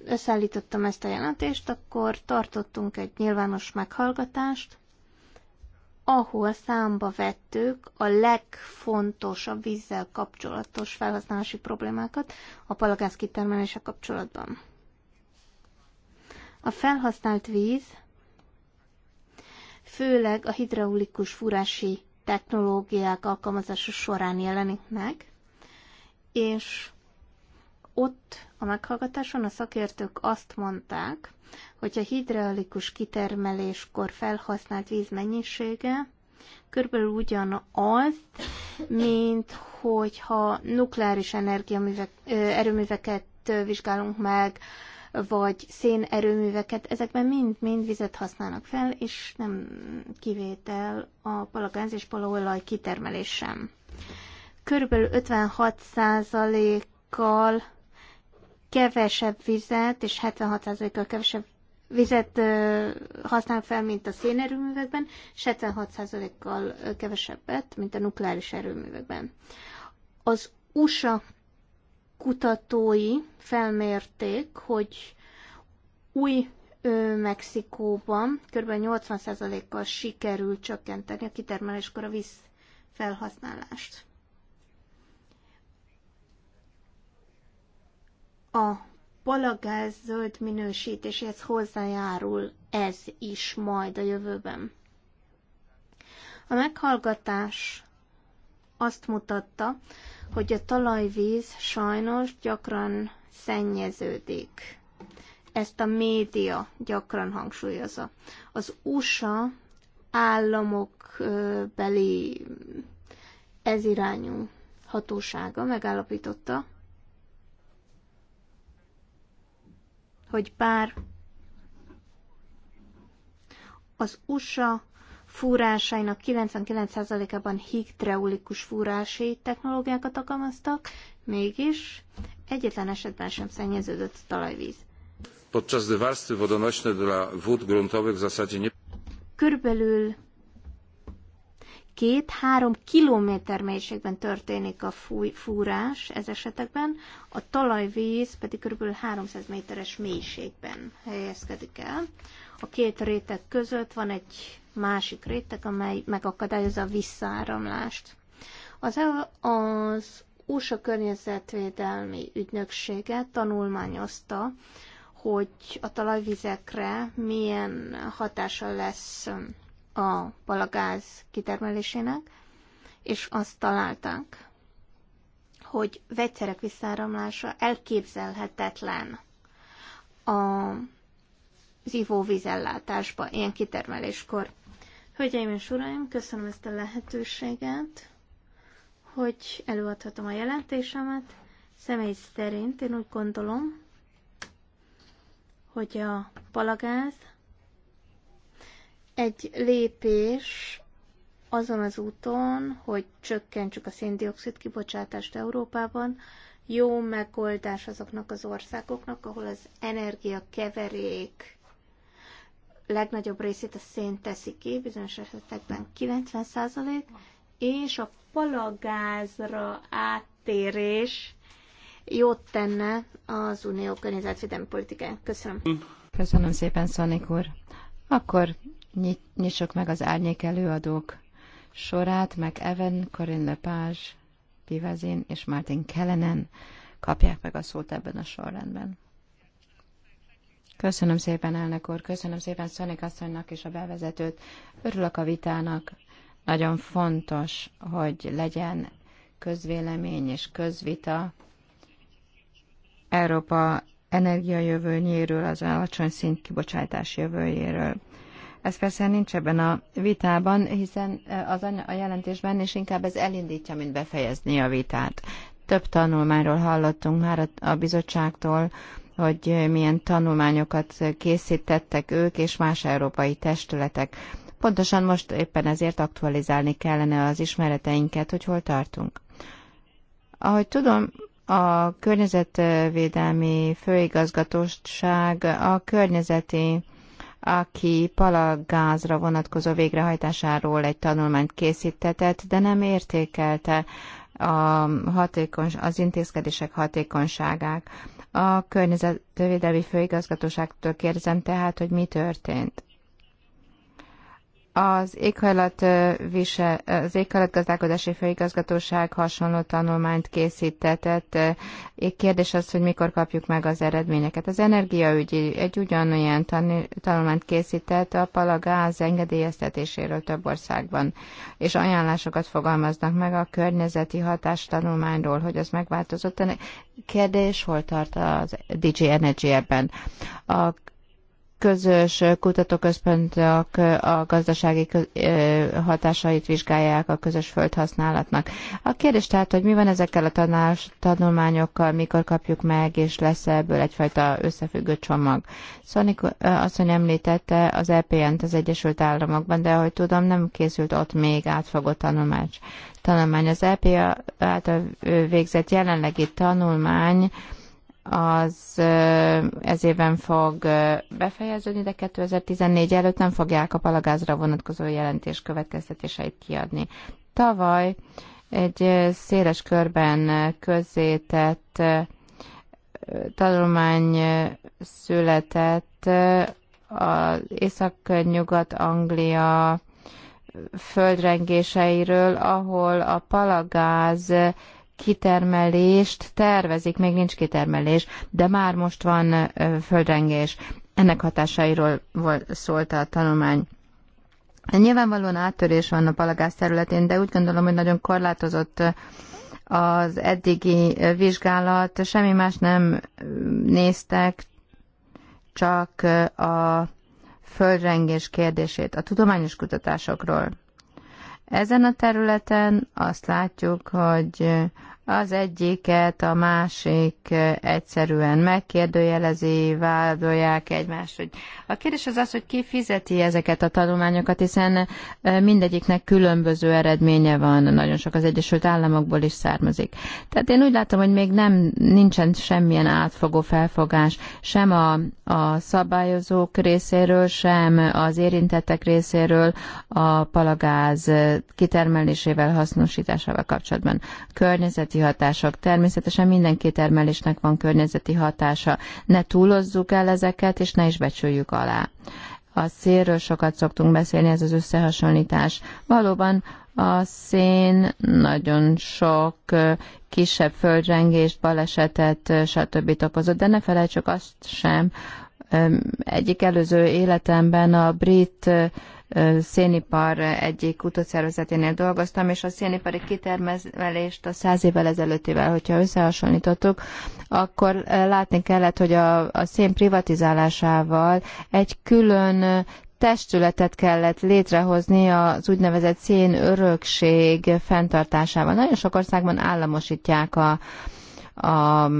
összeállítottam ezt a jelentést, akkor tartottunk egy nyilvános meghallgatást, ahol számba vettük a legfontosabb vízzel kapcsolatos felhasználási problémákat a palagáz kitermelése kapcsolatban. A felhasznált víz főleg a hidraulikus furási technológiák alkalmazása során jelenik meg, és ott a meghallgatáson a szakértők azt mondták, hogy a hidraulikus kitermeléskor felhasznált víz mennyisége körülbelül ugyanaz, mint hogyha nukleáris energiaművek, erőműveket vizsgálunk meg, vagy szénerőműveket, ezekben mind-mind vizet használnak fel, és nem kivétel a palagáz és palaolaj kitermelés sem. Körülbelül 56%-kal kevesebb vizet, és 76%-kal kevesebb vizet használ fel, mint a szénerőművekben, és 76%-kal kevesebbet, mint a nukleáris erőművekben. Az USA kutatói felmérték, hogy új Mexikóban kb. 80%-kal sikerült csökkenteni a kitermeléskor a víz felhasználást. a palagáz zöld minősítéséhez hozzájárul ez is majd a jövőben. A meghallgatás azt mutatta, hogy a talajvíz sajnos gyakran szennyeződik. Ezt a média gyakran hangsúlyozza. Az USA államok beli ezirányú hatósága megállapította, hogy bár az USA fúrásainak 99%-ában hidraulikus fúrási technológiákat alkalmaztak, mégis egyetlen esetben sem szennyeződött a talajvíz. Podczas warstwy wodonośne dla wód gruntowych w zasadzie nie... Körülbelül két-három kilométer mélységben történik a fúj, fúrás ez esetekben, a talajvíz pedig kb. 300 méteres mélységben helyezkedik el. A két réteg között van egy másik réteg, amely megakadályozza a visszaáramlást. Az, e az USA környezetvédelmi ügynöksége tanulmányozta, hogy a talajvizekre milyen hatása lesz a palagáz kitermelésének, és azt találták, hogy vegyszerek visszáramlása elképzelhetetlen a, az ivóvízellátásba ilyen kitermeléskor. Hölgyeim és uraim, köszönöm ezt a lehetőséget, hogy előadhatom a jelentésemet. Személy szerint én úgy gondolom, hogy a palagáz egy lépés azon az úton, hogy csökkentsük a széndiokszid kibocsátást Európában, jó megoldás azoknak az országoknak, ahol az energiakeverék legnagyobb részét a szén teszi ki, bizonyos esetekben 90%, és a palagázra áttérés jót tenne az Unió környezetvédelmi politikáján. Köszönöm. Köszönöm szépen, Szanik úr. Akkor nyissuk meg az árnyék előadók sorát, meg Evan, Corinne Lepage, Pivazin és Martin Kellenen kapják meg a szót ebben a sorrendben. Köszönöm szépen, elnök úr, köszönöm szépen Szonik asszonynak és a bevezetőt. Örülök a vitának. Nagyon fontos, hogy legyen közvélemény és közvita Európa energiajövőnyéről, az alacsony szint kibocsátás jövőjéről. Ez persze nincs ebben a vitában, hiszen az a jelentésben, is inkább ez elindítja, mint befejezni a vitát. Több tanulmányról hallottunk már a bizottságtól, hogy milyen tanulmányokat készítettek ők és más európai testületek. Pontosan most éppen ezért aktualizálni kellene az ismereteinket, hogy hol tartunk. Ahogy tudom, a környezetvédelmi főigazgatóság a környezeti aki palagázra vonatkozó végrehajtásáról egy tanulmányt készítetett, de nem értékelte a hatékony, az intézkedések hatékonyságát. A környezetvédelmi főigazgatóságtól kérdezem tehát, hogy mi történt. Az éghajlat vise, az éghajlatgazdálkodási főigazgatóság hasonló tanulmányt készítetett. Kérdés az, hogy mikor kapjuk meg az eredményeket. Az energiaügyi egy ugyanolyan tanulmányt készített a palagáz engedélyeztetéséről több országban, és ajánlásokat fogalmaznak meg a környezeti hatás tanulmányról, hogy az megváltozott. Kérdés, hol tart az DG Energy ebben? A közös kutatóközpontok a gazdasági hatásait vizsgálják a közös földhasználatnak. A kérdés tehát, hogy mi van ezekkel a tanás, tanulmányokkal, mikor kapjuk meg, és lesz ebből egyfajta összefüggő csomag. Szonik szóval asszony említette az EPN-t az Egyesült Államokban, de ahogy tudom, nem készült ott még átfogó tanulmány. Tanulmány az EPA által végzett jelenlegi tanulmány, az ez évben fog befejeződni, de 2014 előtt nem fogják a palagázra vonatkozó jelentés következtetéseit kiadni. Tavaly egy széles körben közzétett tanulmány született az Észak-Nyugat-Anglia földrengéseiről, ahol a palagáz kitermelést tervezik, még nincs kitermelés, de már most van földrengés. Ennek hatásairól szólt a tanulmány. Nyilvánvalóan áttörés van a palagász területén, de úgy gondolom, hogy nagyon korlátozott az eddigi vizsgálat, semmi más nem néztek, csak a földrengés kérdését a tudományos kutatásokról ezen a területen azt látjuk, hogy az egyiket, a másik egyszerűen megkérdőjelezi, vádolják egymást. Hogy a kérdés az az, hogy ki fizeti ezeket a tanulmányokat, hiszen mindegyiknek különböző eredménye van, nagyon sok az Egyesült Államokból is származik. Tehát én úgy látom, hogy még nem nincsen semmilyen átfogó felfogás, sem a, a szabályozók részéről, sem az érintettek részéről a palagáz kitermelésével, hasznosításával kapcsolatban. Környezeti környezeti hatások. Természetesen minden kitermelésnek van környezeti hatása. Ne túlozzuk el ezeket, és ne is becsüljük alá. A szélről sokat szoktunk beszélni, ez az összehasonlítás. Valóban a szén nagyon sok kisebb földrengést, balesetet, stb. okozott, de ne felejtsük azt sem, egyik előző életemben a brit szénipar egyik kutatszervezeténél dolgoztam, és a szénipari kitermelést a száz évvel ezelőttivel, hogyha összehasonlítottuk, akkor látni kellett, hogy a, a szén privatizálásával egy külön testületet kellett létrehozni az úgynevezett szén örökség fenntartásával. Nagyon sok országban államosítják a, a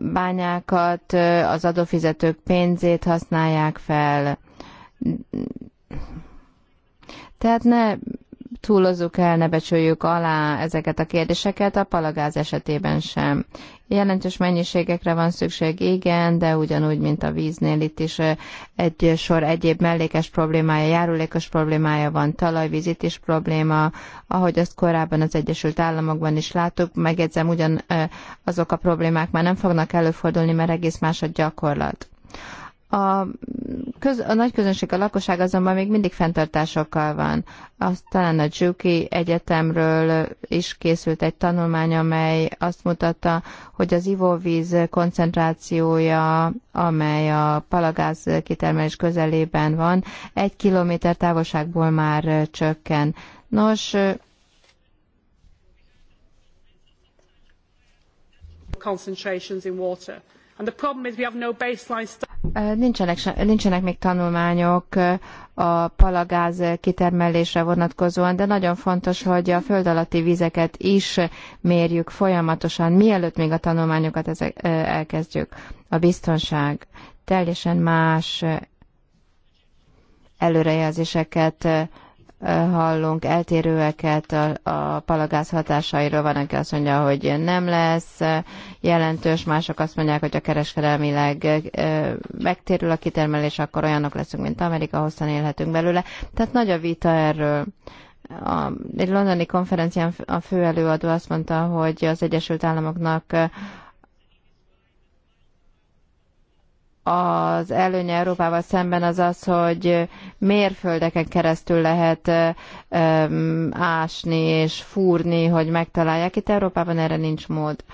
bányákat, az adófizetők pénzét használják fel, tehát ne túlozzuk el, ne becsüljük alá ezeket a kérdéseket, a palagáz esetében sem. Jelentős mennyiségekre van szükség, igen, de ugyanúgy, mint a víznél itt is egy sor egyéb mellékes problémája, járulékos problémája van, talajvíz, itt is probléma, ahogy azt korábban az Egyesült Államokban is láttuk, megjegyzem, ugyan azok a problémák már nem fognak előfordulni, mert egész más a gyakorlat. A, köz, a nagy közönség, a lakosság azonban még mindig fenntartásokkal van. talán a Juki Egyetemről is készült egy tanulmány, amely azt mutatta, hogy az ivóvíz koncentrációja, amely a palagáz kitermelés közelében van, egy kilométer távolságból már csökken. Nos, concentrations in water. And the problem is we have no baseline nincsenek, nincsenek még tanulmányok a palagáz kitermelésre vonatkozóan, de nagyon fontos, hogy a föld alatti vizeket is mérjük folyamatosan, mielőtt még a tanulmányokat ezek, elkezdjük. A biztonság teljesen más előrejelzéseket hallunk eltérőeket a, a palagáz hatásairól. Van, aki azt mondja, hogy nem lesz jelentős, mások azt mondják, hogy a kereskedelmileg megtérül a kitermelés, akkor olyanok leszünk, mint Amerika, hosszan élhetünk belőle. Tehát nagy a vita erről. A, egy londoni konferencián a főelőadó azt mondta, hogy az Egyesült Államoknak az előnye Európával szemben az az, hogy mérföldeken keresztül lehet ásni és fúrni, hogy megtalálják. Itt Európában erre nincs mód.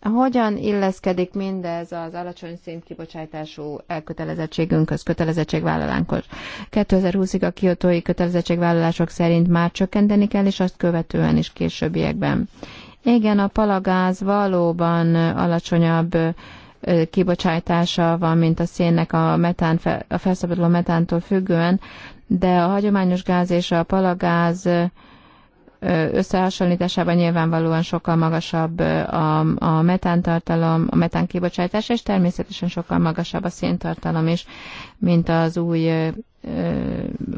Hogyan illeszkedik mindez az alacsony kibocsátású elkötelezettségünkhöz, kötelezettségvállalánkhoz? 2020-ig a kiotói kötelezettségvállalások szerint már csökkenteni kell, és azt követően is későbbiekben. Igen, a palagáz valóban alacsonyabb kibocsátása van, mint a szénnek a, metán, a felszabaduló metántól függően, de a hagyományos gáz és a palagáz összehasonlításában nyilvánvalóan sokkal magasabb a, a metántartalom, a metán kibocsátás, és természetesen sokkal magasabb a széntartalom is, mint az új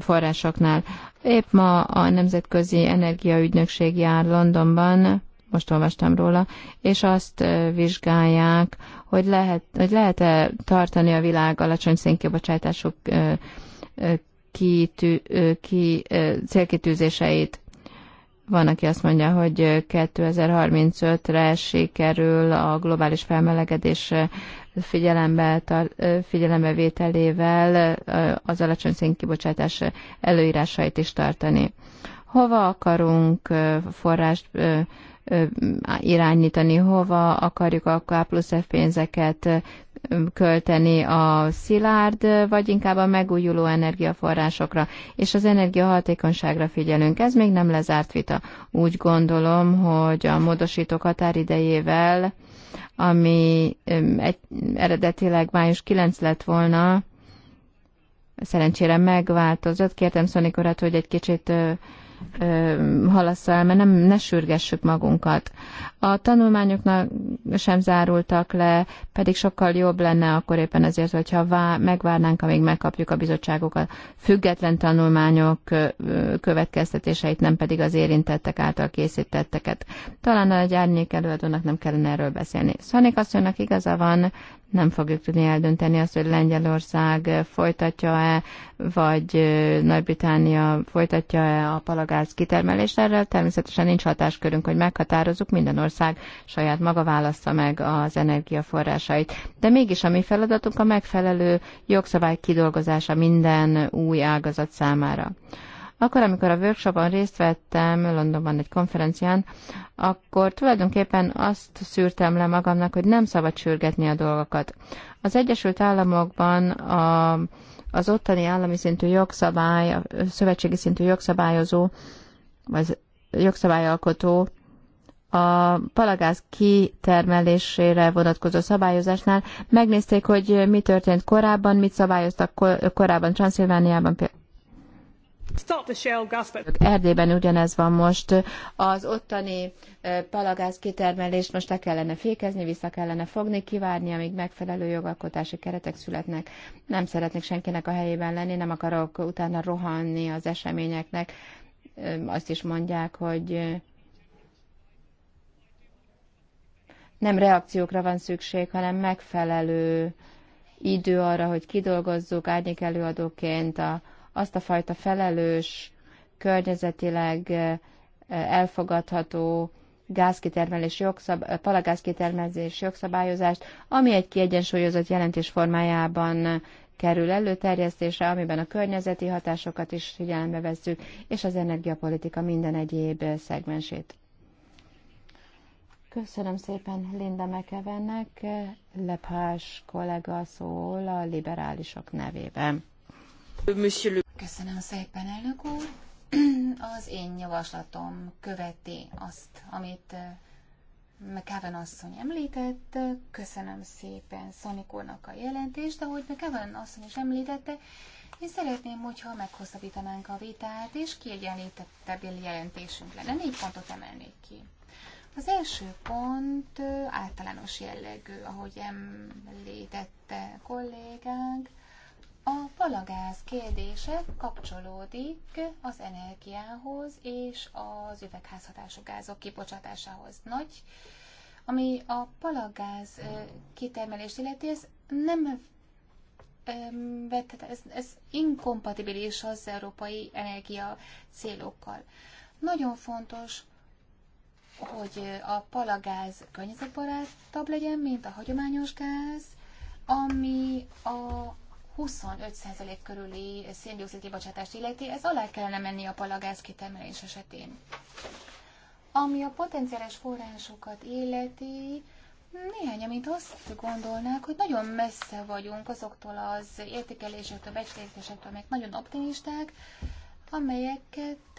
forrásoknál. Épp ma a Nemzetközi Energiaügynökség jár Londonban, most olvastam róla, és azt vizsgálják, hogy, lehet, hogy lehet-e tartani a világ alacsony szénkibocsátású kitű, ki, célkitűzéseit. Van, aki azt mondja, hogy 2035-re sikerül a globális felmelegedés figyelembe, figyelembe vételével az alacsony szénkibocsátás előírásait is tartani. Hova akarunk forrást irányítani, hova akarjuk a K plusz F pénzeket költeni a szilárd, vagy inkább a megújuló energiaforrásokra, és az energiahatékonyságra figyelünk. Ez még nem lezárt vita. Úgy gondolom, hogy a módosítók határidejével, ami egy, eredetileg május 9 lett volna, szerencsére megváltozott. Kértem Szonikorát, hogy egy kicsit halassza el, mert nem, ne sürgessük magunkat. A tanulmányoknak sem zárultak le, pedig sokkal jobb lenne akkor éppen ezért, hogyha vá- megvárnánk, amíg megkapjuk a bizottságokat. Független tanulmányok következtetéseit, nem pedig az érintettek által készítetteket. Talán a árnyék előadónak nem kellene erről beszélni. Szonik asszonynak igaza van, nem fogjuk tudni eldönteni azt, hogy Lengyelország folytatja-e, vagy nagy británia folytatja-e a palagáz kitermelést. Erre természetesen nincs hatáskörünk, hogy meghatározzuk, minden ország saját maga válassza meg az energiaforrásait. De mégis a mi feladatunk a megfelelő jogszabály kidolgozása minden új ágazat számára. Akkor, amikor a workshopon részt vettem Londonban egy konferencián, akkor tulajdonképpen azt szűrtem le magamnak, hogy nem szabad sürgetni a dolgokat. Az Egyesült Államokban a, az ottani állami szintű jogszabály, a szövetségi szintű jogszabályozó, vagy jogszabályalkotó a palagáz kitermelésére vonatkozó szabályozásnál megnézték, hogy mi történt korábban, mit szabályoztak korábban Transzilvániában Erdélyben ugyanez van most. Az ottani eh, palagáz kitermelést most le kellene fékezni, vissza kellene fogni, kivárni, amíg megfelelő jogalkotási keretek születnek. Nem szeretnék senkinek a helyében lenni, nem akarok utána rohanni az eseményeknek. Eh, azt is mondják, hogy eh, nem reakciókra van szükség, hanem megfelelő idő arra, hogy kidolgozzuk árnyék előadóként a, azt a fajta felelős, környezetileg elfogadható gázkitermelés jogszab, palagázkitermelés jogszabályozást, ami egy kiegyensúlyozott jelentés formájában kerül előterjesztésre, amiben a környezeti hatásokat is figyelembe vesszük, és az energiapolitika minden egyéb szegmensét. Köszönöm szépen Linda Mekevennek, Lepás kollega szól a liberálisok nevében. Köszönöm szépen, elnök úr. Az én javaslatom követi azt, amit eh, McAvan asszony említett. Köszönöm szépen Szonik úrnak a jelentést, de ahogy McAvan asszony is említette, én szeretném, hogyha meghosszabbítanánk a vitát, és kiegyenlítettebb jelentésünk lenne. Négy pontot emelnék ki. Az első pont eh, általános jellegű, ahogy említette kollégánk, a palagáz kérdése kapcsolódik az energiához és az üvegházhatású gázok kibocsátásához. Nagy, ami a palagáz kitermelést illeti, ez nem ez, ez inkompatibilis az európai energia célokkal. Nagyon fontos, hogy a palagáz környezetbarátabb legyen, mint a hagyományos gáz, ami a 25% körüli széndiokszid kibocsátást illeti, ez alá kellene menni a palagáz kitermelés esetén. Ami a potenciális forrásokat illeti, néhány, amit azt gondolnák, hogy nagyon messze vagyunk azoktól az értékelésektől, becslésektől, amelyek nagyon optimisták, amelyeket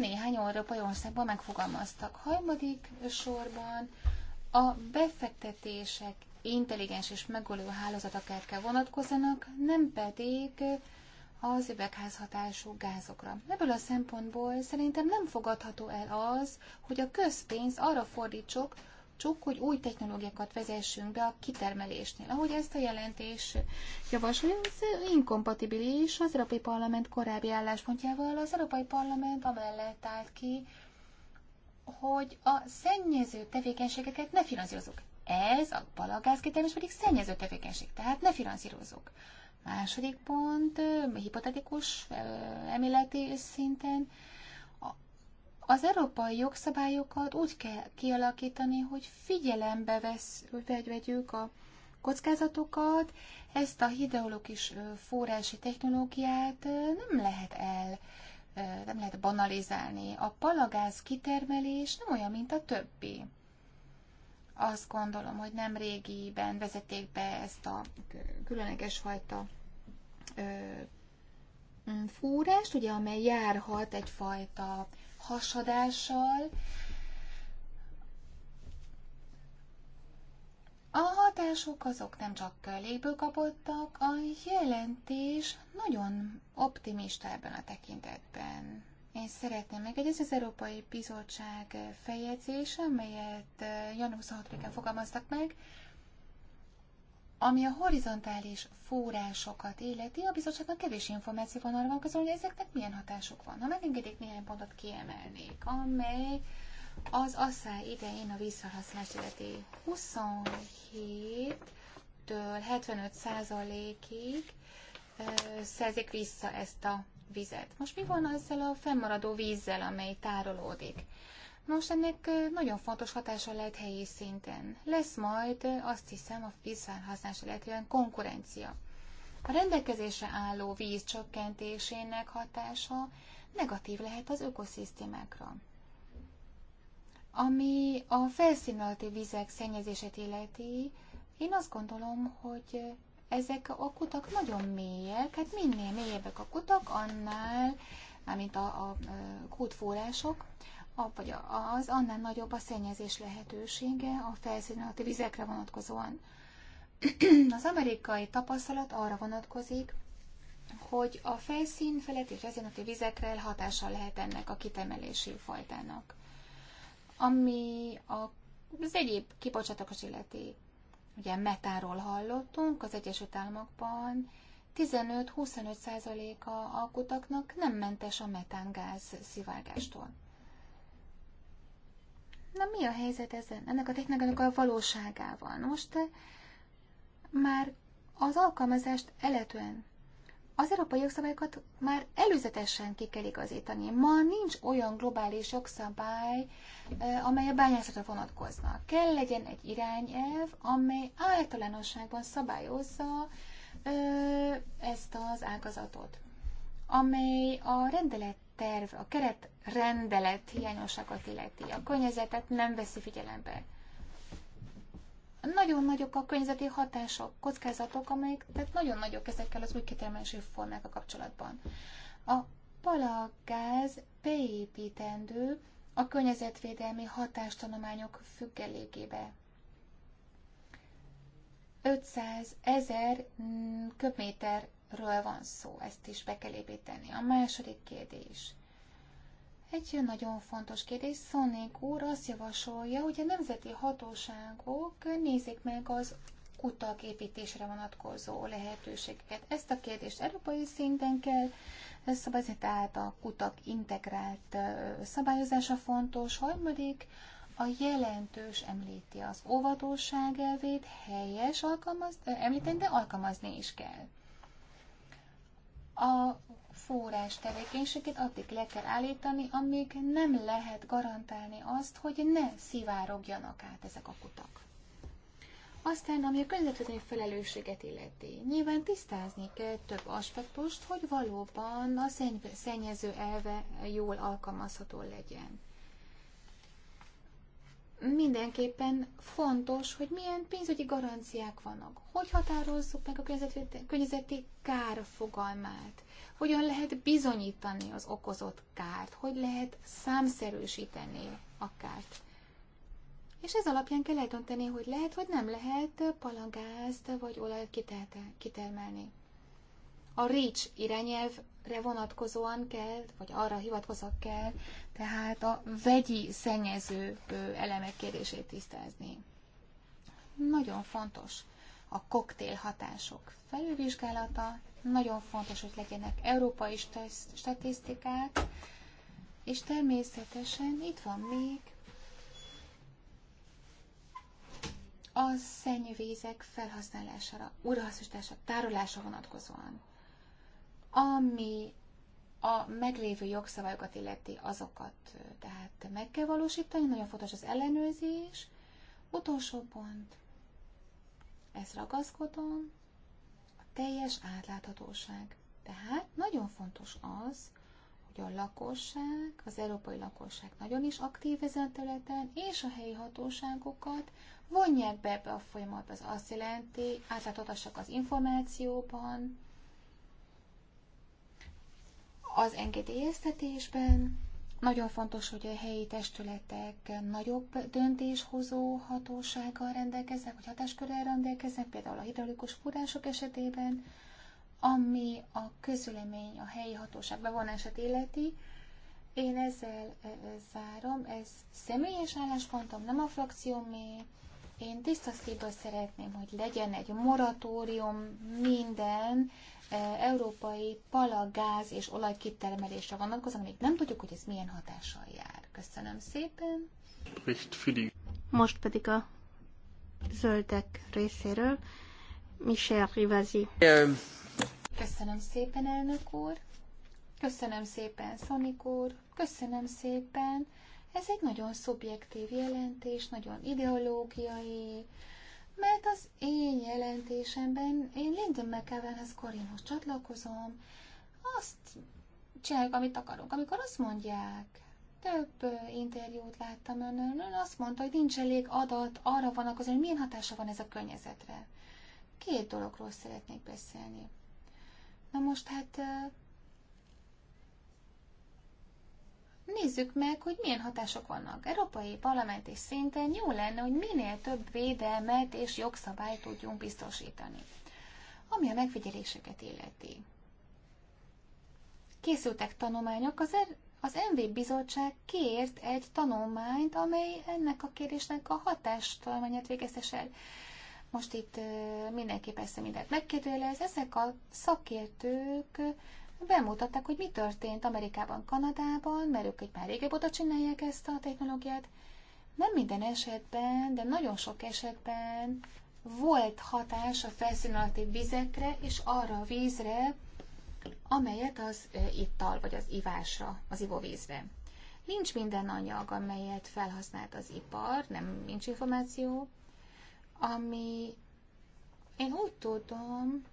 néhány európai országban megfogalmaztak. Harmadik sorban a befektetések intelligens és megoldó hálózatok kell vonatkozzanak, nem pedig az üvegházhatású gázokra. Ebből a szempontból szerintem nem fogadható el az, hogy a közpénz arra fordítsuk, csak hogy új technológiákat vezessünk be a kitermelésnél. Ahogy ezt a jelentés javasolja, ez inkompatibilis az Európai Parlament korábbi álláspontjával. Az Európai Parlament amellett állt ki, hogy a szennyező tevékenységeket ne finanszírozunk ez a palagázkételmes pedig szennyező tevékenység, tehát ne finanszírozzuk. Második pont, hipotetikus elméleti szinten, az európai jogszabályokat úgy kell kialakítani, hogy figyelembe vesz, vegy, vegyük a kockázatokat, ezt a hidrológis forrási technológiát nem lehet el, nem lehet banalizálni. A palagáz kitermelés nem olyan, mint a többi. Azt gondolom, hogy nem régiben vezették be ezt a különleges fajta ö, fúrást, ugye, amely járhat egyfajta hasadással. A hatások azok nem csak légből kapottak, a jelentés nagyon optimista ebben a tekintetben. Én szeretném ez az Európai Bizottság feljegyzése, amelyet január 26-án fogalmaztak meg, ami a horizontális forrásokat illeti, a bizottságnak kevés információ van arra közül, hogy ezeknek milyen hatásuk van. Ha megengedik, néhány pontot kiemelnék, amely az asszá idején a vízfelhasználás illeti 27-től 75 ig szerzik vissza ezt a vizet. Most mi van ezzel a fennmaradó vízzel, amely tárolódik? Nos, ennek nagyon fontos hatása lehet helyi szinten. Lesz majd, azt hiszem, a vízfelhasználás illetően konkurencia. A rendelkezésre álló víz csökkentésének hatása negatív lehet az ökoszisztémákra. Ami a felszín alatti vizek szennyezését illeti, én azt gondolom, hogy ezek a kutak nagyon mélyek, hát minél mélyebbek a kutak, annál, mármint a, a, kútforrások, a, vagy az, annál nagyobb a szennyezés lehetősége a felszínen a vizekre vonatkozóan. az amerikai tapasztalat arra vonatkozik, hogy a felszín feletti a vizekre hatással lehet ennek a kitemelési fajtának. Ami a, az egyéb kibocsátókat illeti Ugye metáról hallottunk az Egyesült Államokban, 15-25 százaléka a kutaknak nem mentes a metángáz szivárgástól. Na mi a helyzet ezen, ennek a technikának a valóságával? Most eh, már az alkalmazást eletően az európai jogszabályokat már előzetesen ki kell igazítani. Ma nincs olyan globális jogszabály, amely a bányászatra vonatkozna. Kell legyen egy irányelv, amely általánosságban szabályozza ezt az ágazatot, amely a rendelet terv, a keret rendelet hiányosságot illeti, a környezetet nem veszi figyelembe. Nagyon nagyok a környezeti hatások, kockázatok, amelyek tehát nagyon nagyok ezekkel az új kitermelési a kapcsolatban. A palaggáz beépítendő a környezetvédelmi hatástanományok függelékébe. 500 ezer köbméterről van szó, ezt is be kell építeni. A második kérdés. Egy nagyon fontos kérdés, Szonnék úr azt javasolja, hogy a nemzeti hatóságok nézik meg az utak építésre vonatkozó lehetőségeket. Ezt a kérdést európai szinten kell szabályozni, tehát a kutak integrált szabályozása fontos. Harmadik, a jelentős említi az óvatosság elvét, helyes alkalmaz, említeni, de alkalmazni is kell. A forrás tevékenységét addig le kell állítani, amíg nem lehet garantálni azt, hogy ne szivárogjanak át ezek a kutak. Aztán, ami a közvetlen felelősséget illeti, nyilván tisztázni kell több aspektust, hogy valóban a szennyező elve jól alkalmazható legyen mindenképpen fontos, hogy milyen pénzügyi garanciák vannak. Hogy határozzuk meg a környezeti kár fogalmát? Hogyan lehet bizonyítani az okozott kárt? Hogy lehet számszerűsíteni a kárt? És ez alapján kell eldönteni, hogy lehet, vagy nem lehet palangázt vagy olajat kitermelni. A REACH irányelv Re vonatkozóan kell, vagy arra hivatkozva kell, tehát a vegyi szennyező elemek kérdését tisztázni. Nagyon fontos a koktél hatások felülvizsgálata, nagyon fontos, hogy legyenek európai statisztikák, és természetesen itt van még a szennyvízek felhasználására, újrahasznosítására, tárolása vonatkozóan. Ami a meglévő jogszabályokat illeti azokat, tehát meg kell valósítani, nagyon fontos az ellenőrzés. Utolsó pont, ezt ragaszkodom, a teljes átláthatóság. Tehát nagyon fontos az, hogy a lakosság, az európai lakosság nagyon is aktív ezen a területen, és a helyi hatóságokat vonják be ebbe a folyamatba. Ez azt jelenti, átláthatassak az információban, az engedélyeztetésben nagyon fontos, hogy a helyi testületek nagyobb döntéshozó hatósággal rendelkeznek, vagy hatáskörrel rendelkeznek, például a hidraulikus források esetében, ami a közülemény, a helyi hatóság bevonását illeti. Én ezzel e, e, zárom, ez személyes álláspontom, nem a frakciómé. Én tiszta szívből szeretném, hogy legyen egy moratórium minden E, európai palagáz és olaj kitermelésre vonatkozóan, még nem tudjuk, hogy ez milyen hatással jár. Köszönöm szépen. Most pedig a zöldek részéről Michel Rivazi. Köszönöm szépen, elnök úr. Köszönöm szépen, Szonik úr. Köszönöm szépen. Ez egy nagyon szubjektív jelentés, nagyon ideológiai, mert az én jelentésemben én Lyndon McEwenhez Korinhoz csatlakozom, azt csináljuk, amit akarunk. Amikor azt mondják, több interjút láttam önön, ön azt mondta, hogy nincs elég adat arra vannak az, hogy milyen hatása van ez a környezetre. Két dologról szeretnék beszélni. Na most hát nézzük meg, hogy milyen hatások vannak. Európai parlamenti szinten jó lenne, hogy minél több védelmet és jogszabályt tudjunk biztosítani, ami a megfigyeléseket illeti. Készültek tanulmányok, az, er- az MV Bizottság kért egy tanulmányt, amely ennek a kérésnek a hatástalmányát végeztes el. Most itt mindenki persze mindent megkérdőjelez, ezek a szakértők bemutatták, hogy mi történt Amerikában, Kanadában, mert ők egy már régebb oda csinálják ezt a technológiát. Nem minden esetben, de nagyon sok esetben volt hatás a felszín alatti vizekre és arra a vízre, amelyet az e, ittal vagy az ivásra, az ivóvízre. Nincs minden anyag, amelyet felhasznált az ipar, nem nincs információ, ami én úgy tudom,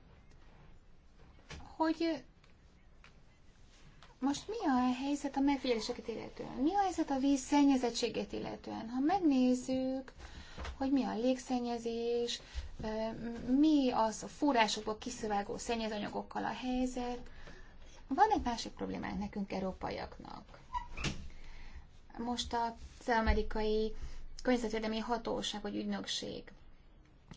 hogy most mi a helyzet a megfigyeléseket illetően? Mi a helyzet a víz szennyezettséget illetően? Ha megnézzük, hogy mi a légszennyezés, mi az a forrásokból kiszivárgó szennyezanyagokkal a helyzet. Van egy másik problémánk nekünk, európaiaknak. Most az amerikai környezetvédelmi hatóság vagy ügynökség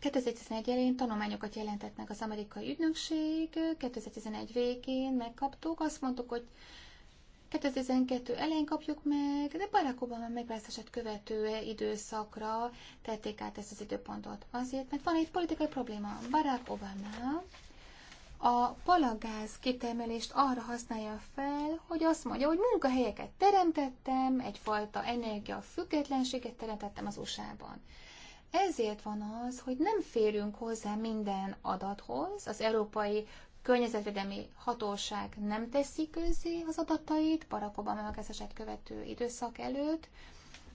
2011 elén tanulmányokat jelentett meg az amerikai ügynökség, 2011 végén megkaptuk, azt mondtuk, hogy 2012 elején kapjuk meg, de Barack Obama megválasztását követő időszakra tették át ezt az időpontot. Azért, mert van egy politikai probléma. Barack Obama a palagáz kitermelést arra használja fel, hogy azt mondja, hogy munkahelyeket teremtettem, egyfajta energia függetlenséget teremtettem az USA-ban. Ezért van az, hogy nem férünk hozzá minden adathoz, az Európai Környezetvédelmi Hatóság nem teszi közzé az adatait, Barack Obama megkezdését követő időszak előtt,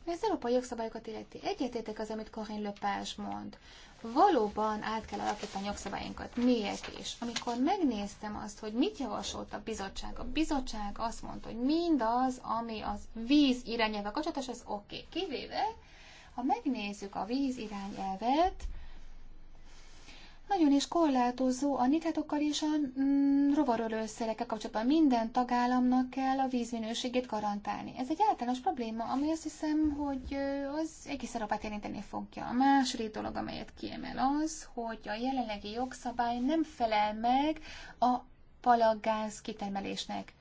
az európai jogszabályokat illeti egyetértek az, amit Corinne Lepage mond. Valóban át kell alakítani a jogszabályunkat. Miért is? Amikor megnéztem azt, hogy mit javasolt a bizottság, a bizottság azt mondta, hogy mindaz, ami az víz irányelve kapcsolatos, az oké. Okay. Kivéve ha megnézzük a víz irányelvet, nagyon is korlátozó a nitrátokkal és a mm, rovarölőszerekkel kapcsolatban. Minden tagállamnak kell a vízminőségét garantálni. Ez egy általános probléma, ami azt hiszem, hogy az egész Európát érinteni fogja. A második dolog, amelyet kiemel az, hogy a jelenlegi jogszabály nem felel meg a palaggáz kitermelésnek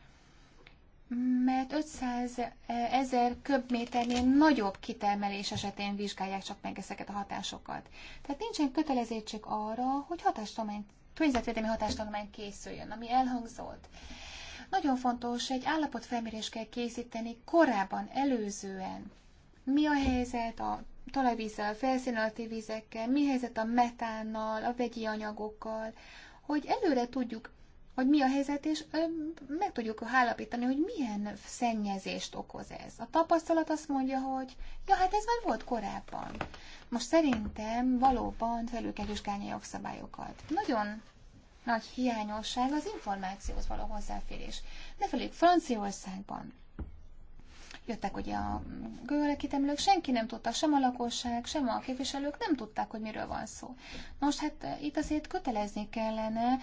mert 500 eh, ezer köbméternél nagyobb kitermelés esetén vizsgálják csak meg ezeket a hatásokat. Tehát nincsen kötelezettség arra, hogy környezetvédelmi hatástudomány készüljön, ami elhangzott. Nagyon fontos, egy állapotfelmérést kell készíteni korábban, előzően. Mi a helyzet a talajvízzel, a felszín alatti vizekkel, mi a helyzet a metánnal, a vegyi anyagokkal, hogy előre tudjuk hogy mi a helyzet, és meg tudjuk állapítani, hogy milyen szennyezést okoz ez. A tapasztalat azt mondja, hogy ja, hát ez már volt korábban. Most szerintem valóban felül kell vizsgálni a jogszabályokat. Nagyon nagy hiányosság az információhoz való hozzáférés. Ne felük Franciaországban jöttek ugye a gőlekítemlők, senki nem tudta, sem a lakosság, sem a képviselők nem tudták, hogy miről van szó. Most hát itt azért kötelezni kellene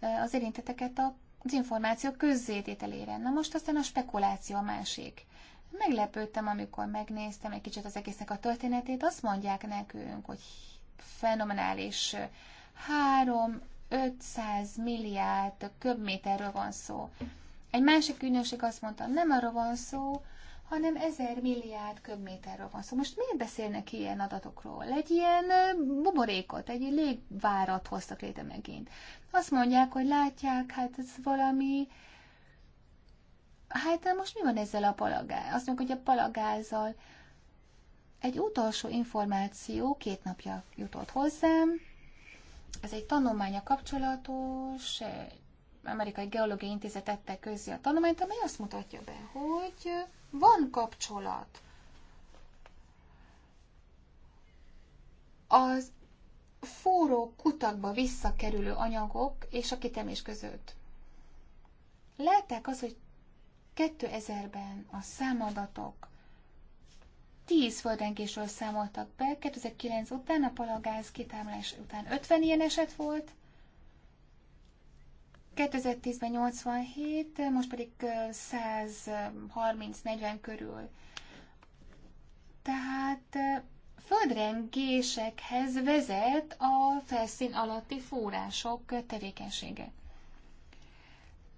Eh, az érinteteket az információ közzétételére. Na most aztán a spekuláció a másik. Meglepődtem, amikor megnéztem egy kicsit az egésznek a történetét, azt mondják nekünk, hogy fenomenális 3-500 milliárd köbméterről van szó. Egy másik ügynökség azt mondta, nem arról van szó, hanem ezer milliárd köbméterről van szó. Szóval most miért beszélnek ilyen adatokról? Egy ilyen buborékot, egy légvárat hoztak létre megint. Azt mondják, hogy látják, hát ez valami... Hát most mi van ezzel a palagá? Azt mondjuk, hogy a palagázzal egy utolsó információ két napja jutott hozzám. Ez egy tanulmánya kapcsolatos, eh, Amerikai Geológiai Intézet tette közzé a tanulmányt, amely azt mutatja be, hogy van kapcsolat. Az forró kutakba visszakerülő anyagok és a kitemés között. Látták az, hogy 2000-ben a számadatok 10 földrengésről számoltak be, 2009 után a palagáz kitámlás után 50 ilyen eset volt, 2010-ben 87, most pedig 130-40 körül. Tehát földrengésekhez vezet a felszín alatti források tevékenysége.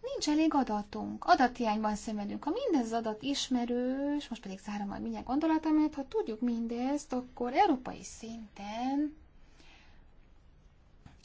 Nincs elég adatunk, Adatiányban szenvedünk. Ha mindez az adat ismerős, most pedig zárom majd mindjárt gondolatomat, ha tudjuk mindezt, akkor európai szinten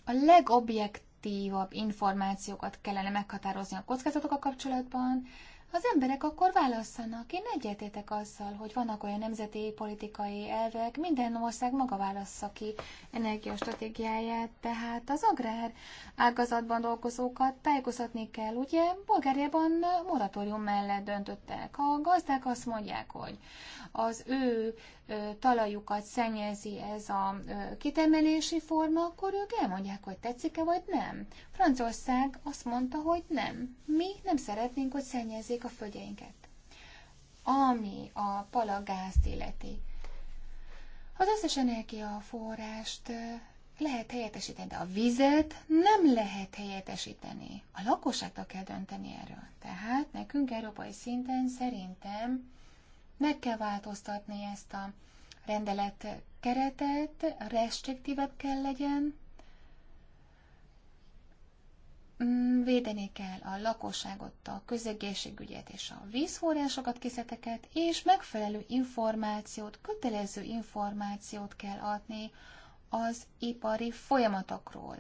a legobjekt objektívabb információkat kellene meghatározni a kockázatokkal kapcsolatban, az emberek akkor válasszanak. Én egyetétek azzal, hogy vannak olyan nemzeti politikai elvek, minden ország maga válassza ki energiastratégiáját, tehát az agrár ágazatban dolgozókat tájékoztatni kell. Ugye Bulgáriában moratórium mellett döntöttek. A gazdák azt mondják, hogy az ő talajukat szennyezi ez a kitemelési forma, akkor ők elmondják, hogy tetszik-e vagy nem. Franciaország azt mondta, hogy nem. Mi nem szeretnénk, hogy szennyezzék a földjeinket. Ami a palagázt illeti. Az összes energiaforrást lehet helyettesíteni, de a vizet nem lehet helyettesíteni. A lakosságnak kell dönteni erről. Tehát nekünk európai szinten szerintem meg kell változtatni ezt a rendelet keretet, restriktívebb kell legyen, mm, védeni kell a lakosságot, a közegészségügyet és a vízforrásokat, készleteket, és megfelelő információt, kötelező információt kell adni az ipari folyamatokról.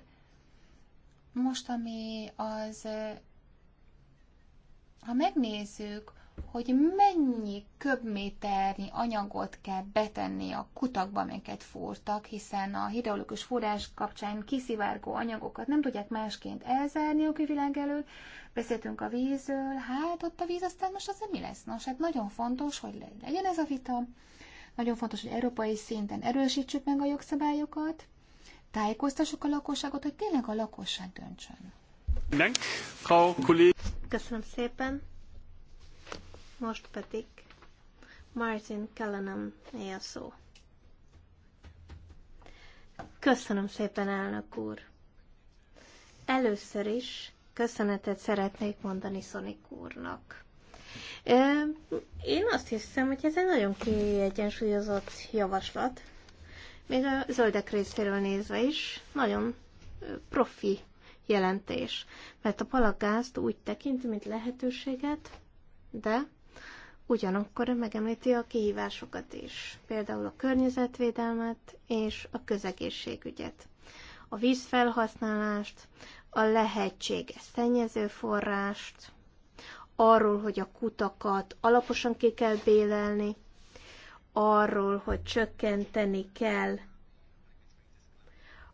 Most, ami az, ha megnézzük hogy mennyi köbméternyi anyagot kell betenni a kutakba, amiket fúrtak, hiszen a hidraulikus fúrás kapcsán kiszivárgó anyagokat nem tudják másként elzárni a külvilág elől. Beszéltünk a vízről, hát ott a víz aztán most az mi lesz? Nos, hát nagyon fontos, hogy legyen ez a vita. Nagyon fontos, hogy európai szinten erősítsük meg a jogszabályokat, tájékoztassuk a lakosságot, hogy tényleg a lakosság döntsön. Köszönöm szépen. Most pedig Martin Kellenem él szó. Köszönöm szépen, elnök úr! Először is köszönetet szeretnék mondani Szonik úrnak. Én azt hiszem, hogy ez egy nagyon kiegyensúlyozott javaslat, még a zöldek részéről nézve is, nagyon profi jelentés, mert a palagázt úgy tekint, mint lehetőséget, de Ugyanakkor megemlíti a kihívásokat is, például a környezetvédelmet és a közegészségügyet, a vízfelhasználást, a lehetséges szennyezőforrást, arról, hogy a kutakat alaposan ki kell bélelni, arról, hogy csökkenteni kell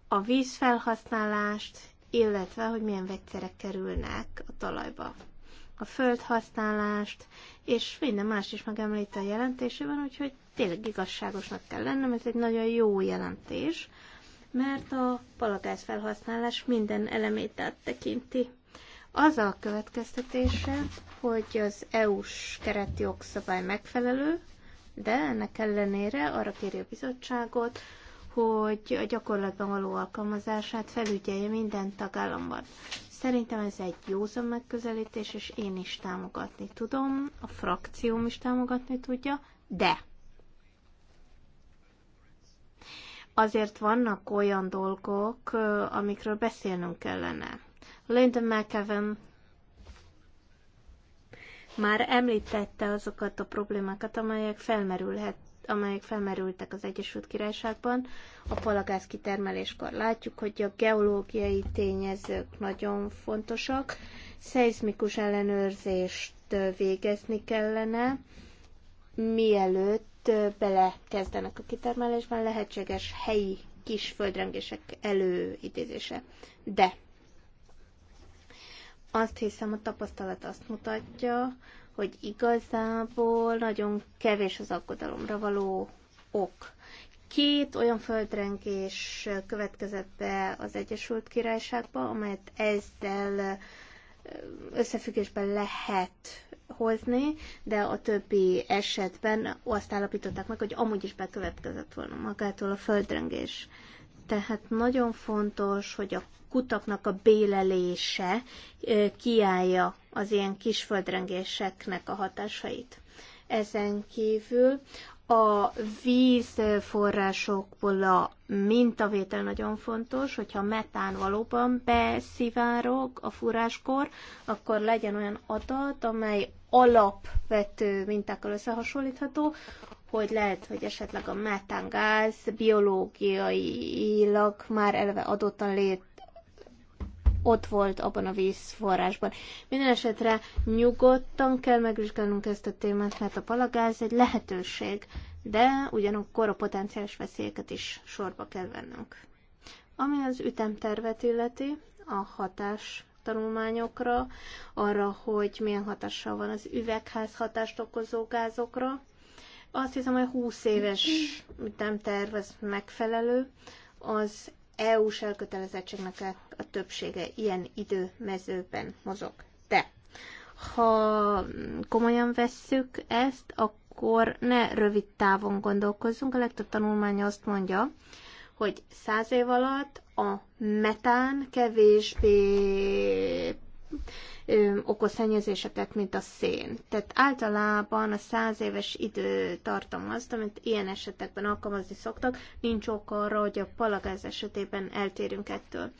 a vízfelhasználást, illetve hogy milyen vegyszerek kerülnek a talajba a földhasználást, és minden más is megemlít a jelentésében, úgyhogy tényleg igazságosnak kell lennem, ez egy nagyon jó jelentés, mert a palagáz felhasználás minden elemét áttekinti. Az a következtetése, hogy az EU-s keretjogszabály megfelelő, de ennek ellenére arra kéri a bizottságot, hogy a gyakorlatban való alkalmazását felügyelje minden tagállamban. Szerintem ez egy józan megközelítés, és én is támogatni tudom, a frakcióm is támogatni tudja, de azért vannak olyan dolgok, amikről beszélnünk kellene. Linda McEwen már említette azokat a problémákat, amelyek felmerülhet amelyek felmerültek az Egyesült Királyságban a palagáz kitermeléskor. Látjuk, hogy a geológiai tényezők nagyon fontosak, szeizmikus ellenőrzést végezni kellene, mielőtt belekezdenek a kitermelésben lehetséges helyi kis földrengések előidézése. De azt hiszem, a tapasztalat azt mutatja, hogy igazából nagyon kevés az aggodalomra való ok. Két olyan földrengés következett be az Egyesült Királyságba, amelyet ezzel összefüggésben lehet hozni, de a többi esetben azt állapították meg, hogy amúgy is bekövetkezett volna magától a földrengés. Tehát nagyon fontos, hogy a kutaknak a bélelése kiállja az ilyen kis földrengéseknek a hatásait. Ezen kívül a vízforrásokból a mintavétel nagyon fontos, hogyha metán valóban beszivárog a furáskor, akkor legyen olyan adat, amely alapvető mintákkal összehasonlítható, hogy lehet, hogy esetleg a metángáz biológiailag már eleve adottan lét, ott volt abban a vízforrásban. Minden esetre nyugodtan kell megvizsgálnunk ezt a témát, mert a palagáz egy lehetőség, de ugyanakkor a potenciális veszélyeket is sorba kell vennünk. Ami az ütemtervet illeti, a hatás tanulmányokra, arra, hogy milyen hatással van az üvegház hatást okozó gázokra. Azt hiszem, hogy 20 éves ütemterv az megfelelő. Az EU-s elkötelezettségnek a többsége ilyen időmezőben mozog. De ha komolyan vesszük ezt, akkor ne rövid távon gondolkozzunk. A legtöbb tanulmány azt mondja, hogy száz év alatt a metán kevésbé okoz szennyezéseket, mint a szén. Tehát általában a száz éves időtartam azt, amit ilyen esetekben alkalmazni szoktak, nincs ok arra, hogy a palagáz esetében eltérünk ettől.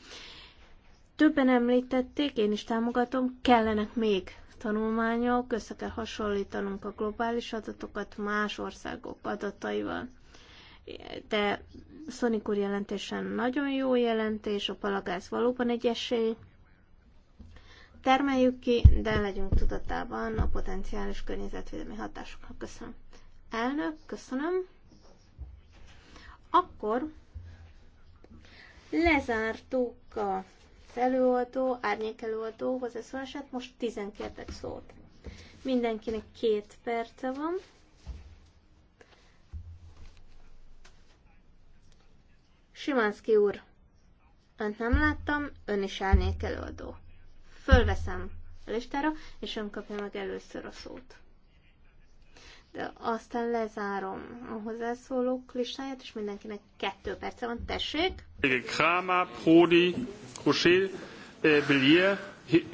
Többen említették, én is támogatom, kellenek még tanulmányok, össze kell hasonlítanunk a globális adatokat más országok adataival. De Szonikur jelentésen nagyon jó jelentés, a palagáz valóban egy esély, termeljük ki, de legyünk tudatában a potenciális környezetvédelmi hatásoknak. Köszönöm. Elnök, köszönöm. Akkor lezártuk a előadó, árnyék előadó hozzászólását, most 12 szót. Mindenkinek két perce van. Simanszki úr, önt nem láttam, ön is árnyék előadó fölveszem a listára, és ön kapja meg először a szót. De aztán lezárom a hozzászólók listáját, és mindenkinek kettő perce van. Tessék! Kráma, Prodi, Crochet, äh, Belier,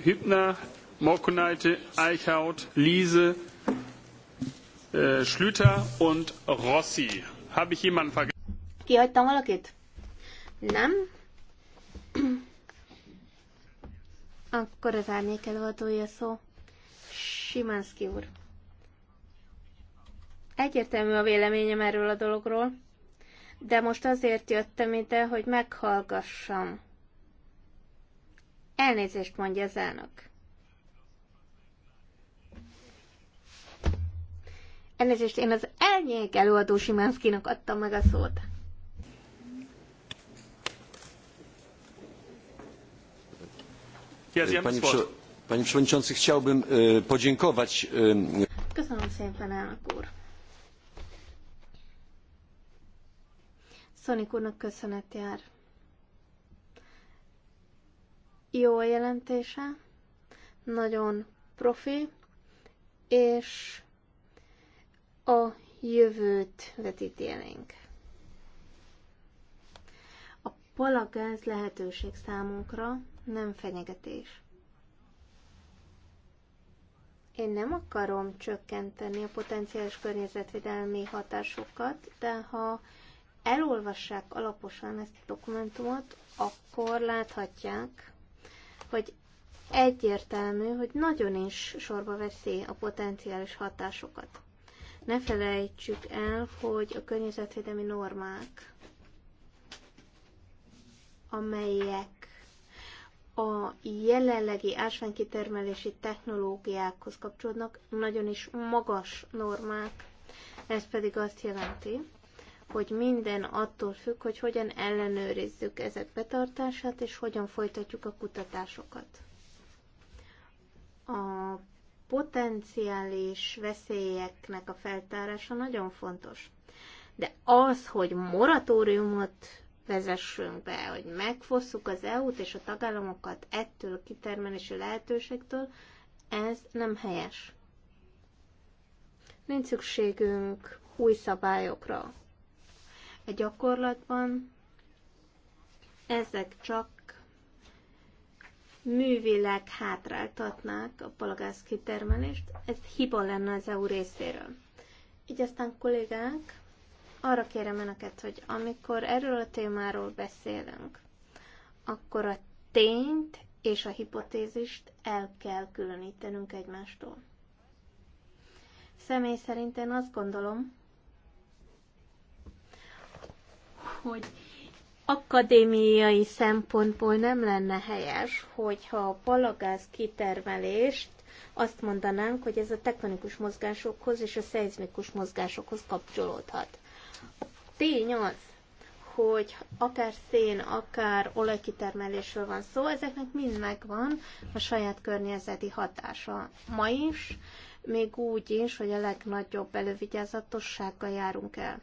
Hübner, Morkonaite, Eichhaut, Liese, äh, Schlüter und Rossi. Habe ich jemanden vergessen? Kihagytam valakit? Nem. Akkor az árnyék előadója szó. Simánszki úr. Egyértelmű a véleményem erről a dologról, de most azért jöttem ide, hogy meghallgassam. Elnézést mondja az elnök. Elnézést, én az elnyék előadó Simánszkinak adtam meg a szót. Panie Przewodniczący, chciałbym e, podziękować. E, Köszönöm szépen, elnök úr. Szonik úrnak köszönet jár. Jó a jelentése, nagyon profi, és a jövőt vetíti A palagáz lehetőség számunkra, nem fenyegetés. Én nem akarom csökkenteni a potenciális környezetvédelmi hatásokat, de ha elolvassák alaposan ezt a dokumentumot, akkor láthatják, hogy egyértelmű, hogy nagyon is sorba veszi a potenciális hatásokat. Ne felejtsük el, hogy a környezetvédelmi normák, amelyek a jelenlegi ásványkitermelési technológiákhoz kapcsolódnak nagyon is magas normák. Ez pedig azt jelenti, hogy minden attól függ, hogy hogyan ellenőrizzük ezek betartását, és hogyan folytatjuk a kutatásokat. A potenciális veszélyeknek a feltárása nagyon fontos. De az, hogy moratóriumot vezessünk be, hogy megfosszuk az EU-t és a tagállamokat ettől a kitermelési lehetőségtől, ez nem helyes. Nincs szükségünk új szabályokra. A gyakorlatban ezek csak művileg hátráltatnák a palagáz kitermelést, ez hiba lenne az EU részéről. Így aztán kollégák, arra kérem Önöket, hogy amikor erről a témáról beszélünk, akkor a tényt és a hipotézist el kell különítenünk egymástól. Személy szerint én azt gondolom, hogy akadémiai szempontból nem lenne helyes, hogyha a palagáz kitermelést azt mondanánk, hogy ez a tektonikus mozgásokhoz és a szeizmikus mozgásokhoz kapcsolódhat. Tény az, hogy akár szén, akár olajkitermelésről van szó, ezeknek mind megvan a saját környezeti hatása. Ma is, még úgy is, hogy a legnagyobb elővigyázatossággal járunk el.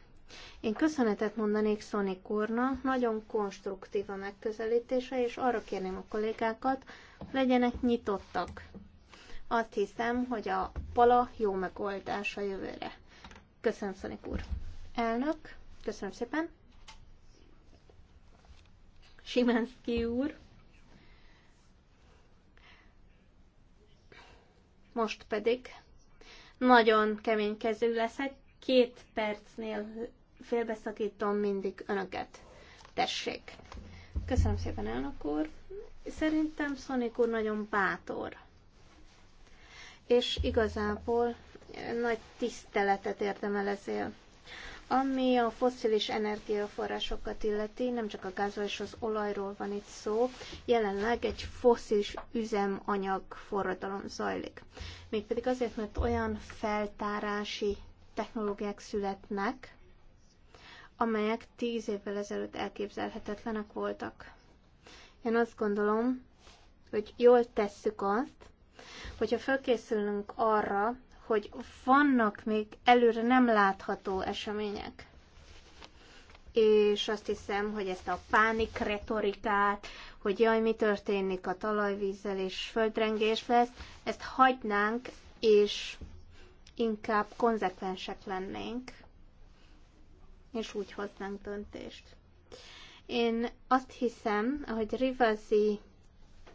Én köszönetet mondanék Sonic úrnak, nagyon konstruktív a megközelítése, és arra kérném a kollégákat, legyenek nyitottak. Azt hiszem, hogy a pala jó megoldás a jövőre. Köszönöm, Sonic úr! Elnök, köszönöm szépen. Simánszki úr. Most pedig nagyon kemény kezű leszek, két percnél félbeszakítom mindig önöket. Tessék. Köszönöm szépen, elnök úr. Szerintem Szonik úr nagyon bátor. És igazából nagy tiszteletet érdemel ezért. Ami a fosszilis energiaforrásokat illeti, nem csak a gázról és az olajról van itt szó, jelenleg egy fosszilis üzemanyag forradalom zajlik. Mégpedig azért, mert olyan feltárási technológiák születnek, amelyek tíz évvel ezelőtt elképzelhetetlenek voltak. Én azt gondolom, hogy jól tesszük azt, hogyha felkészülünk arra, hogy vannak még előre nem látható események. És azt hiszem, hogy ezt a pánik retorikát, hogy jaj, mi történik a talajvízzel és földrengés lesz, ezt hagynánk, és inkább konzekvensek lennénk, és úgy hoznánk döntést. Én azt hiszem, hogy Rivazi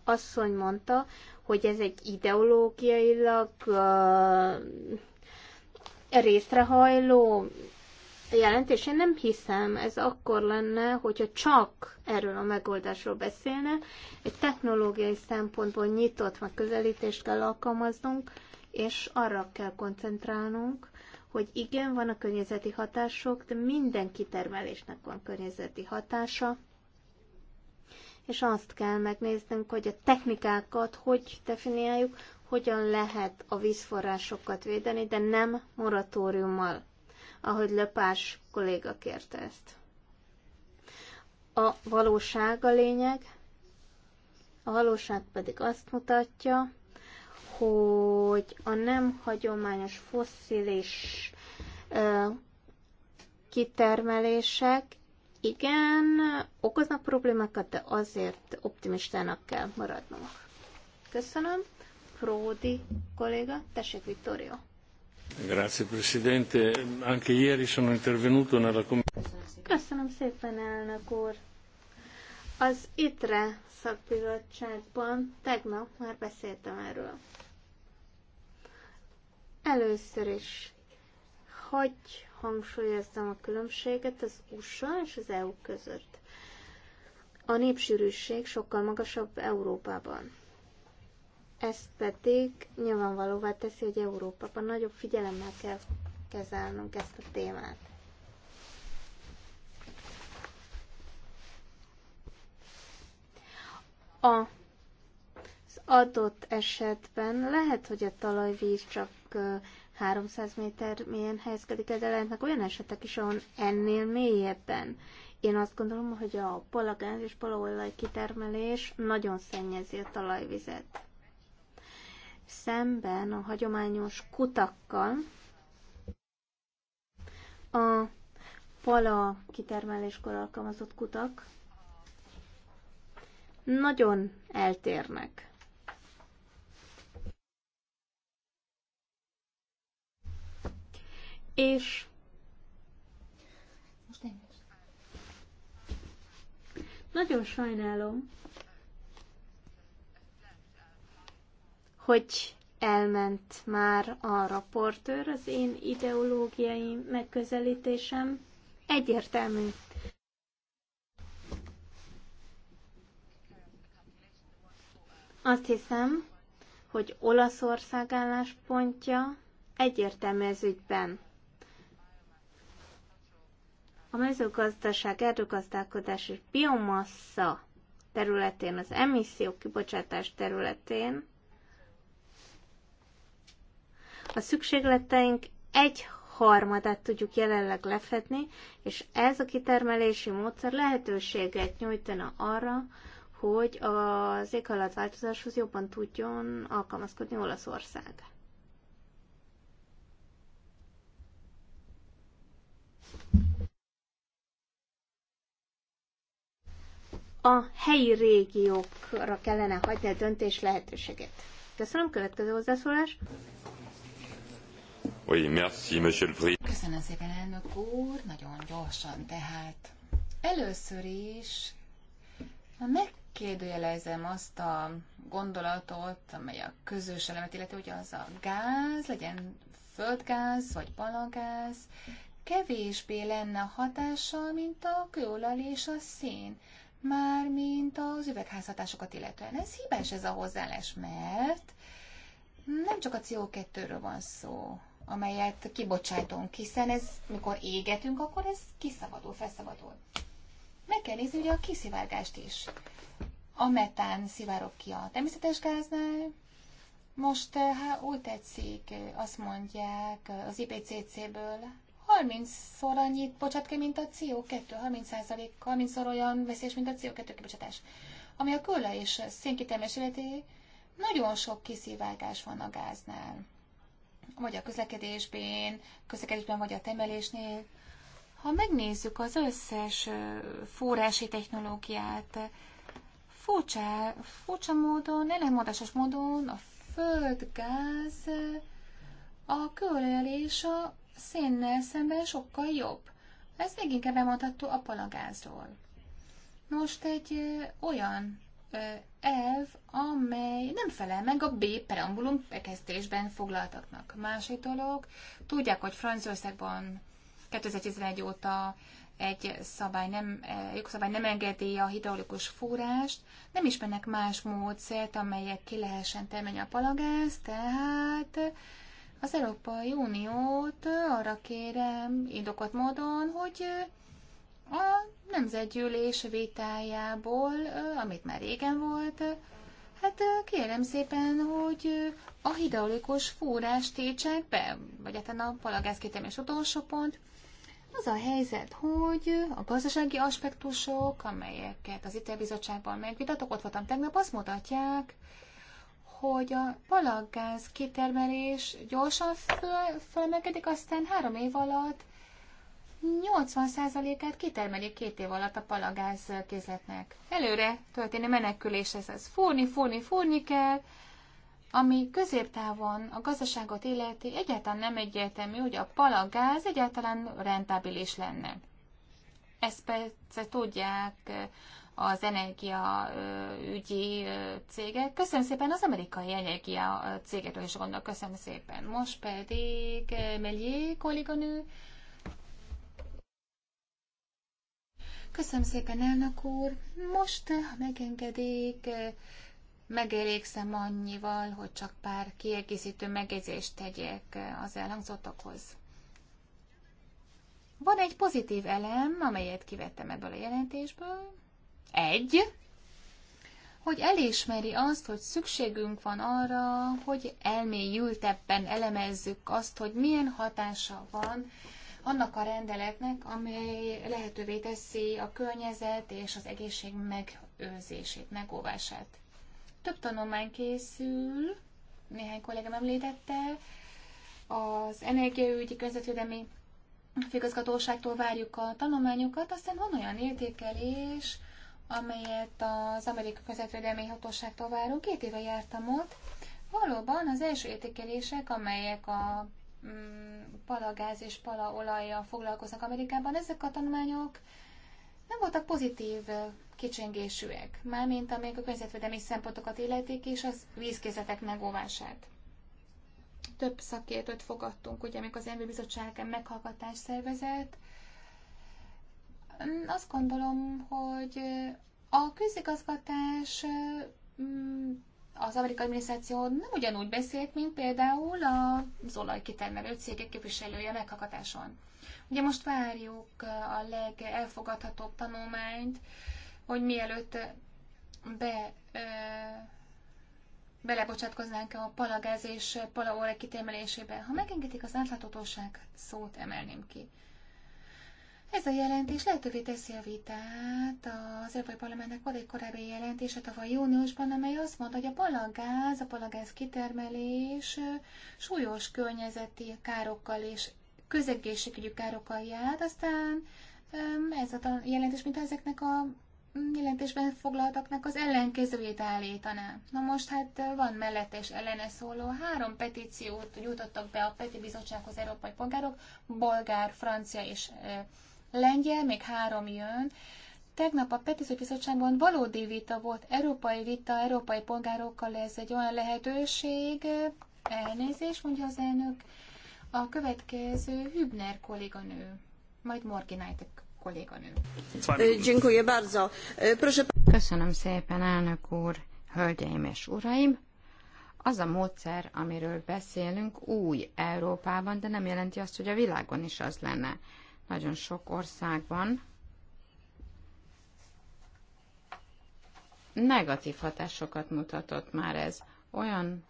asszony mondta, hogy ez egy ideológiailag uh, részrehajló jelentés. Én nem hiszem, ez akkor lenne, hogyha csak erről a megoldásról beszélne. Egy technológiai szempontból nyitott megközelítést kell alkalmaznunk, és arra kell koncentrálnunk, hogy igen, van a környezeti hatások, de minden kitermelésnek van környezeti hatása, és azt kell megnéznünk, hogy a technikákat hogy definiáljuk, hogyan lehet a vízforrásokat védeni, de nem moratóriummal, ahogy Löpás kolléga kérte ezt. A valóság a lényeg, a valóság pedig azt mutatja, hogy a nem hagyományos fosszilis ö, kitermelések igen, okoznak problémákat, de azért optimistának kell maradnunk. Köszönöm. Pródi kolléga, tessék Vittorio. Grazie Presidente, anche ieri sono intervenuto nella Köszönöm szépen, elnök úr. Az ITRE szakbizottságban tegnap már beszéltem erről. Először is, hogy hangsúlyoztam a különbséget az USA és az EU között. A népsűrűség sokkal magasabb Európában. Ez pedig nyilvánvalóvá teszi, hogy Európában nagyobb figyelemmel kell kezelnünk ezt a témát. A, az adott esetben lehet, hogy a talajvíz csak 300 méter mélyen helyezkedik el, de lehetnek olyan esetek is, ahol ennél mélyebben. Én azt gondolom, hogy a palagáz és palaolaj kitermelés nagyon szennyezi a talajvizet. Szemben a hagyományos kutakkal a pala kitermeléskor alkalmazott kutak nagyon eltérnek. és most is nagyon sajnálom, hogy elment már a raportőr, az én ideológiai megközelítésem egyértelmű. Azt hiszem, hogy Olaszország álláspontja egyértelmű ez ügyben a mezőgazdaság, erdőgazdálkodás és biomassa területén, az emisszió kibocsátás területén a szükségleteink egy harmadát tudjuk jelenleg lefedni, és ez a kitermelési módszer lehetőséget nyújtana arra, hogy az éghajlatváltozáshoz jobban tudjon alkalmazkodni Olaszország. a helyi régiókra kellene hagyni a döntés lehetőségét. Köszönöm, következő hozzászólás. Oui, merci, monsieur le Köszönöm szépen, elnök úr, nagyon gyorsan tehát. Először is megkérdőjelezem azt a gondolatot, amely a közös elemet illeti, hogy az a gáz, legyen földgáz vagy palagáz, kevésbé lenne hatással, mint a kőolaj és a szén már mint az üvegházhatásokat illetően. Ez hibás ez a hozzáállás, mert nem csak a CO2-ről van szó, amelyet kibocsátunk, hiszen ez, mikor égetünk, akkor ez kiszabadul, felszabadul. Meg kell nézni ugye a kiszivárgást is. A metán szivárok ki a természetes gáznál, most eh, ha úgy tetszik, eh, azt mondják eh, az IPCC-ből, 30-szor annyi bocsát ki, mint a CO2, 30%, 30-szor olyan veszélyes, mint a CO2 kibocsátás. Ami a kőle és szénkitermés nagyon sok kiszívágás van a gáznál. Vagy a közlekedésben, közlekedésben vagy a temelésnél. Ha megnézzük az összes forrási technológiát, furcsa, furcsa módon, ellenmondásos módon a földgáz, a kőolaj és a szénnel szemben sokkal jobb. Ez még inkább bemondható a palagázról. Most egy ö, olyan ö, elv, amely nem felel meg a B perambulum bekezdésben foglaltaknak. Másik dolog, tudják, hogy Franciaországban 2011 óta egy szabály nem, jogszabály nem engedi a hidraulikus fúrást, nem ismernek más módszert, amelyek ki lehessen termelni a palagázt, tehát az Európai Uniót arra kérem indokott módon, hogy a nemzetgyűlés vitájából, amit már régen volt, hát kérem szépen, hogy a hidraulikus fúrást tiltsák be, vagy hát a palagászkétemés utolsó pont, az a helyzet, hogy a gazdasági aspektusok, amelyeket az ITER bizottságban megvitatok, ott voltam tegnap, azt mutatják, hogy a palaggáz kitermelés gyorsan föl, fölmegedik, aztán három év alatt 80%-át kitermelik két év alatt a palagáz készletnek. Előre történő menekülés ez, ez fúrni, fúrni, fúrni kell, ami középtávon a gazdaságot illeti, egyáltalán nem egyértelmű, hogy a palagáz egyáltalán rentábilis lenne. Ezt persze tudják az energiaügyi cégek. Köszönöm szépen az amerikai energia cégekről is gondolok. Köszönöm szépen. Most pedig Melié kolléganő. Köszönöm szépen, elnök úr. Most, ha megengedik, megelégszem annyival, hogy csak pár kiegészítő megjegyzést tegyek az elhangzottakhoz. Van egy pozitív elem, amelyet kivettem ebből a jelentésből, egy, hogy elismeri azt, hogy szükségünk van arra, hogy elmélyültebben elemezzük azt, hogy milyen hatása van annak a rendeletnek, amely lehetővé teszi a környezet és az egészség megőrzését, megóvását. Több tanulmány készül, néhány kollégám említette, az energiaügyi közvetvédelmi főigazgatóságtól várjuk a tanulmányokat, aztán van olyan értékelés, amelyet az Amerikai Közvetvédelmi Hatóságtól várunk. Két éve jártam ott. Valóban az első értékelések, amelyek a mm, palagáz és palaolajjal foglalkoznak Amerikában, ezek a tanulmányok nem voltak pozitív kicsengésűek, mármint amelyek a környezetvédelmi szempontokat illetik és az vízkészletek megóvását. Több szakértőt fogadtunk, ugye, amikor az Emberi Bizottság meghallgatást szervezett, azt gondolom, hogy a közigazgatás mm, az amerikai adminisztráció nem ugyanúgy beszélt, mint például az olajkitermelő cégek képviselője meghakatáson. Ugye most várjuk a legelfogadhatóbb tanulmányt, hogy mielőtt be, ö, belebocsátkoznánk a palagáz és palaóra kitermelésébe. Ha megengedik, az átláthatóság szót emelném ki. Ez a jelentés lehetővé teszi a vitát. Az Európai Parlamentnek volt egy korábbi jelentése tavaly júniusban, amely azt mondta, hogy a palagáz, a palagáz kitermelés súlyos környezeti károkkal és közegészségügyi károkkal jár, aztán ez a jelentés, mint ezeknek a jelentésben foglaltaknak az ellenkezőjét állítaná. Na most hát eh, van mellette és ellene szóló három petíciót nyújtottak be a Peti Bizottsághoz európai polgárok, bolgár, francia és eh, lengyel, még három jön. Tegnap a Petíciós Bizottságban valódi vita volt, európai vita, európai polgárokkal ez egy olyan lehetőség. Elnézés, mondja az elnök. A következő Hübner kolléganő, majd Morginájtek kolléganő. Köszönöm szépen, elnök úr, hölgyeim és uraim. Az a módszer, amiről beszélünk, új Európában, de nem jelenti azt, hogy a világon is az lenne. Nagyon sok országban negatív hatásokat mutatott már ez. Olyan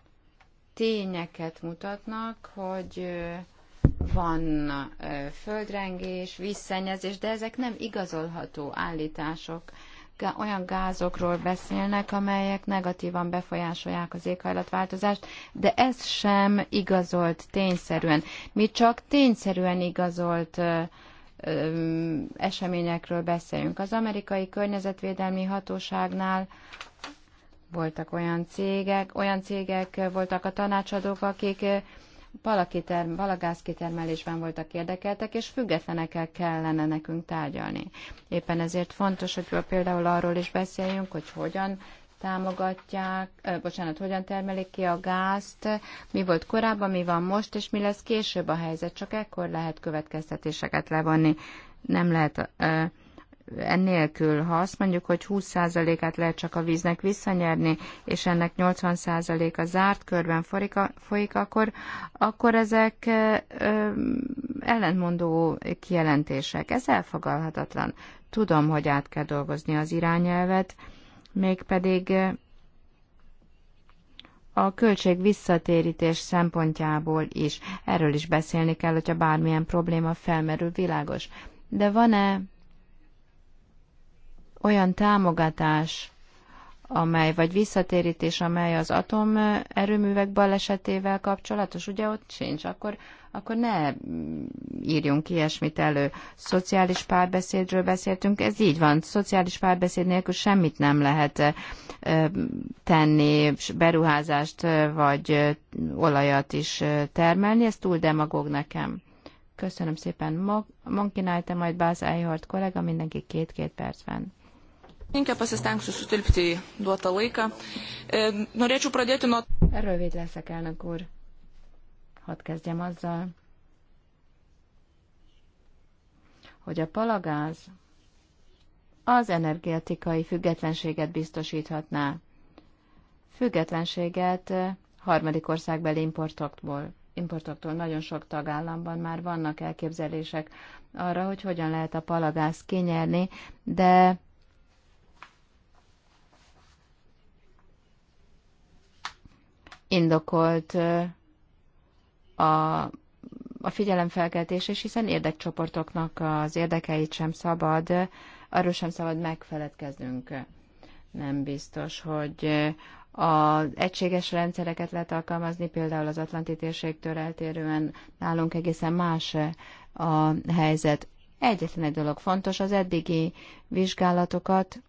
tényeket mutatnak, hogy van földrengés, vízszennyezés, de ezek nem igazolható állítások. Olyan gázokról beszélnek, amelyek negatívan befolyásolják az éghajlatváltozást, de ez sem igazolt tényszerűen. Mi csak tényszerűen igazolt uh, eseményekről beszéljünk. Az amerikai környezetvédelmi hatóságnál voltak olyan cégek, olyan cégek voltak a tanácsadók, akik palakiterm, palagázkitermelésben voltak érdekeltek, és függetlenekkel kellene nekünk tárgyalni. Éppen ezért fontos, hogy például arról is beszéljünk, hogy hogyan támogatják, ö, bocsánat, hogyan termelik ki a gázt, mi volt korábban, mi van most, és mi lesz később a helyzet. Csak ekkor lehet következtetéseket levonni. Nem lehet ö, ennélkül, ha azt mondjuk, hogy 20%-át lehet csak a víznek visszanyerni, és ennek 80%-a zárt körben folyik, folyik akkor, akkor ezek ö, ellentmondó kijelentések. Ez elfogalhatatlan. Tudom, hogy át kell dolgozni az irányelvet, mégpedig eh, a költség visszatérítés szempontjából is. Erről is beszélni kell, hogyha bármilyen probléma felmerül, világos. De van-e olyan támogatás, amely, vagy visszatérítés, amely az atomerőművek eh, balesetével kapcsolatos, ugye ott sincs, akkor akkor ne mm, írjunk ilyesmit elő. Szociális párbeszédről beszéltünk, ez így van. Szociális párbeszéd nélkül semmit nem lehet tenni, beruházást vagy olajat is termelni, ez túl demagóg nekem. Köszönöm szépen. Monkey Mankinálta majd Báz Eihart kollega, mindenki két-két percben. Inkább pasistengsiu sutilpti duotą laiką. E, Norėčiau Rövid leszek, elnök úr. Hadd kezdjem azzal, hogy a palagáz az energetikai függetlenséget biztosíthatná. Függetlenséget harmadik országbeli importoktól. Importoktól nagyon sok tagállamban már vannak elképzelések arra, hogy hogyan lehet a palagáz kinyerni, de indokolt a, a figyelemfelkeltés, és hiszen érdekcsoportoknak az érdekeit sem szabad, arról sem szabad megfeledkeznünk. Nem biztos, hogy az egységes rendszereket lehet alkalmazni, például az Atlanti térségtől eltérően nálunk egészen más a helyzet. Egyetlen egy dolog fontos, az eddigi vizsgálatokat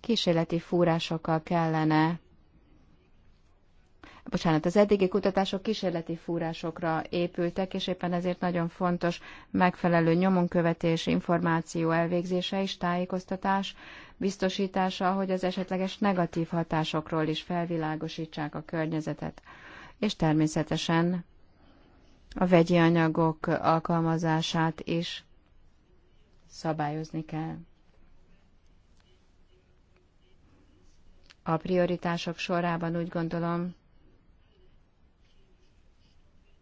kísérleti fúrásokkal kellene bocsánat, az eddigi kutatások kísérleti fúrásokra épültek, és éppen ezért nagyon fontos megfelelő nyomonkövetés, információ elvégzése és tájékoztatás biztosítása, hogy az esetleges negatív hatásokról is felvilágosítsák a környezetet. És természetesen a vegyi anyagok alkalmazását is szabályozni kell. A prioritások sorában úgy gondolom,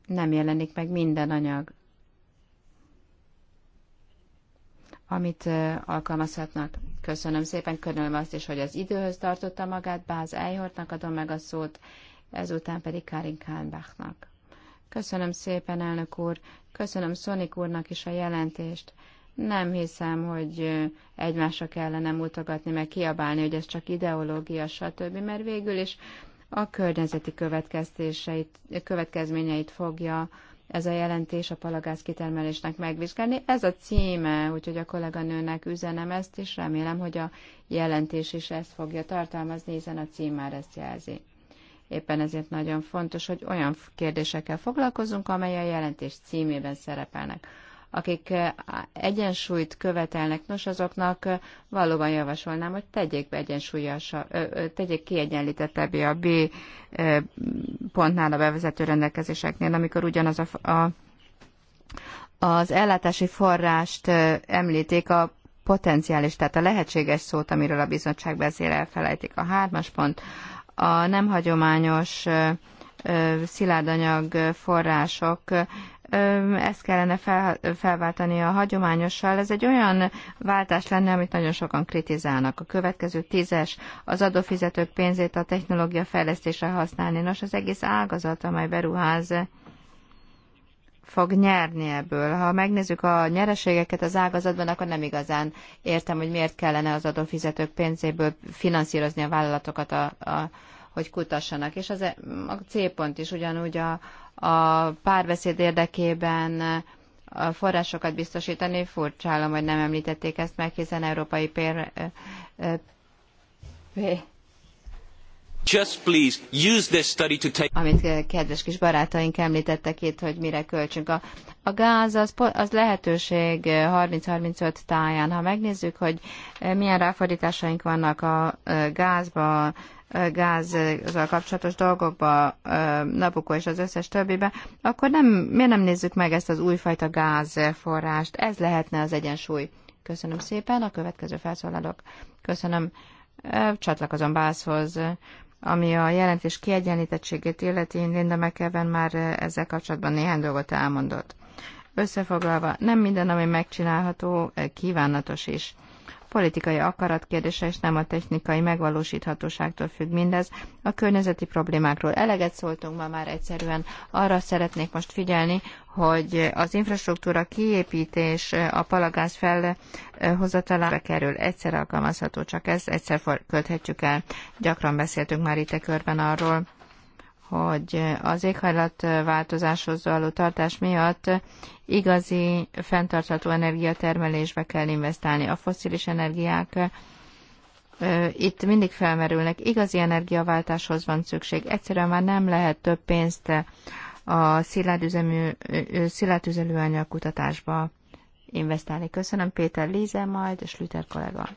nem jelenik meg minden anyag, amit alkalmazhatnak. Köszönöm szépen, köszönöm azt is, hogy az időhöz tartotta magát, Báz Eihortnak adom meg a szót, ezután pedig Karin Kahnbachnak. Köszönöm szépen, elnök úr, köszönöm Szonik úrnak is a jelentést. Nem hiszem, hogy egymásra kellene mutogatni, meg kiabálni, hogy ez csak ideológia, stb., mert végül is a környezeti következtéseit, következményeit fogja ez a jelentés a palagáz kitermelésnek megvizsgálni. Ez a címe, úgyhogy a kolléganőnek üzenem ezt, és remélem, hogy a jelentés is ezt fogja tartalmazni, hiszen a cím már ezt jelzi. Éppen ezért nagyon fontos, hogy olyan kérdésekkel foglalkozunk, amely a jelentés címében szerepelnek akik eh, egyensúlyt követelnek, nos azoknak eh, valóban javasolnám, hogy tegyék be tegyék kiegyenlítettebbé a B eh, pontnál a bevezető rendelkezéseknél, amikor ugyanaz a, a az ellátási forrást említik a potenciális, tehát a lehetséges szót, amiről a bizottság beszél, elfelejtik a hármas pont. A nem hagyományos szilárdanyag források ezt kellene fel, felváltani a hagyományossal. Ez egy olyan váltás lenne, amit nagyon sokan kritizálnak. A következő tízes az adófizetők pénzét a technológia fejlesztésre használni. Nos, az egész ágazat, amely beruház, fog nyerni ebből. Ha megnézzük a nyereségeket az ágazatban, akkor nem igazán értem, hogy miért kellene az adófizetők pénzéből finanszírozni a vállalatokat, a, a, hogy kutassanak. És az, e, a C pont is ugyanúgy a, a párbeszéd érdekében a forrásokat biztosítani. Furcsálom, hogy nem említették ezt meg, hiszen európai pér... Just please use this study to take... Amit kedves kis barátaink említettek itt, hogy mire költsünk. A, a gáz az, az lehetőség 30-35 táján. Ha megnézzük, hogy milyen ráfordításaink vannak a gázba, gázzal kapcsolatos dolgokba, Nabucco és az összes többibe, akkor nem, miért nem nézzük meg ezt az újfajta gázforrást? Ez lehetne az egyensúly. Köszönöm szépen, a következő felszólalok. Köszönöm, csatlakozom Bászhoz. Ami a jelentés kiegyenlítettségét illeti, Linda McEwen már ezzel kapcsolatban néhány dolgot elmondott. Összefoglalva, nem minden, ami megcsinálható, kívánatos is politikai akarat kérdése, és nem a technikai megvalósíthatóságtól függ mindez. A környezeti problémákról eleget szóltunk ma már egyszerűen. Arra szeretnék most figyelni, hogy az infrastruktúra kiépítés a palagáz felhozatalára kerül. Egyszer alkalmazható, csak ez egyszer költhetjük el. Gyakran beszéltünk már itt a e körben arról hogy az éghajlatváltozáshoz való tartás miatt igazi fenntartható energiatermelésbe kell investálni. A foszilis energiák itt mindig felmerülnek. Igazi energiaváltáshoz van szükség. Egyszerűen már nem lehet több pénzt a szilárdüzemű, szilárdüzelőanyag kutatásba investálni. Köszönöm Péter Líze majd, és Lüter kollega.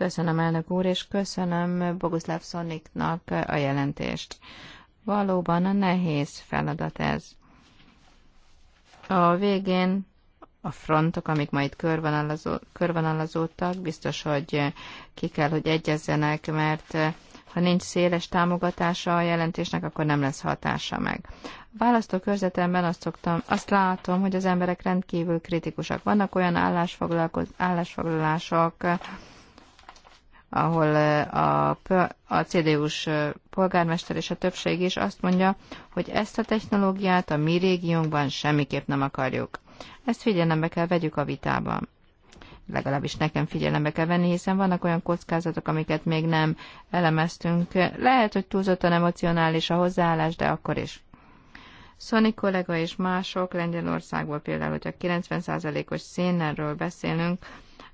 Köszönöm, elnök úr, és köszönöm Boguszláv Szoniknak a jelentést. Valóban a nehéz feladat ez. A végén a frontok, amik ma itt körvonalazó, körvonalazódtak, biztos, hogy ki kell, hogy egyezzenek, mert ha nincs széles támogatása a jelentésnek, akkor nem lesz hatása meg. A választókörzetemben azt, szoktam, azt látom, hogy az emberek rendkívül kritikusak. Vannak olyan állásfoglalások, ahol eh, a, a CDU-s eh, polgármester és a többség is azt mondja, hogy ezt a technológiát a mi régiónkban semmiképp nem akarjuk. Ezt figyelembe kell vegyük a vitában. Legalábbis nekem figyelembe kell venni, hiszen vannak olyan kockázatok, amiket még nem elemeztünk. Lehet, hogy túlzottan emocionális a hozzáállás, de akkor is. Szoni kollega és mások Lengyelországból például, hogyha 90%-os szénerről beszélünk,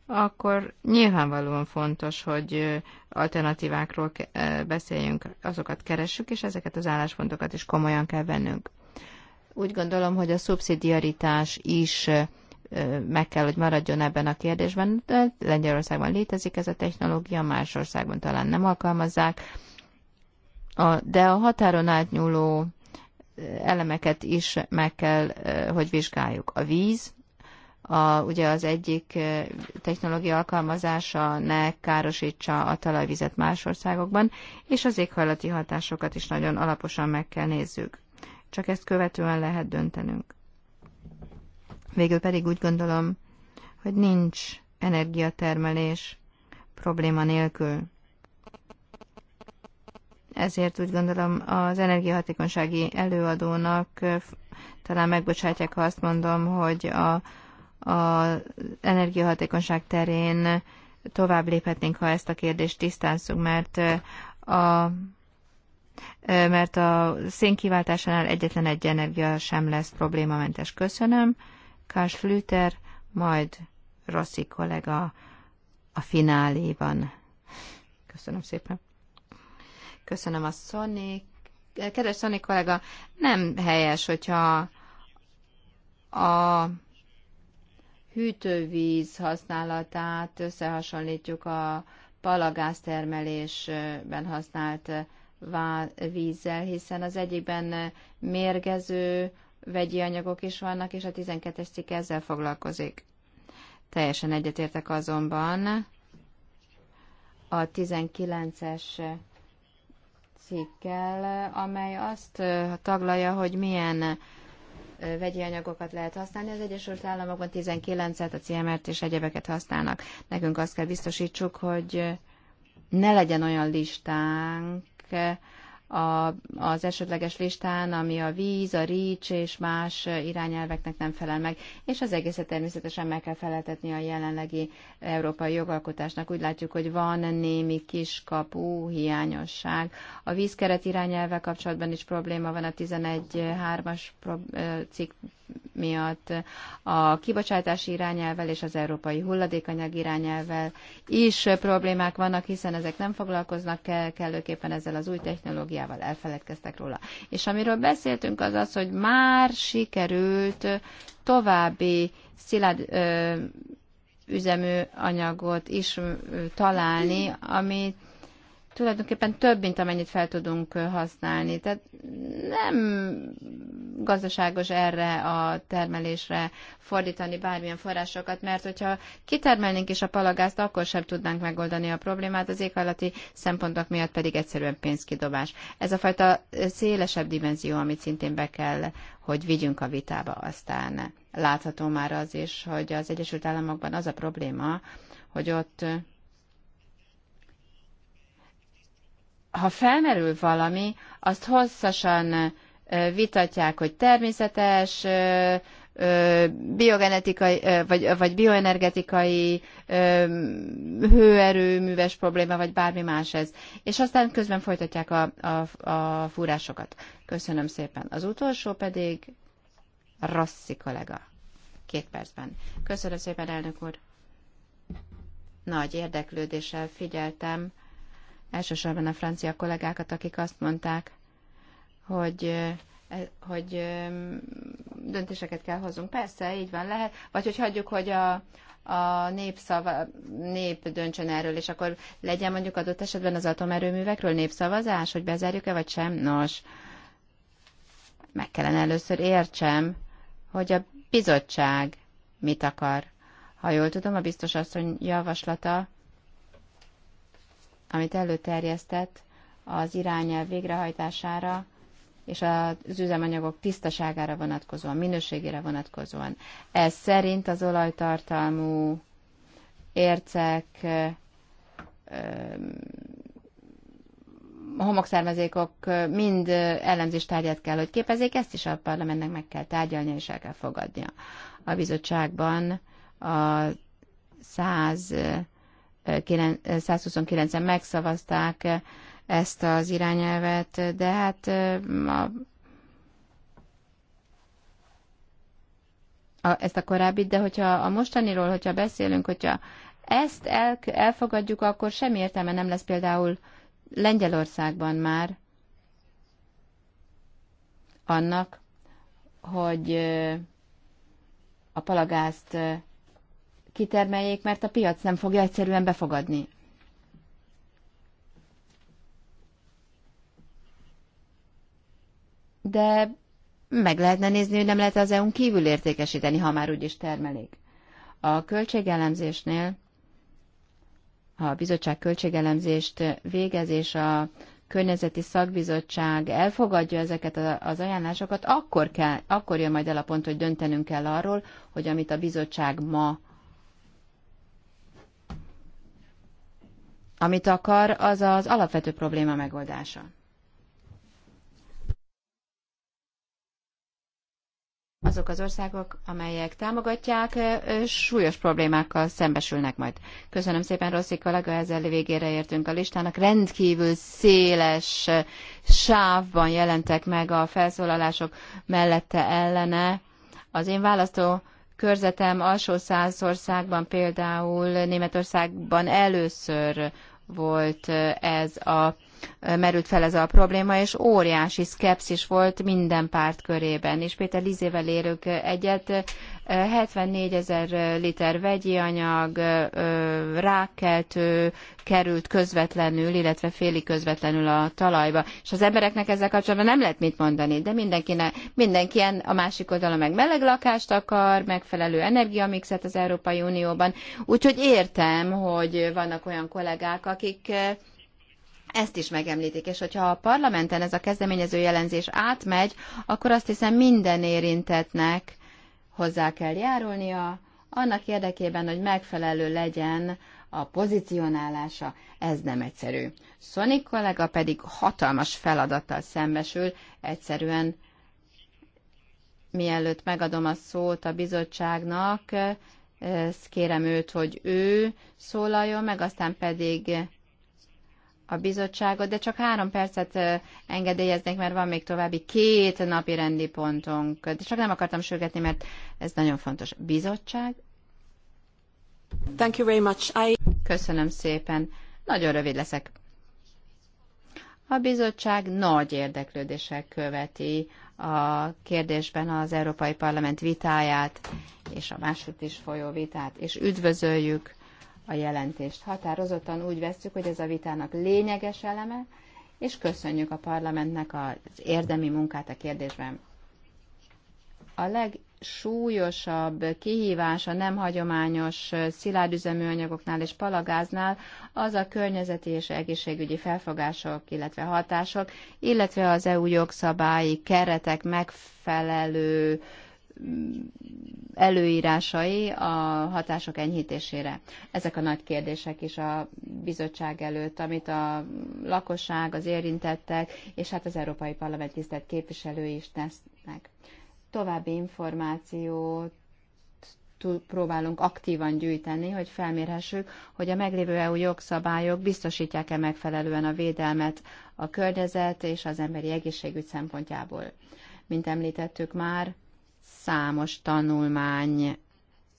akkor nyilvánvalóan fontos, hogy alternatívákról beszéljünk, azokat keressük, és ezeket az álláspontokat is komolyan kell vennünk. Úgy gondolom, hogy a szubszidiaritás is meg kell, hogy maradjon ebben a kérdésben, de Lengyelországban létezik ez a technológia, más országban talán nem alkalmazzák, de a határon átnyúló elemeket is meg kell, hogy vizsgáljuk. A víz a, ugye az egyik technológia alkalmazása ne károsítsa a talajvizet más országokban, és az éghajlati hatásokat is nagyon alaposan meg kell nézzük. Csak ezt követően lehet döntenünk. Végül pedig úgy gondolom, hogy nincs energiatermelés probléma nélkül. Ezért úgy gondolom az energiahatékonysági előadónak talán megbocsátják, ha azt mondom, hogy a, az energiahatékonyság terén tovább léphetnénk, ha ezt a kérdést tisztázzuk, mert a mert a szénkiváltásánál egyetlen egy energia sem lesz problémamentes. Köszönöm. Kás Flüter, majd Rossi kollega a fináléban. Köszönöm szépen. Köszönöm a Sonic. Kedves Sonic kollega, nem helyes, hogyha a hűtővíz használatát összehasonlítjuk a palagáztermelésben használt vízzel, hiszen az egyikben mérgező vegyi anyagok is vannak, és a 12-es cikk ezzel foglalkozik. Teljesen egyetértek azonban a 19-es cikkel, amely azt taglalja, hogy milyen vegyi anyagokat lehet használni. Az Egyesült Államokban 19-et, a CMR-t és egyebeket használnak. Nekünk azt kell biztosítsuk, hogy ne legyen olyan listánk, a, az esetleges listán, ami a víz, a rics és más irányelveknek nem felel meg, és az egészet természetesen meg kell feleltetni a jelenlegi európai jogalkotásnak. Úgy látjuk, hogy van némi kiskapú hiányosság. A vízkeret irányelve kapcsolatban is probléma van a 11.3-as cikk miatt a kibocsátási irányelvel és az európai hulladékanyag irányelvel is problémák vannak, hiszen ezek nem foglalkoznak kell, kellőképpen ezzel az új technológiával, elfeledkeztek róla. És amiről beszéltünk az az, hogy már sikerült további szilárd üzemű anyagot is találni, amit tulajdonképpen több, mint amennyit fel tudunk használni. Tehát nem gazdaságos erre a termelésre fordítani bármilyen forrásokat, mert hogyha kitermelnénk is a palagázt, akkor sem tudnánk megoldani a problémát, az éghajlati szempontok miatt pedig egyszerűen pénzkidobás. Ez a fajta szélesebb dimenzió, amit szintén be kell, hogy vigyünk a vitába aztán. Látható már az is, hogy az Egyesült Államokban az a probléma, hogy ott ha felmerül valami, azt hosszasan vitatják, hogy természetes, biogenetikai, vagy, vagy bioenergetikai hőerőműves probléma, vagy bármi más ez. És aztán közben folytatják a, a, a fúrásokat. Köszönöm szépen. Az utolsó pedig Rossi kollega. Két percben. Köszönöm szépen, elnök úr. Nagy érdeklődéssel figyeltem elsősorban a francia kollégákat, akik azt mondták, hogy e, hogy döntéseket kell hozunk. Persze, így van, lehet. Vagy hogy hagyjuk, hogy a, a népszava, nép döntsön erről, és akkor legyen mondjuk adott esetben az atomerőművekről népszavazás, hogy bezárjuk-e vagy sem. Nos, meg kellene először értsem, hogy a bizottság mit akar. Ha jól tudom, a biztos asszony javaslata amit előterjesztett az irányelv végrehajtására és az üzemanyagok tisztaságára vonatkozóan, minőségére vonatkozóan. Ez szerint az olajtartalmú ércek, homokszármazékok mind ellenzés tárgyát kell, hogy képezzék, ezt is a parlamentnek meg kell tárgyalnia és el kell fogadnia. A bizottságban a 100 129-en megszavazták ezt az irányelvet, de hát a, a, ezt a korábbi, de hogyha a mostaniról, hogyha beszélünk, hogyha ezt el, elfogadjuk, akkor semmi értelme nem lesz például Lengyelországban már annak, hogy a palagázt kitermeljék, mert a piac nem fogja egyszerűen befogadni. De meg lehetne nézni, hogy nem lehet az EU-n kívül értékesíteni, ha már úgyis termelik. A költségelemzésnél, ha a bizottság költségelemzést végez, és a környezeti szakbizottság elfogadja ezeket az ajánlásokat, akkor, kell, akkor jön majd el a pont, hogy döntenünk kell arról, hogy amit a bizottság ma amit akar, az az alapvető probléma megoldása. Azok az országok, amelyek támogatják, súlyos problémákkal szembesülnek majd. Köszönöm szépen, Rosszik kollega, ezzel végére értünk a listának. Rendkívül széles sávban jelentek meg a felszólalások mellette ellene. Az én választó körzetem alsó százországban például Németországban először volt ez a merült fel ez a probléma, és óriási szkepszis volt minden párt körében. És Péter Lizével érők egyet, 74 ezer liter vegyi anyag, rákkeltő került közvetlenül, illetve félig közvetlenül a talajba. És az embereknek ezzel kapcsolatban nem lehet mit mondani, de mindenki, ne, mindenki a másik oldalon meg meleg lakást akar, megfelelő energiamixet az Európai Unióban. Úgyhogy értem, hogy vannak olyan kollégák, akik ezt is megemlítik, és hogyha a parlamenten ez a kezdeményező jelenzés átmegy, akkor azt hiszem minden érintetnek hozzá kell járulnia, annak érdekében, hogy megfelelő legyen a pozicionálása, ez nem egyszerű. Sonic kollega pedig hatalmas feladattal szembesül, egyszerűen mielőtt megadom a szót a bizottságnak, eh, kérem őt, hogy ő szólaljon meg, aztán pedig a bizottságot, de csak három percet engedélyeznék, mert van még további két napi rendi pontunk. De csak nem akartam sürgetni, mert ez nagyon fontos. Bizottság? Thank you very much. I... Köszönöm szépen. Nagyon rövid leszek. A bizottság nagy érdeklődéssel követi a kérdésben az Európai Parlament vitáját és a második is folyó vitát, és üdvözöljük a jelentést. Határozottan úgy vesszük, hogy ez a vitának lényeges eleme, és köszönjük a parlamentnek az érdemi munkát a kérdésben. A legsúlyosabb kihívás a nem hagyományos szilárdüzeműanyagoknál és palagáznál az a környezeti és egészségügyi felfogások, illetve hatások, illetve az EU jogszabályi keretek megfelelő előírásai a hatások enyhítésére. Ezek a nagy kérdések is a bizottság előtt, amit a lakosság, az érintettek, és hát az Európai Parlament tisztelt képviselői is tesznek. További információt próbálunk aktívan gyűjteni, hogy felmérhessük, hogy a meglévő EU jogszabályok biztosítják-e megfelelően a védelmet a környezet és az emberi egészségügy szempontjából. Mint említettük már, számos tanulmány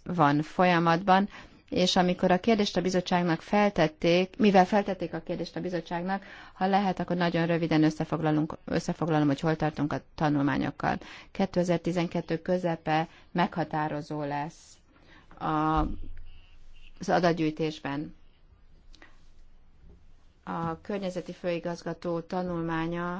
van folyamatban, és amikor a kérdést a bizottságnak feltették, mivel feltették a kérdést a bizottságnak, ha lehet, akkor nagyon röviden összefoglalunk, összefoglalom, hogy hol tartunk a tanulmányokkal. 2012 közepe meghatározó lesz a, az adatgyűjtésben. A környezeti főigazgató tanulmánya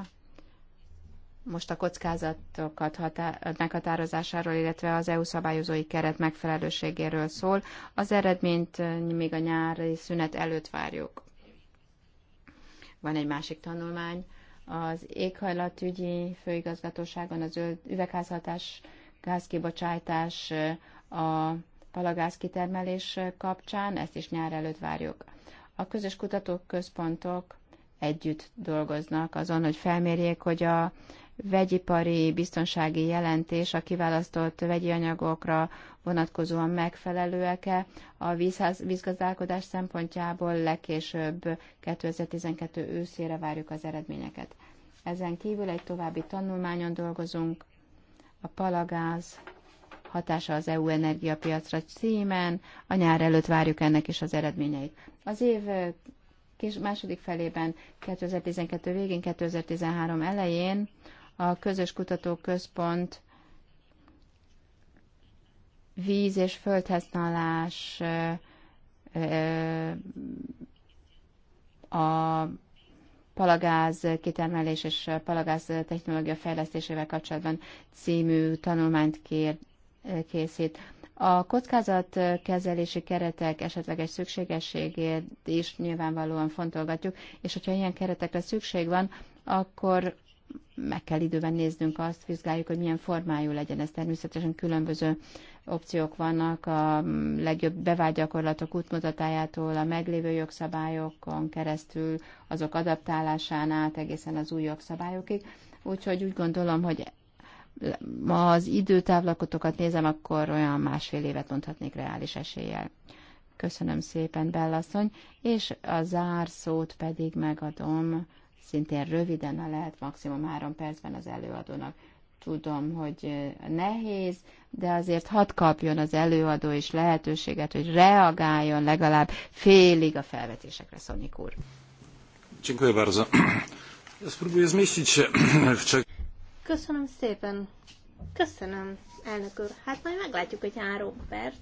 most a kockázatokat hatá- meghatározásáról, illetve az EU szabályozói keret megfelelőségéről szól. Az eredményt még a nyári szünet előtt várjuk. Van egy másik tanulmány. Az éghajlatügyi főigazgatóságon az üvegházhatás gázkibocsátás a palagáz kitermelés kapcsán, ezt is nyár előtt várjuk. A közös kutatóközpontok együtt dolgoznak azon, hogy felmérjék, hogy a vegyipari biztonsági jelentés a kiválasztott vegyi anyagokra vonatkozóan megfelelőek-e a vízház, vízgazdálkodás szempontjából legkésőbb 2012 őszére várjuk az eredményeket. Ezen kívül egy további tanulmányon dolgozunk, a palagáz hatása az EU energiapiacra címen, a nyár előtt várjuk ennek is az eredményeit. Az év kis második felében, 2012 végén, 2013 elején a közös kutatóközpont víz és földhasználás a palagáz kitermelés és palagáz technológia fejlesztésével kapcsolatban című tanulmányt kér, készít. A kockázatkezelési keretek esetleges szükségességét is nyilvánvalóan fontolgatjuk, és hogyha ilyen keretekre szükség van, akkor meg kell időben néznünk azt, vizsgáljuk, hogy milyen formájú legyen ez. Természetesen különböző opciók vannak a legjobb bevált gyakorlatok útmutatájától, a meglévő jogszabályokon keresztül, azok adaptálásán át egészen az új jogszabályokig. Úgyhogy úgy gondolom, hogy ma az időtávlakotokat nézem, akkor olyan másfél évet mondhatnék reális eséllyel. Köszönöm szépen, Bellasszony, és a zárszót pedig megadom szintén röviden, ha lehet, maximum három percben az előadónak. Tudom, hogy nehéz, de azért hadd kapjon az előadó is lehetőséget, hogy reagáljon legalább félig a felvetésekre, Szonyik úr. Köszönöm szépen. Köszönöm, elnök úr. Hát majd meglátjuk, hogy három perc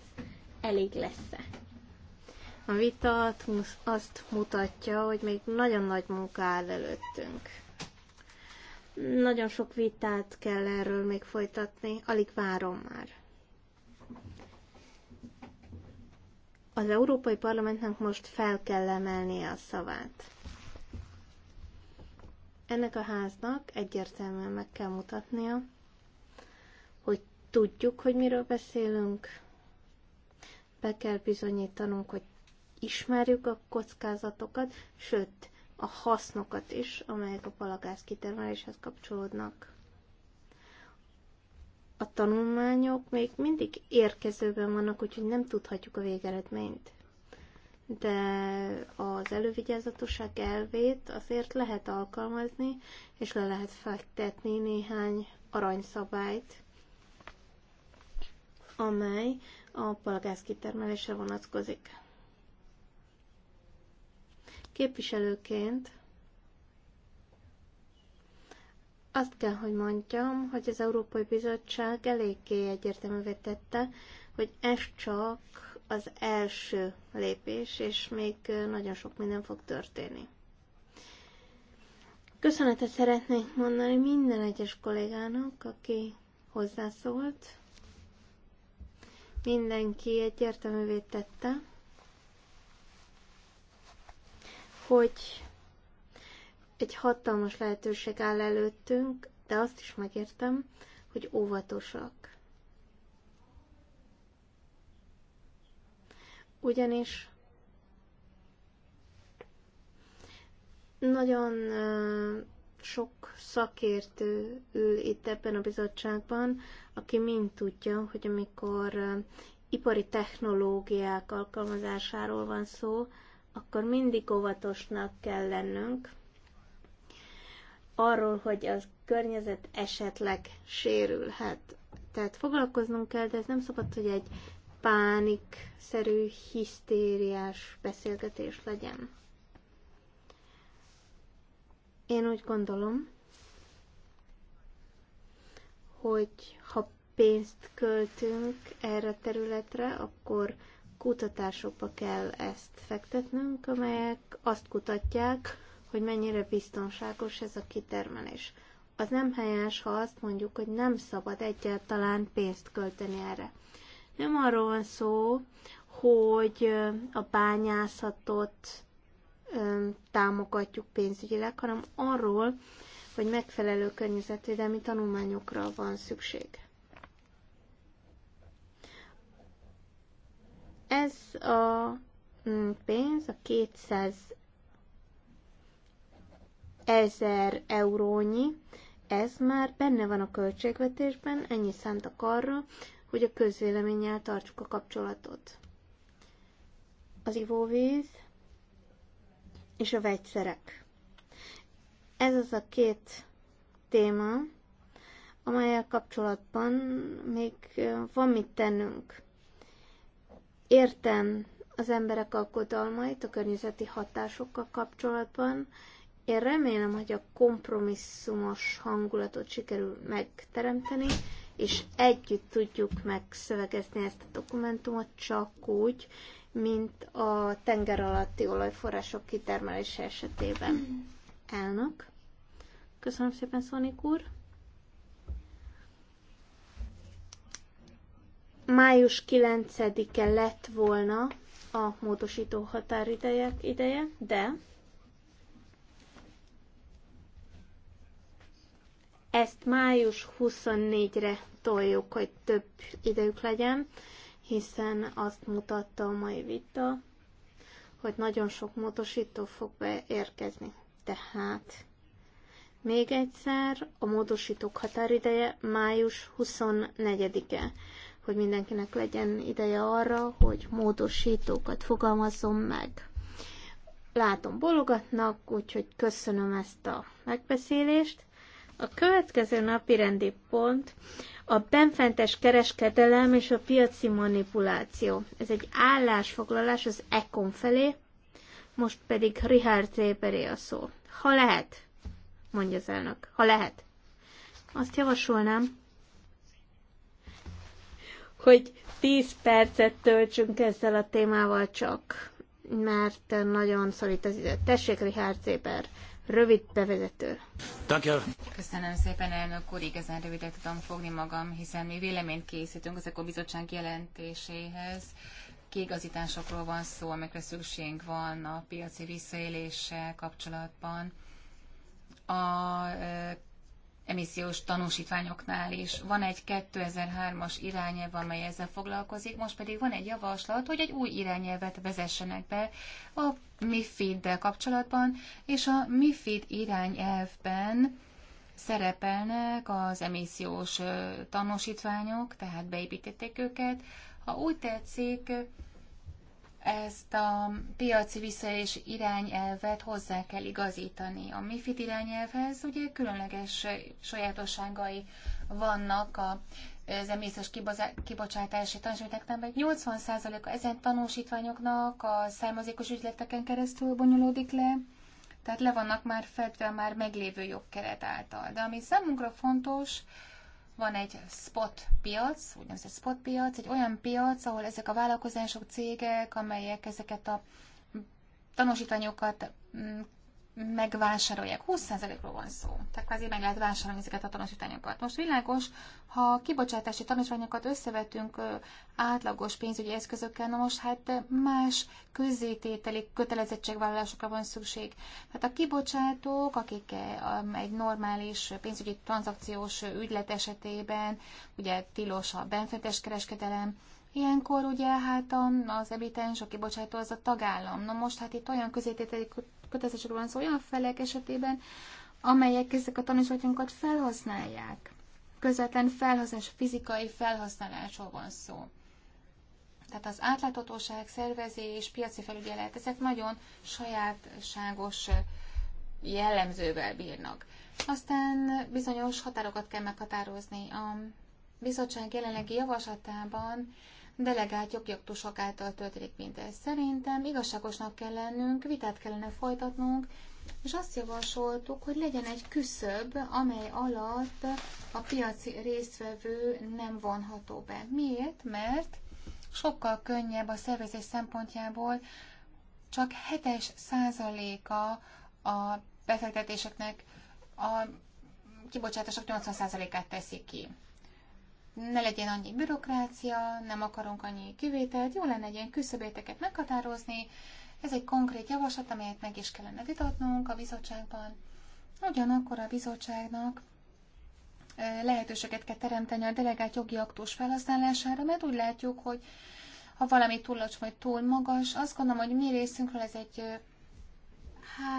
elég lesz-e. A vita azt mutatja, hogy még nagyon nagy munka áll előttünk. Nagyon sok vitát kell erről még folytatni, alig várom már. Az Európai Parlamentnek most fel kell emelnie a szavát. Ennek a háznak egyértelműen meg kell mutatnia, hogy tudjuk, hogy miről beszélünk, be kell bizonyítanunk, hogy ismerjük a kockázatokat, sőt, a hasznokat is, amelyek a palagáz kitermeléshez kapcsolódnak. A tanulmányok még mindig érkezőben vannak, úgyhogy nem tudhatjuk a végeredményt. De az elővigyázatosság elvét azért lehet alkalmazni, és le lehet fektetni néhány aranyszabályt, amely a palagáz kitermelésre vonatkozik. Képviselőként azt kell, hogy mondjam, hogy az Európai Bizottság eléggé egyértelművé tette, hogy ez csak az első lépés, és még nagyon sok minden fog történni. Köszönetet szeretnék mondani minden egyes kollégának, aki hozzászólt. Mindenki egyértelművé tette, hogy egy hatalmas lehetőség áll előttünk, de azt is megértem, hogy óvatosak. Ugyanis nagyon sok szakértő ül itt ebben a bizottságban, aki mind tudja, hogy amikor ipari technológiák alkalmazásáról van szó, akkor mindig óvatosnak kell lennünk arról, hogy az környezet esetleg sérülhet. Tehát foglalkoznunk kell, de ez nem szabad, hogy egy pánikszerű, hisztériás beszélgetés legyen. Én úgy gondolom, hogy ha pénzt költünk erre a területre, akkor kutatásokba kell ezt fektetnünk, amelyek azt kutatják, hogy mennyire biztonságos ez a kitermelés. Az nem helyes, ha azt mondjuk, hogy nem szabad egyáltalán pénzt költeni erre. Nem arról van szó, hogy a bányászatot támogatjuk pénzügyileg, hanem arról, hogy megfelelő környezetvédelmi tanulmányokra van szükség. Ez a mm, pénz, a 200 ezer eurónyi, ez már benne van a költségvetésben, ennyi szántak arra, hogy a közvéleménnyel tartsuk a kapcsolatot. Az ivóvíz és a vegyszerek. Ez az a két téma, amelyel kapcsolatban még van mit tennünk. Értem az emberek aggodalmait a környezeti hatásokkal kapcsolatban. Én remélem, hogy a kompromisszumos hangulatot sikerül megteremteni, és együtt tudjuk megszövegezni ezt a dokumentumot csak úgy, mint a tenger alatti olajforrások kitermelése esetében. Elnök. Köszönöm szépen, Szonik úr. május 9-e lett volna a módosító határideje, ideje, de ezt május 24-re toljuk, hogy több idejük legyen, hiszen azt mutatta a mai vita, hogy nagyon sok módosító fog beérkezni. Tehát még egyszer, a módosítók határideje május 24-e hogy mindenkinek legyen ideje arra, hogy módosítókat fogalmazzon meg. Látom, bologatnak, úgyhogy köszönöm ezt a megbeszélést. A következő napi rendi pont a benfentes kereskedelem és a piaci manipuláció. Ez egy állásfoglalás az ECON felé, most pedig Richard Zéberé a szó. Ha lehet, mondja az elnök, ha lehet. Azt javasolnám, hogy 10 percet töltsünk ezzel a témával csak, mert nagyon szorít az idő. Tessék, Richard Zéber, rövid bevezető. Köszönöm szépen, elnök úr, igazán rövidet tudom fogni magam, hiszen mi véleményt készítünk az a bizottság jelentéséhez. Kiigazításokról van szó, amikre szükségünk van a piaci visszaéléssel kapcsolatban a emissziós tanúsítványoknál is. Van egy 2003-as irányelv, amely ezzel foglalkozik, most pedig van egy javaslat, hogy egy új irányelvet vezessenek be a MIFID-del kapcsolatban, és a MIFID irányelvben szerepelnek az emissziós tanúsítványok, tehát beépítették őket. Ha úgy tetszik, ezt a piaci visszaélés irányelvet hozzá kell igazítani. A MIFID irányelvhez ugye különleges sajátosságai vannak a az emészes kibocsátási tanúsítványoknak, 80%-a ezen tanúsítványoknak a származékos ügyleteken keresztül bonyolódik le, tehát le vannak már fedve már meglévő jogkeret által. De ami számunkra fontos, van egy spot piac, úgynevezett spot piac, egy olyan piac, ahol ezek a vállalkozások, cégek, amelyek ezeket a tanúsítványokat mm, megvásárolják. 20%-ról van szó. Tehát azért meg lehet vásárolni ezeket a tanúsítványokat. Most világos, ha kibocsátási tanúsítványokat összevetünk átlagos pénzügyi eszközökkel, na most hát más közzétételi kötelezettségvállalásokra van szükség. Tehát a kibocsátók, akik egy normális pénzügyi tranzakciós ügylet esetében, ugye tilos a benfentes kereskedelem, Ilyenkor ugye hát az emitens, a kibocsátó az a tagállam. Na most hát itt olyan közétételi kötelezettségről van szó olyan felek esetében, amelyek ezek a tanúsatjunkat felhasználják. Közvetlen felhasználás, fizikai felhasználásról van szó. Tehát az átláthatóság, szervezés, piaci felügyelet, ezek nagyon sajátságos jellemzővel bírnak. Aztán bizonyos határokat kell meghatározni. A bizottság jelenlegi javaslatában delegált jogjaktusok által történik mindez. Szerintem igazságosnak kell lennünk, vitát kellene folytatnunk, és azt javasoltuk, hogy legyen egy küszöb, amely alatt a piaci résztvevő nem vonható be. Miért? Mert sokkal könnyebb a szervezés szempontjából, csak 7 százaléka a befektetéseknek a kibocsátások 80%-át teszik ki ne legyen annyi bürokrácia, nem akarunk annyi kivételt, jó lenne egy ilyen küszöbéteket meghatározni. Ez egy konkrét javaslat, amelyet meg is kellene vitatnunk a bizottságban. Ugyanakkor a bizottságnak lehetőséget kell teremteni a delegált jogi aktus felhasználására, mert úgy látjuk, hogy ha valami túl lacs vagy túl magas, azt gondolom, hogy mi részünkről ez egy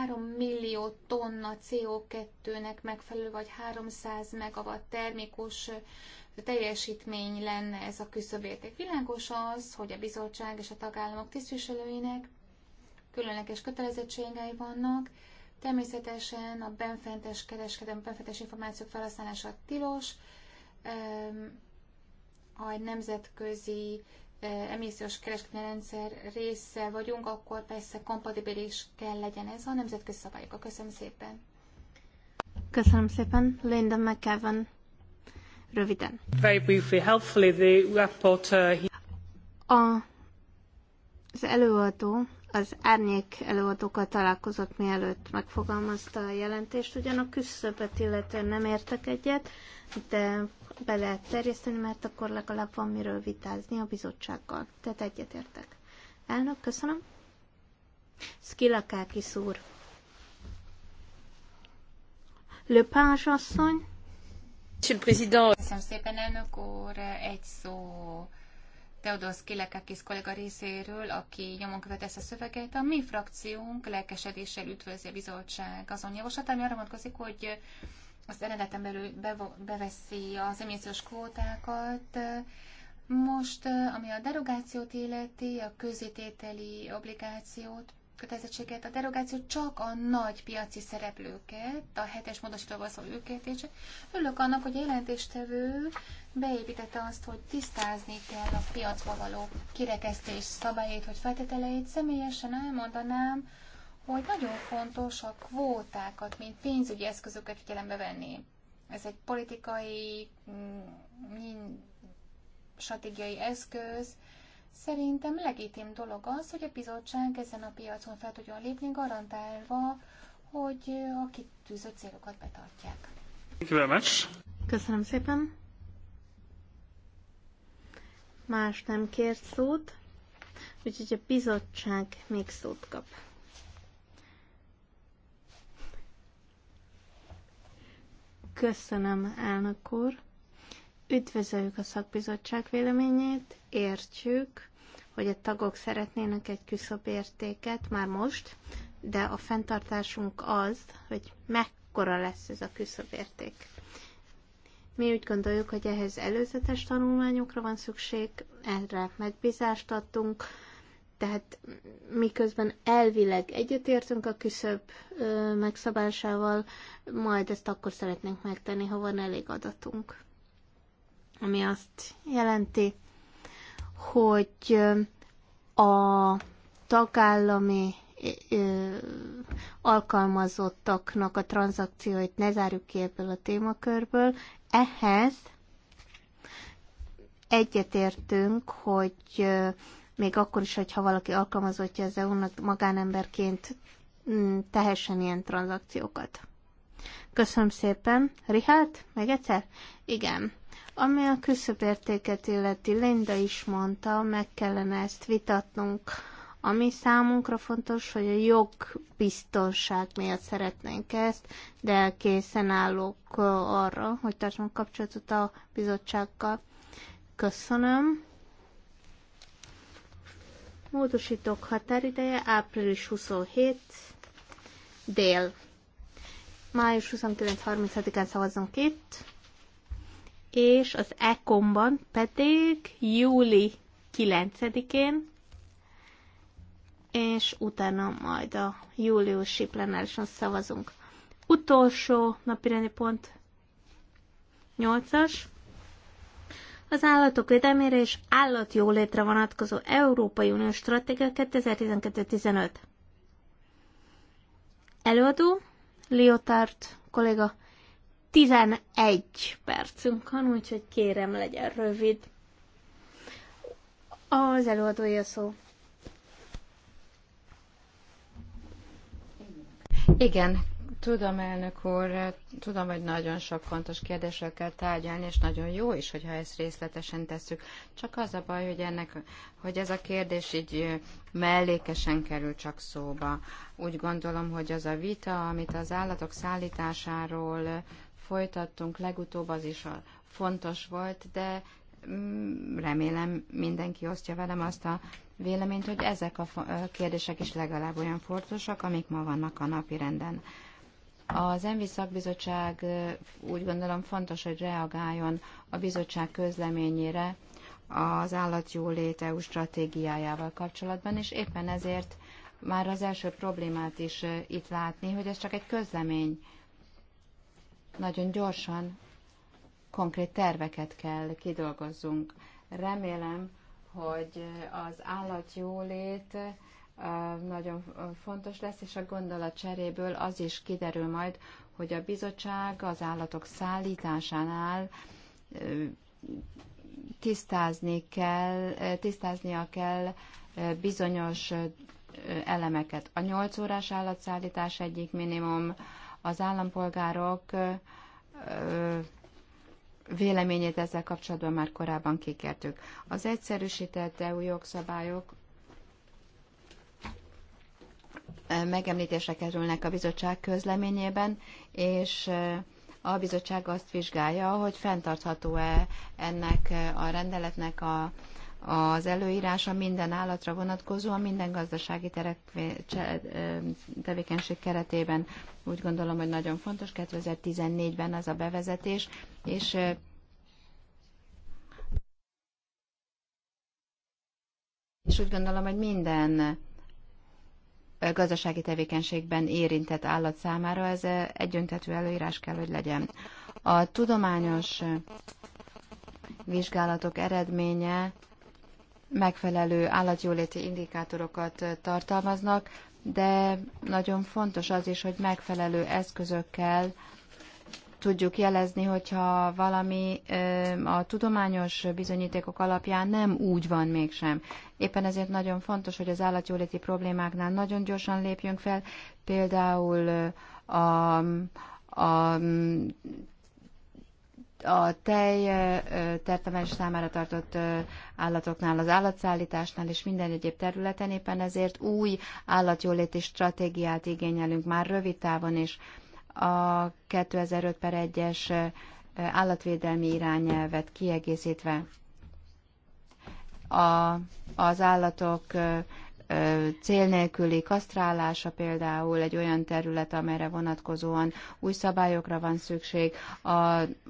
3 millió tonna CO2-nek megfelelő, vagy 300 megawatt termikus teljesítmény lenne ez a küszöbérték. Világos az, hogy a bizottság és a tagállamok tisztviselőinek különleges kötelezettségei vannak, Természetesen a benfentes kereskedelmi, benfentes információk felhasználása tilos, ha egy nemzetközi eh, emissziós kereskedelmi rendszer része vagyunk, akkor persze kompatibilis kell legyen ez a nemzetközi szabályok. Köszönöm szépen! Köszönöm szépen, Linda McEvan. Röviden. Very briefly, helpfully the rapporteur... A, az előadó az árnyék előadókkal találkozott, mielőtt megfogalmazta a jelentést. Ugyan a küszöbet illetve nem értek egyet, de be lehet terjeszteni, mert akkor legalább van miről vitázni a bizottsággal. Tehát egyetértek. Elnök, köszönöm. Szkilakákis úr. Page asszony. Köszönöm szépen, elnök úr. Egy szó Teodosz Kilekakis kollega részéről, aki nyomon követ ezt a szöveget. A mi frakciónk lelkesedéssel üdvözli a bizottság azon javaslat, ami arra vonatkozik, hogy az eredeten belül beveszi az emissziós kvótákat. Most, ami a derogációt illeti, a közétételi obligációt, kötelezettséget. A derogáció csak a nagy piaci szereplőket, a hetes módosítóval szóló és Örülök annak, hogy a jelentéstevő beépítette azt, hogy tisztázni kell a piacba való kirekesztés szabályait hogy feltételeit. Személyesen elmondanám, hogy nagyon fontos a kvótákat, mint pénzügyi eszközöket figyelembe venni. Ez egy politikai, mm, stratégiai eszköz, Szerintem legitim dolog az, hogy a bizottság ezen a piacon fel tudjon lépni, garantálva, hogy a kitűzött célokat betartják. Köszönöm, Köszönöm szépen. Más nem kért szót, úgyhogy a bizottság még szót kap. Köszönöm, elnök úr. Üdvözöljük a szakbizottság véleményét, értjük, hogy a tagok szeretnének egy küszöbértéket már most, de a fenntartásunk az, hogy mekkora lesz ez a küszöbérték. Mi úgy gondoljuk, hogy ehhez előzetes tanulmányokra van szükség, erre megbízást adtunk, tehát miközben elvileg egyetértünk a küszöb megszabásával, majd ezt akkor szeretnénk megtenni, ha van elég adatunk. Ami azt jelenti, hogy a tagállami alkalmazottaknak a tranzakcióit ne zárjuk ki ebből a témakörből. Ehhez egyetértünk, hogy még akkor is, hogyha valaki alkalmazottja az EU-nak magánemberként mm, tehessen ilyen tranzakciókat. Köszönöm szépen. Rihát, meg egyszer? Igen. Ami a küszöbértéket illeti, Linda is mondta, meg kellene ezt vitatnunk. Ami számunkra fontos, hogy a jogbiztonság miatt szeretnénk ezt, de készen állok arra, hogy tartsunk kapcsolatot a bizottsággal. Köszönöm. Módosítók határideje április 27, dél. Május 29-30-án szavazunk itt és az ekomban pedig júli 9-én, és utána majd a júliusi plenárison szavazunk. Utolsó napirendi pont 8-as. Az állatok védelmére és állatjólétre vonatkozó Európai Unió Stratégia 2012-15. Előadó, Liotard kolléga, 11 percünk van, úgyhogy kérem, legyen rövid. Az előadója szó. Igen, tudom, elnök úr, tudom, hogy nagyon sok fontos kérdésről kell tárgyalni, és nagyon jó is, hogyha ezt részletesen tesszük. Csak az a baj, hogy, ennek, hogy ez a kérdés így mellékesen kerül csak szóba. Úgy gondolom, hogy az a vita, amit az állatok szállításáról folytattunk legutóbb, az is a fontos volt, de mm, remélem mindenki osztja velem azt a véleményt, hogy ezek a kérdések is legalább olyan fontosak, amik ma vannak a napi renden. Az ENVI szakbizottság úgy gondolom fontos, hogy reagáljon a bizottság közleményére az állatjólét EU stratégiájával kapcsolatban, és éppen ezért már az első problémát is itt látni, hogy ez csak egy közlemény, nagyon gyorsan konkrét terveket kell kidolgozzunk. Remélem, hogy az állatjólét nagyon fontos lesz, és a gondolat cseréből az is kiderül majd, hogy a bizottság az állatok szállításánál tisztázni kell, tisztáznia kell bizonyos elemeket. A 8 órás állatszállítás egyik minimum, az állampolgárok véleményét ezzel kapcsolatban már korábban kikértük. Az egyszerűsített EU jogszabályok megemlítésre kerülnek a bizottság közleményében, és a bizottság azt vizsgálja, hogy fenntartható-e ennek a rendeletnek a az előírása minden állatra vonatkozó a minden gazdasági terek cse, tevékenység keretében úgy gondolom, hogy nagyon fontos. 2014-ben az a bevezetés, és és úgy gondolom, hogy minden gazdasági tevékenységben érintett állat számára ez egyöntetű előírás kell, hogy legyen. A tudományos vizsgálatok eredménye megfelelő állatjóléti indikátorokat tartalmaznak, de nagyon fontos az is, hogy megfelelő eszközökkel tudjuk jelezni, hogyha valami a tudományos bizonyítékok alapján nem úgy van mégsem. Éppen ezért nagyon fontos, hogy az állatjóléti problémáknál nagyon gyorsan lépjünk fel, például a, a a tej tertemelés számára tartott állatoknál, az állatszállításnál és minden egyéb területen éppen ezért új állatjóléti stratégiát igényelünk már rövid távon is. A 2005 per 1-es állatvédelmi irányelvet kiegészítve a, az állatok cél nélküli kasztrálása például egy olyan terület, amelyre vonatkozóan új szabályokra van szükség, a,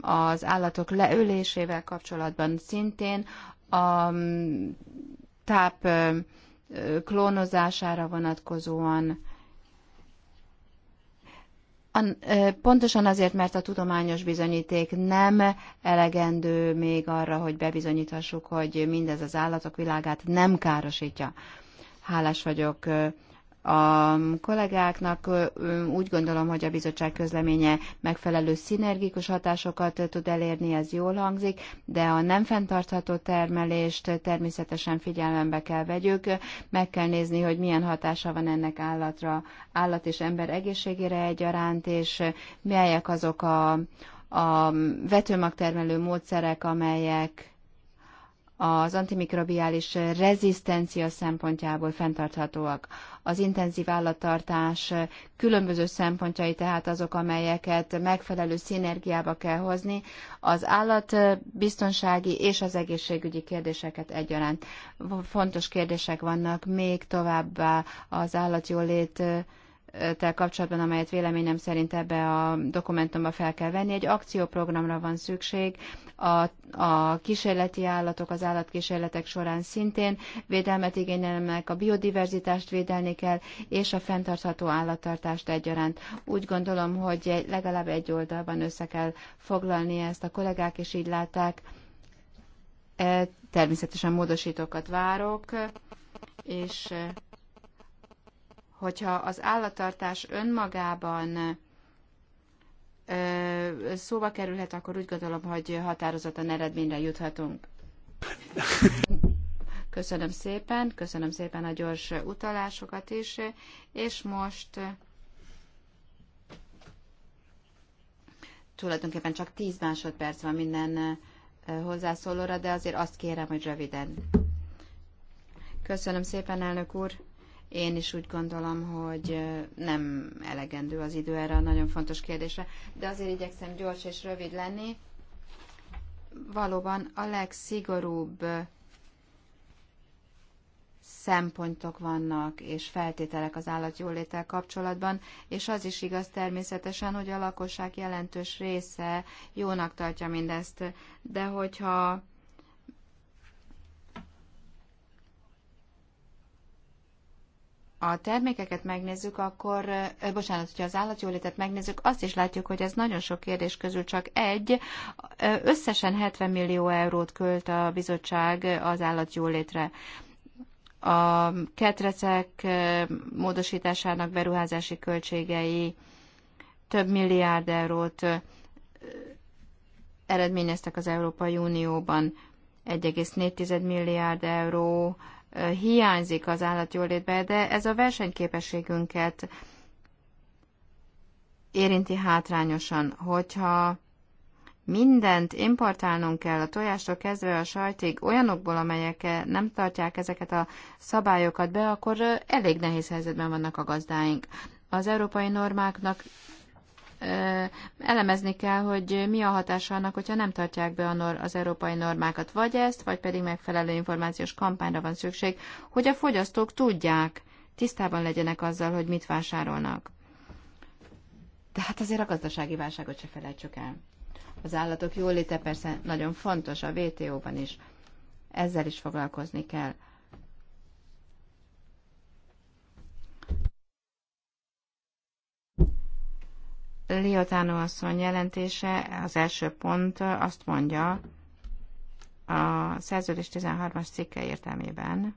az állatok leölésével kapcsolatban szintén a táp klónozására vonatkozóan Pontosan azért, mert a tudományos bizonyíték nem elegendő még arra, hogy bebizonyíthassuk, hogy mindez az állatok világát nem károsítja. Hálás vagyok a kollégáknak. Úgy gondolom, hogy a bizottság közleménye megfelelő szinergikus hatásokat tud elérni, ez jól hangzik, de a nem fenntartható termelést természetesen figyelembe kell vegyük. Meg kell nézni, hogy milyen hatása van ennek állatra, állat és ember egészségére egyaránt, és melyek azok a, a vetőmagtermelő módszerek, amelyek az antimikrobiális rezisztencia szempontjából fenntarthatóak. Az intenzív állattartás különböző szempontjai tehát azok, amelyeket megfelelő szinergiába kell hozni, az állatbiztonsági és az egészségügyi kérdéseket egyaránt. Fontos kérdések vannak még továbbá az állatjólét tel kapcsolatban, amelyet véleményem szerint ebbe a dokumentumba fel kell venni. Egy akcióprogramra van szükség. A, a kísérleti állatok, az állatkísérletek során szintén védelmet igényelnek, a biodiverzitást védelni kell, és a fenntartható állattartást egyaránt. Úgy gondolom, hogy legalább egy oldalban össze kell foglalni ezt. A kollégák is így látták. E, természetesen módosítókat várok, és hogyha az állattartás önmagában ö, szóba kerülhet, akkor úgy gondolom, hogy határozottan eredményre juthatunk. Köszönöm szépen, köszönöm szépen a gyors utalásokat is, és most tulajdonképpen csak 10 másodperc van minden hozzászólóra, de azért azt kérem, hogy röviden. Köszönöm szépen, elnök úr! Én is úgy gondolom, hogy nem elegendő az idő erre a nagyon fontos kérdésre, de azért igyekszem gyors és rövid lenni. Valóban a legszigorúbb szempontok vannak és feltételek az állatjóléttel kapcsolatban, és az is igaz természetesen, hogy a lakosság jelentős része jónak tartja mindezt, de hogyha a termékeket megnézzük, akkor, eh, bocsánat, hogyha az állatjólétet megnézzük, azt is látjuk, hogy ez nagyon sok kérdés közül csak egy. Eh, összesen 70 millió eurót költ a bizottság az állatjólétre. A ketrecek eh, módosításának beruházási költségei több milliárd eurót eredményeztek az Európai Unióban. 1,4 milliárd euró hiányzik az állatjólétbe, de ez a versenyképességünket érinti hátrányosan, hogyha mindent importálnunk kell, a tojástól kezdve a sajtig, olyanokból, amelyek nem tartják ezeket a szabályokat be, akkor elég nehéz helyzetben vannak a gazdáink. Az európai normáknak elemezni kell, hogy mi a hatása annak, hogyha nem tartják be az európai normákat, vagy ezt, vagy pedig megfelelő információs kampányra van szükség, hogy a fogyasztók tudják, tisztában legyenek azzal, hogy mit vásárolnak. De hát azért a gazdasági válságot se felejtsük el. Az állatok jóléte persze nagyon fontos a WTO-ban is. Ezzel is foglalkozni kell. Liotánó asszony jelentése, az első pont azt mondja, a szerződés 13-as cikke értelmében,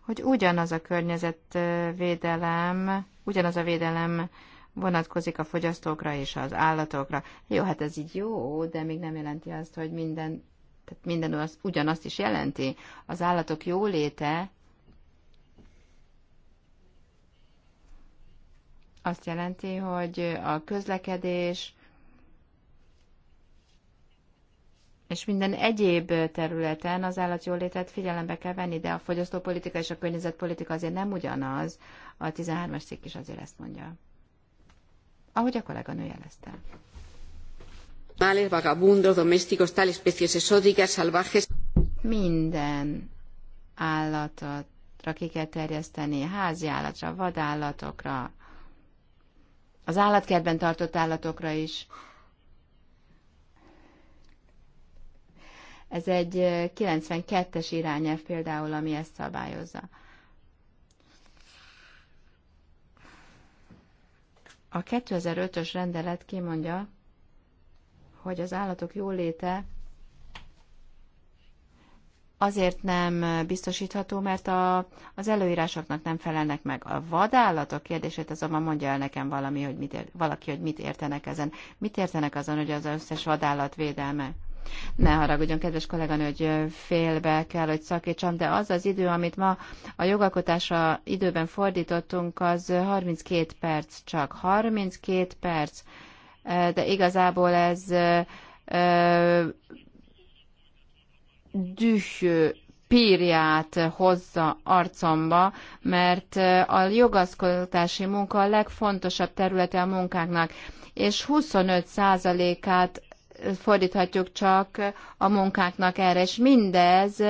hogy ugyanaz a környezetvédelem, ugyanaz a védelem vonatkozik a fogyasztókra és az állatokra. Jó, hát ez így jó, de még nem jelenti azt, hogy minden, tehát minden az, ugyanazt is jelenti. Az állatok jóléte azt jelenti, hogy a közlekedés és minden egyéb területen az állatjólétet figyelembe kell venni, de a fogyasztópolitika és a környezetpolitika azért nem ugyanaz. A 13-as cikk is azért ezt mondja. Ahogy a kolléganő jelezte. Males, vagabundos, domésticos, tal especies exóticas, salvajes. Minden állatot, ra ki kell terjeszteni, házi állatra, vadállatokra, az állatkertben tartott állatokra is. Ez egy 92-es irányelv például, ami ezt szabályozza. A 2005-ös rendelet kimondja, hogy az állatok jóléte azért nem biztosítható, mert a, az előírásoknak nem felelnek meg. A vadállatok kérdését azonban mondja el nekem valami, hogy mit ér, valaki, hogy mit értenek ezen. Mit értenek azon, hogy az összes vadállat védelme? Ne haragudjon, kedves kolléganő, hogy félbe kell, hogy szakítsam, de az az idő, amit ma a jogalkotása időben fordítottunk, az 32 perc csak. 32 perc, de igazából ez düh pírját hozza arcomba, mert a jogaszkodatási munka a legfontosabb területe a munkáknak, és 25%-át fordíthatjuk csak a munkáknak erre, és mindez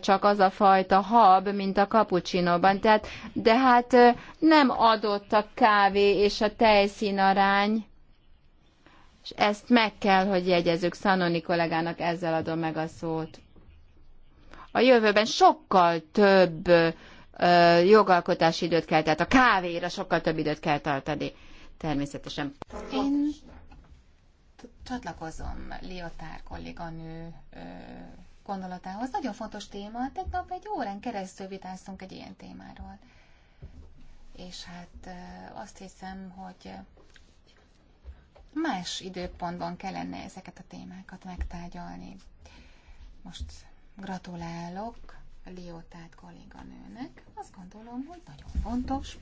csak az a fajta hab, mint a kapucsinóban. Tehát, de hát nem adott a kávé és a tejszín arány, és ezt meg kell, hogy jegyezzük. Szanoni kollégának ezzel adom meg a szót. A jövőben sokkal több ö, jogalkotási időt kell, tehát a kávéra sokkal több időt kell tartani. Természetesen. Én csatlakozom Liotár kolléganő ö, gondolatához. Nagyon fontos téma, tegnap egy órán keresztül vitáztunk egy ilyen témáról. És hát azt hiszem, hogy más időpontban kellene ezeket a témákat megtárgyalni. Most gratulálok Liotát kolléganőnek. Azt gondolom, hogy nagyon fontos.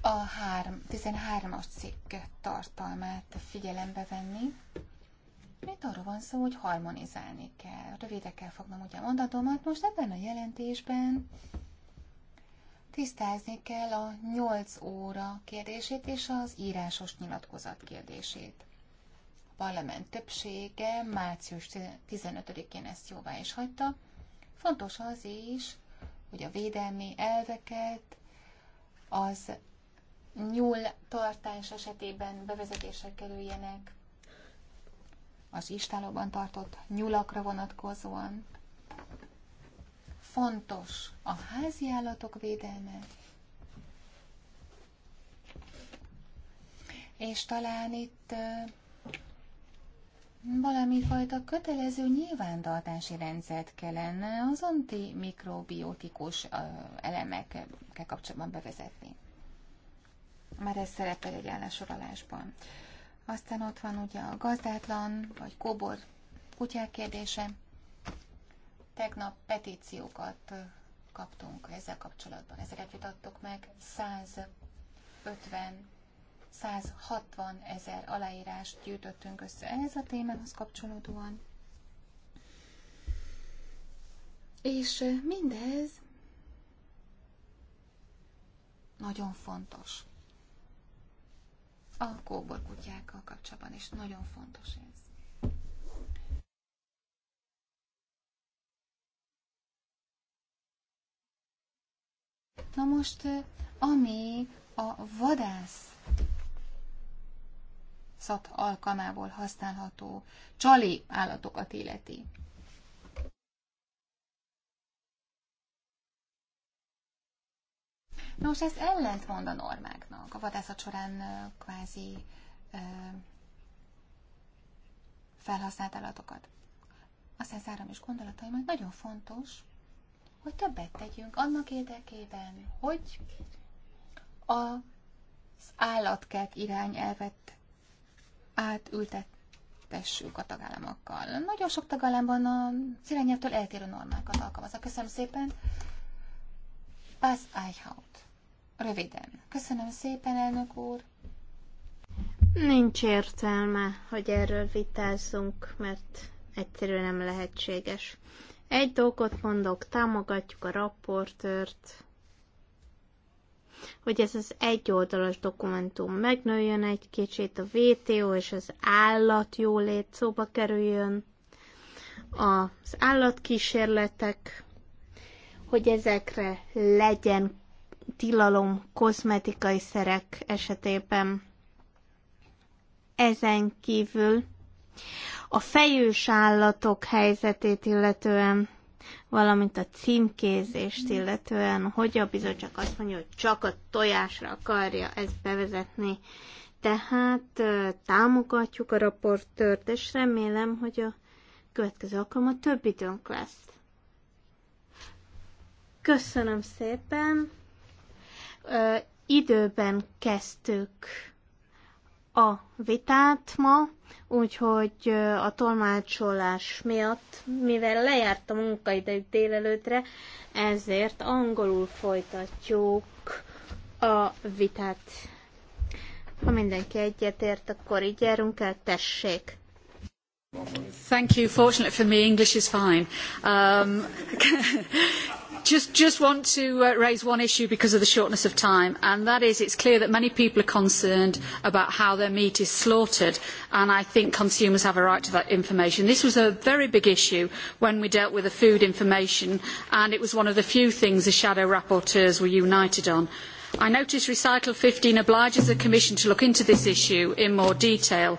A 13-as cikk tartalmát figyelembe venni. Itt arról van szó, hogy harmonizálni kell. Rövide kell fognom ugye a mondatomat. Most ebben a jelentésben Tisztázni kell a 8 óra kérdését és az írásos nyilatkozat kérdését. A parlament többsége március 15-én ezt jóvá is hagyta. Fontos az is, hogy a védelmi elveket az nyúl tartás esetében bevezetésre kerüljenek, az istálóban tartott nyulakra vonatkozóan fontos a házi állatok védelme, és talán itt valami fajta kötelező nyilvántartási rendszert kellene az antimikrobiotikus elemekkel kapcsolatban bevezetni. Már ez szerepel egy állásorolásban. Aztán ott van ugye a gazdátlan vagy kóbor kutyák kérdése. Tegnap petíciókat kaptunk ezzel kapcsolatban, ezeket vitattuk meg, 150 160 ezer aláírást gyűjtöttünk össze ehhez a témához kapcsolódóan. És mindez nagyon fontos. A kóborkutyákkal kapcsolatban is nagyon fontos én. Na most, ami a vadász szat alkalmából használható csali állatokat illeti. Nos, ez mond a normáknak. A vadászat során kvázi ö, felhasznált állatokat. Aztán zárom is gondolataimat. Nagyon fontos, hogy többet tegyünk annak érdekében, hogy az állatkert irányelvet átültetessük a tagállamokkal. Nagyon sok tagállamban a irányelvtől eltérő normákat alkalmazza. Köszönöm szépen. Buzz Eichhout. Röviden. Köszönöm szépen, elnök úr. Nincs értelme, hogy erről vitázzunk, mert egyszerűen nem lehetséges. Egy dolgot mondok, támogatjuk a rapportört, hogy ez az egyoldalas dokumentum megnőjön egy kicsit, a VTO és az jólét szóba kerüljön, az állatkísérletek, hogy ezekre legyen tilalom kozmetikai szerek esetében. Ezen kívül a fejős állatok helyzetét illetően, valamint a címkézést illetően, hogy a bizottság azt mondja, hogy csak a tojásra akarja ezt bevezetni. Tehát támogatjuk a raportört, és remélem, hogy a következő alkalommal több időnk lesz. Köszönöm szépen! Ö, időben kezdtük a vitát ma, úgyhogy a tolmácsolás miatt, mivel lejárt a munkaidejük délelőtre, ezért angolul folytatjuk a vitát. Ha mindenki egyetért, akkor így járunk el, tessék! Thank you. Fortunately for me, English is fine. Um, Just, just want to uh, raise one issue because of the shortness of time, and that is it's clear that many people are concerned about how their meat is slaughtered, and I think consumers have a right to that information. This was a very big issue when we dealt with the food information, and it was one of the few things the shadow rapporteurs were united on. I notice recital 15 obliges the Commission to look into this issue in more detail,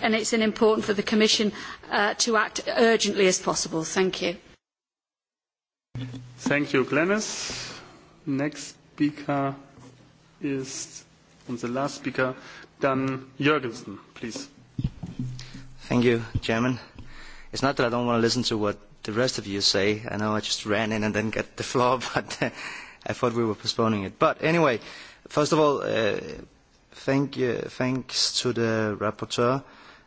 and it's important for the Commission uh, to act urgently as possible. Thank you. Thank you, Glenis. Next speaker is, and the last speaker, Dan Jurgensen, please. Thank you, Chairman. It's not that I don't want to listen to what the rest of you say. I know I just ran in and then got the floor, but uh, I thought we were postponing it. But anyway, first of all, uh, thank you, thanks to the rapporteur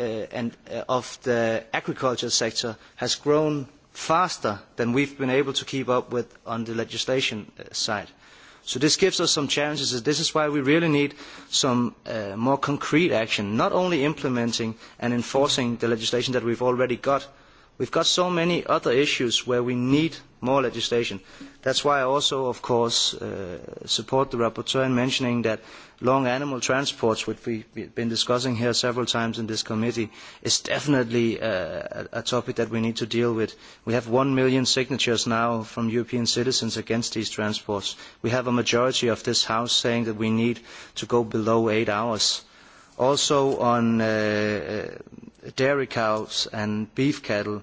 Uh, and, uh, of the agriculture sector has grown faster than we've been able to keep up with on the legislation uh, side. So this gives us some challenges. and This is why we really need some uh, more concrete action, not only implementing and enforcing the legislation that we've already got. We've got so many other issues where we need more legislation. That's why I also, of course, uh, support the rapporteur in mentioning that long animal transports, which we've been discussing here several times in this committee, is definitely uh, a topic that we need to deal with. We have one million signatures now from European citizens against these transports. We have a majority of this House saying that we need to go below eight hours. Also on uh, uh dairy cows and beef cattle,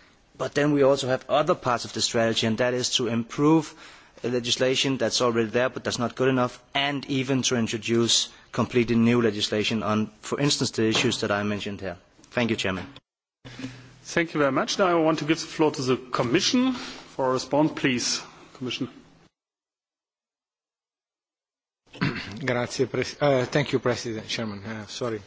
But then we also have other parts of the strategy, and that is to improve legislation that's already there but that's not good enough, and even to introduce completely new legislation on, for instance, the issues that I mentioned here. Thank you, Chairman. Thank you very much. Now I want to give the floor to the Commission for a response, please. Commission. Grazie, uh, thank you, President, Chairman. Uh, sorry.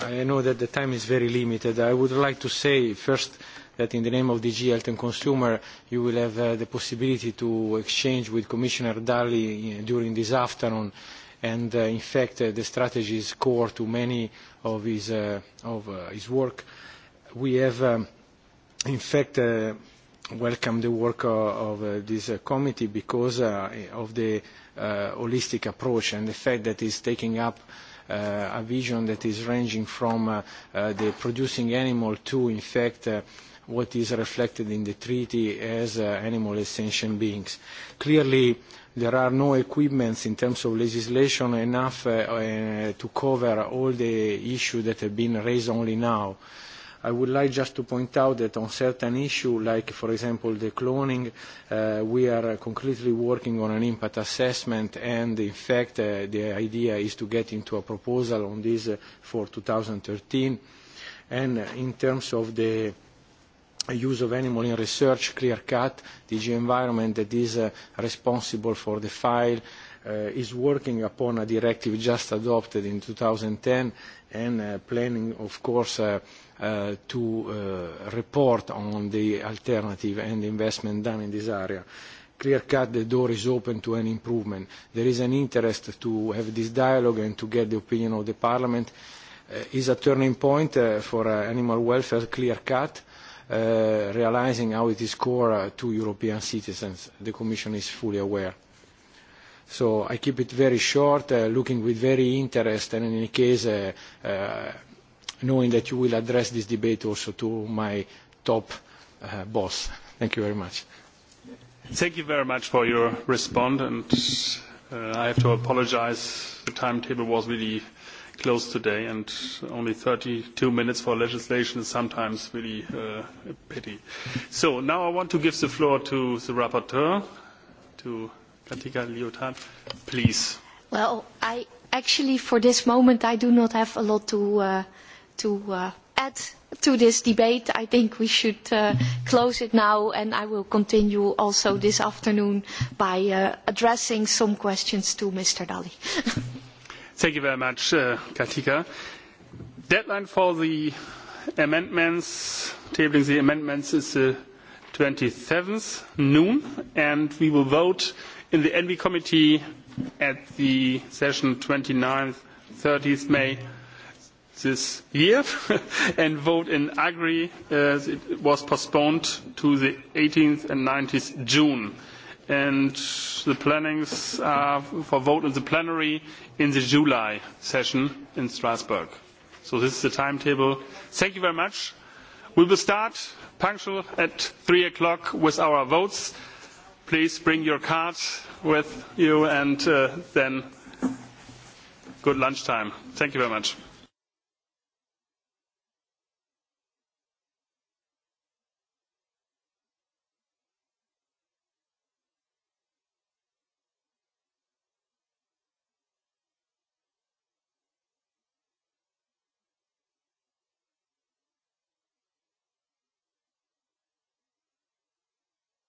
I know that the time is very limited. I would like to say first that in the name of DG Health and Consumer you will have uh, the possibility to exchange with Commissioner Dalli uh, during this afternoon and uh, in fact uh, the strategy is core to many of his, uh, of, uh, his work. We have um, in fact uh, welcomed the work uh, of uh, this uh, committee because uh, of the uh, holistic approach and the fact that it's taking up uh, a vision that is ranging from uh, uh, the producing animal to in fact uh, what is reflected in the treaty as uh, animal sentient beings. Clearly, there are no equipments in terms of legislation enough uh, uh, to cover all the issues that have been raised only now. I would like just to point out that on certain issues, like for example the cloning, uh, we are concretely working on an impact assessment and in fact uh, the idea is to get into a proposal on this uh, for 2013. And uh, in terms of the use of animal in research clear cut. DG Environment that is uh, responsible for the file uh, is working upon a directive just adopted in 2010 and uh, planning, of course, uh, uh, to uh, report on the alternative and investment done in this area. Clear cut, the door is open to an improvement. There is an interest to have this dialogue and to get the opinion of the Parliament. Uh, is a turning point uh, for uh, animal welfare clear cut Uh, realizing how it is core uh, to European citizens. The Commission is fully aware. So I keep it very short, uh, looking with very interest, and in any case, uh, uh, knowing that you will address this debate also to my top uh, boss. Thank you very much. Thank you very much for your response, and uh, I have to apologize. The timetable was really close today, and only 32 minutes for legislation is sometimes really uh, a pity. So now I want to give the floor to the rapporteur, to Katika Lyotard. Please. Well, I actually for this moment I do not have a lot to, uh, to uh, add to this debate. I think we should uh, close it now, and I will continue also this afternoon by uh, addressing some questions to Mr. Dalli. Thank you very much, uh, Katika. Deadline for the amendments, tabling the amendments is the 27th noon, and we will vote in the Envy Committee at the session 29th, 30th May this year and vote in Agri. as it was postponed to the 18th and 19th June and the plannings are for vote in the plenary in the July session in Strasbourg. So this is the timetable. Thank you very much. We will start punctual at 3 o'clock with our votes. Please bring your cards with you and uh, then good lunchtime. Thank you very much.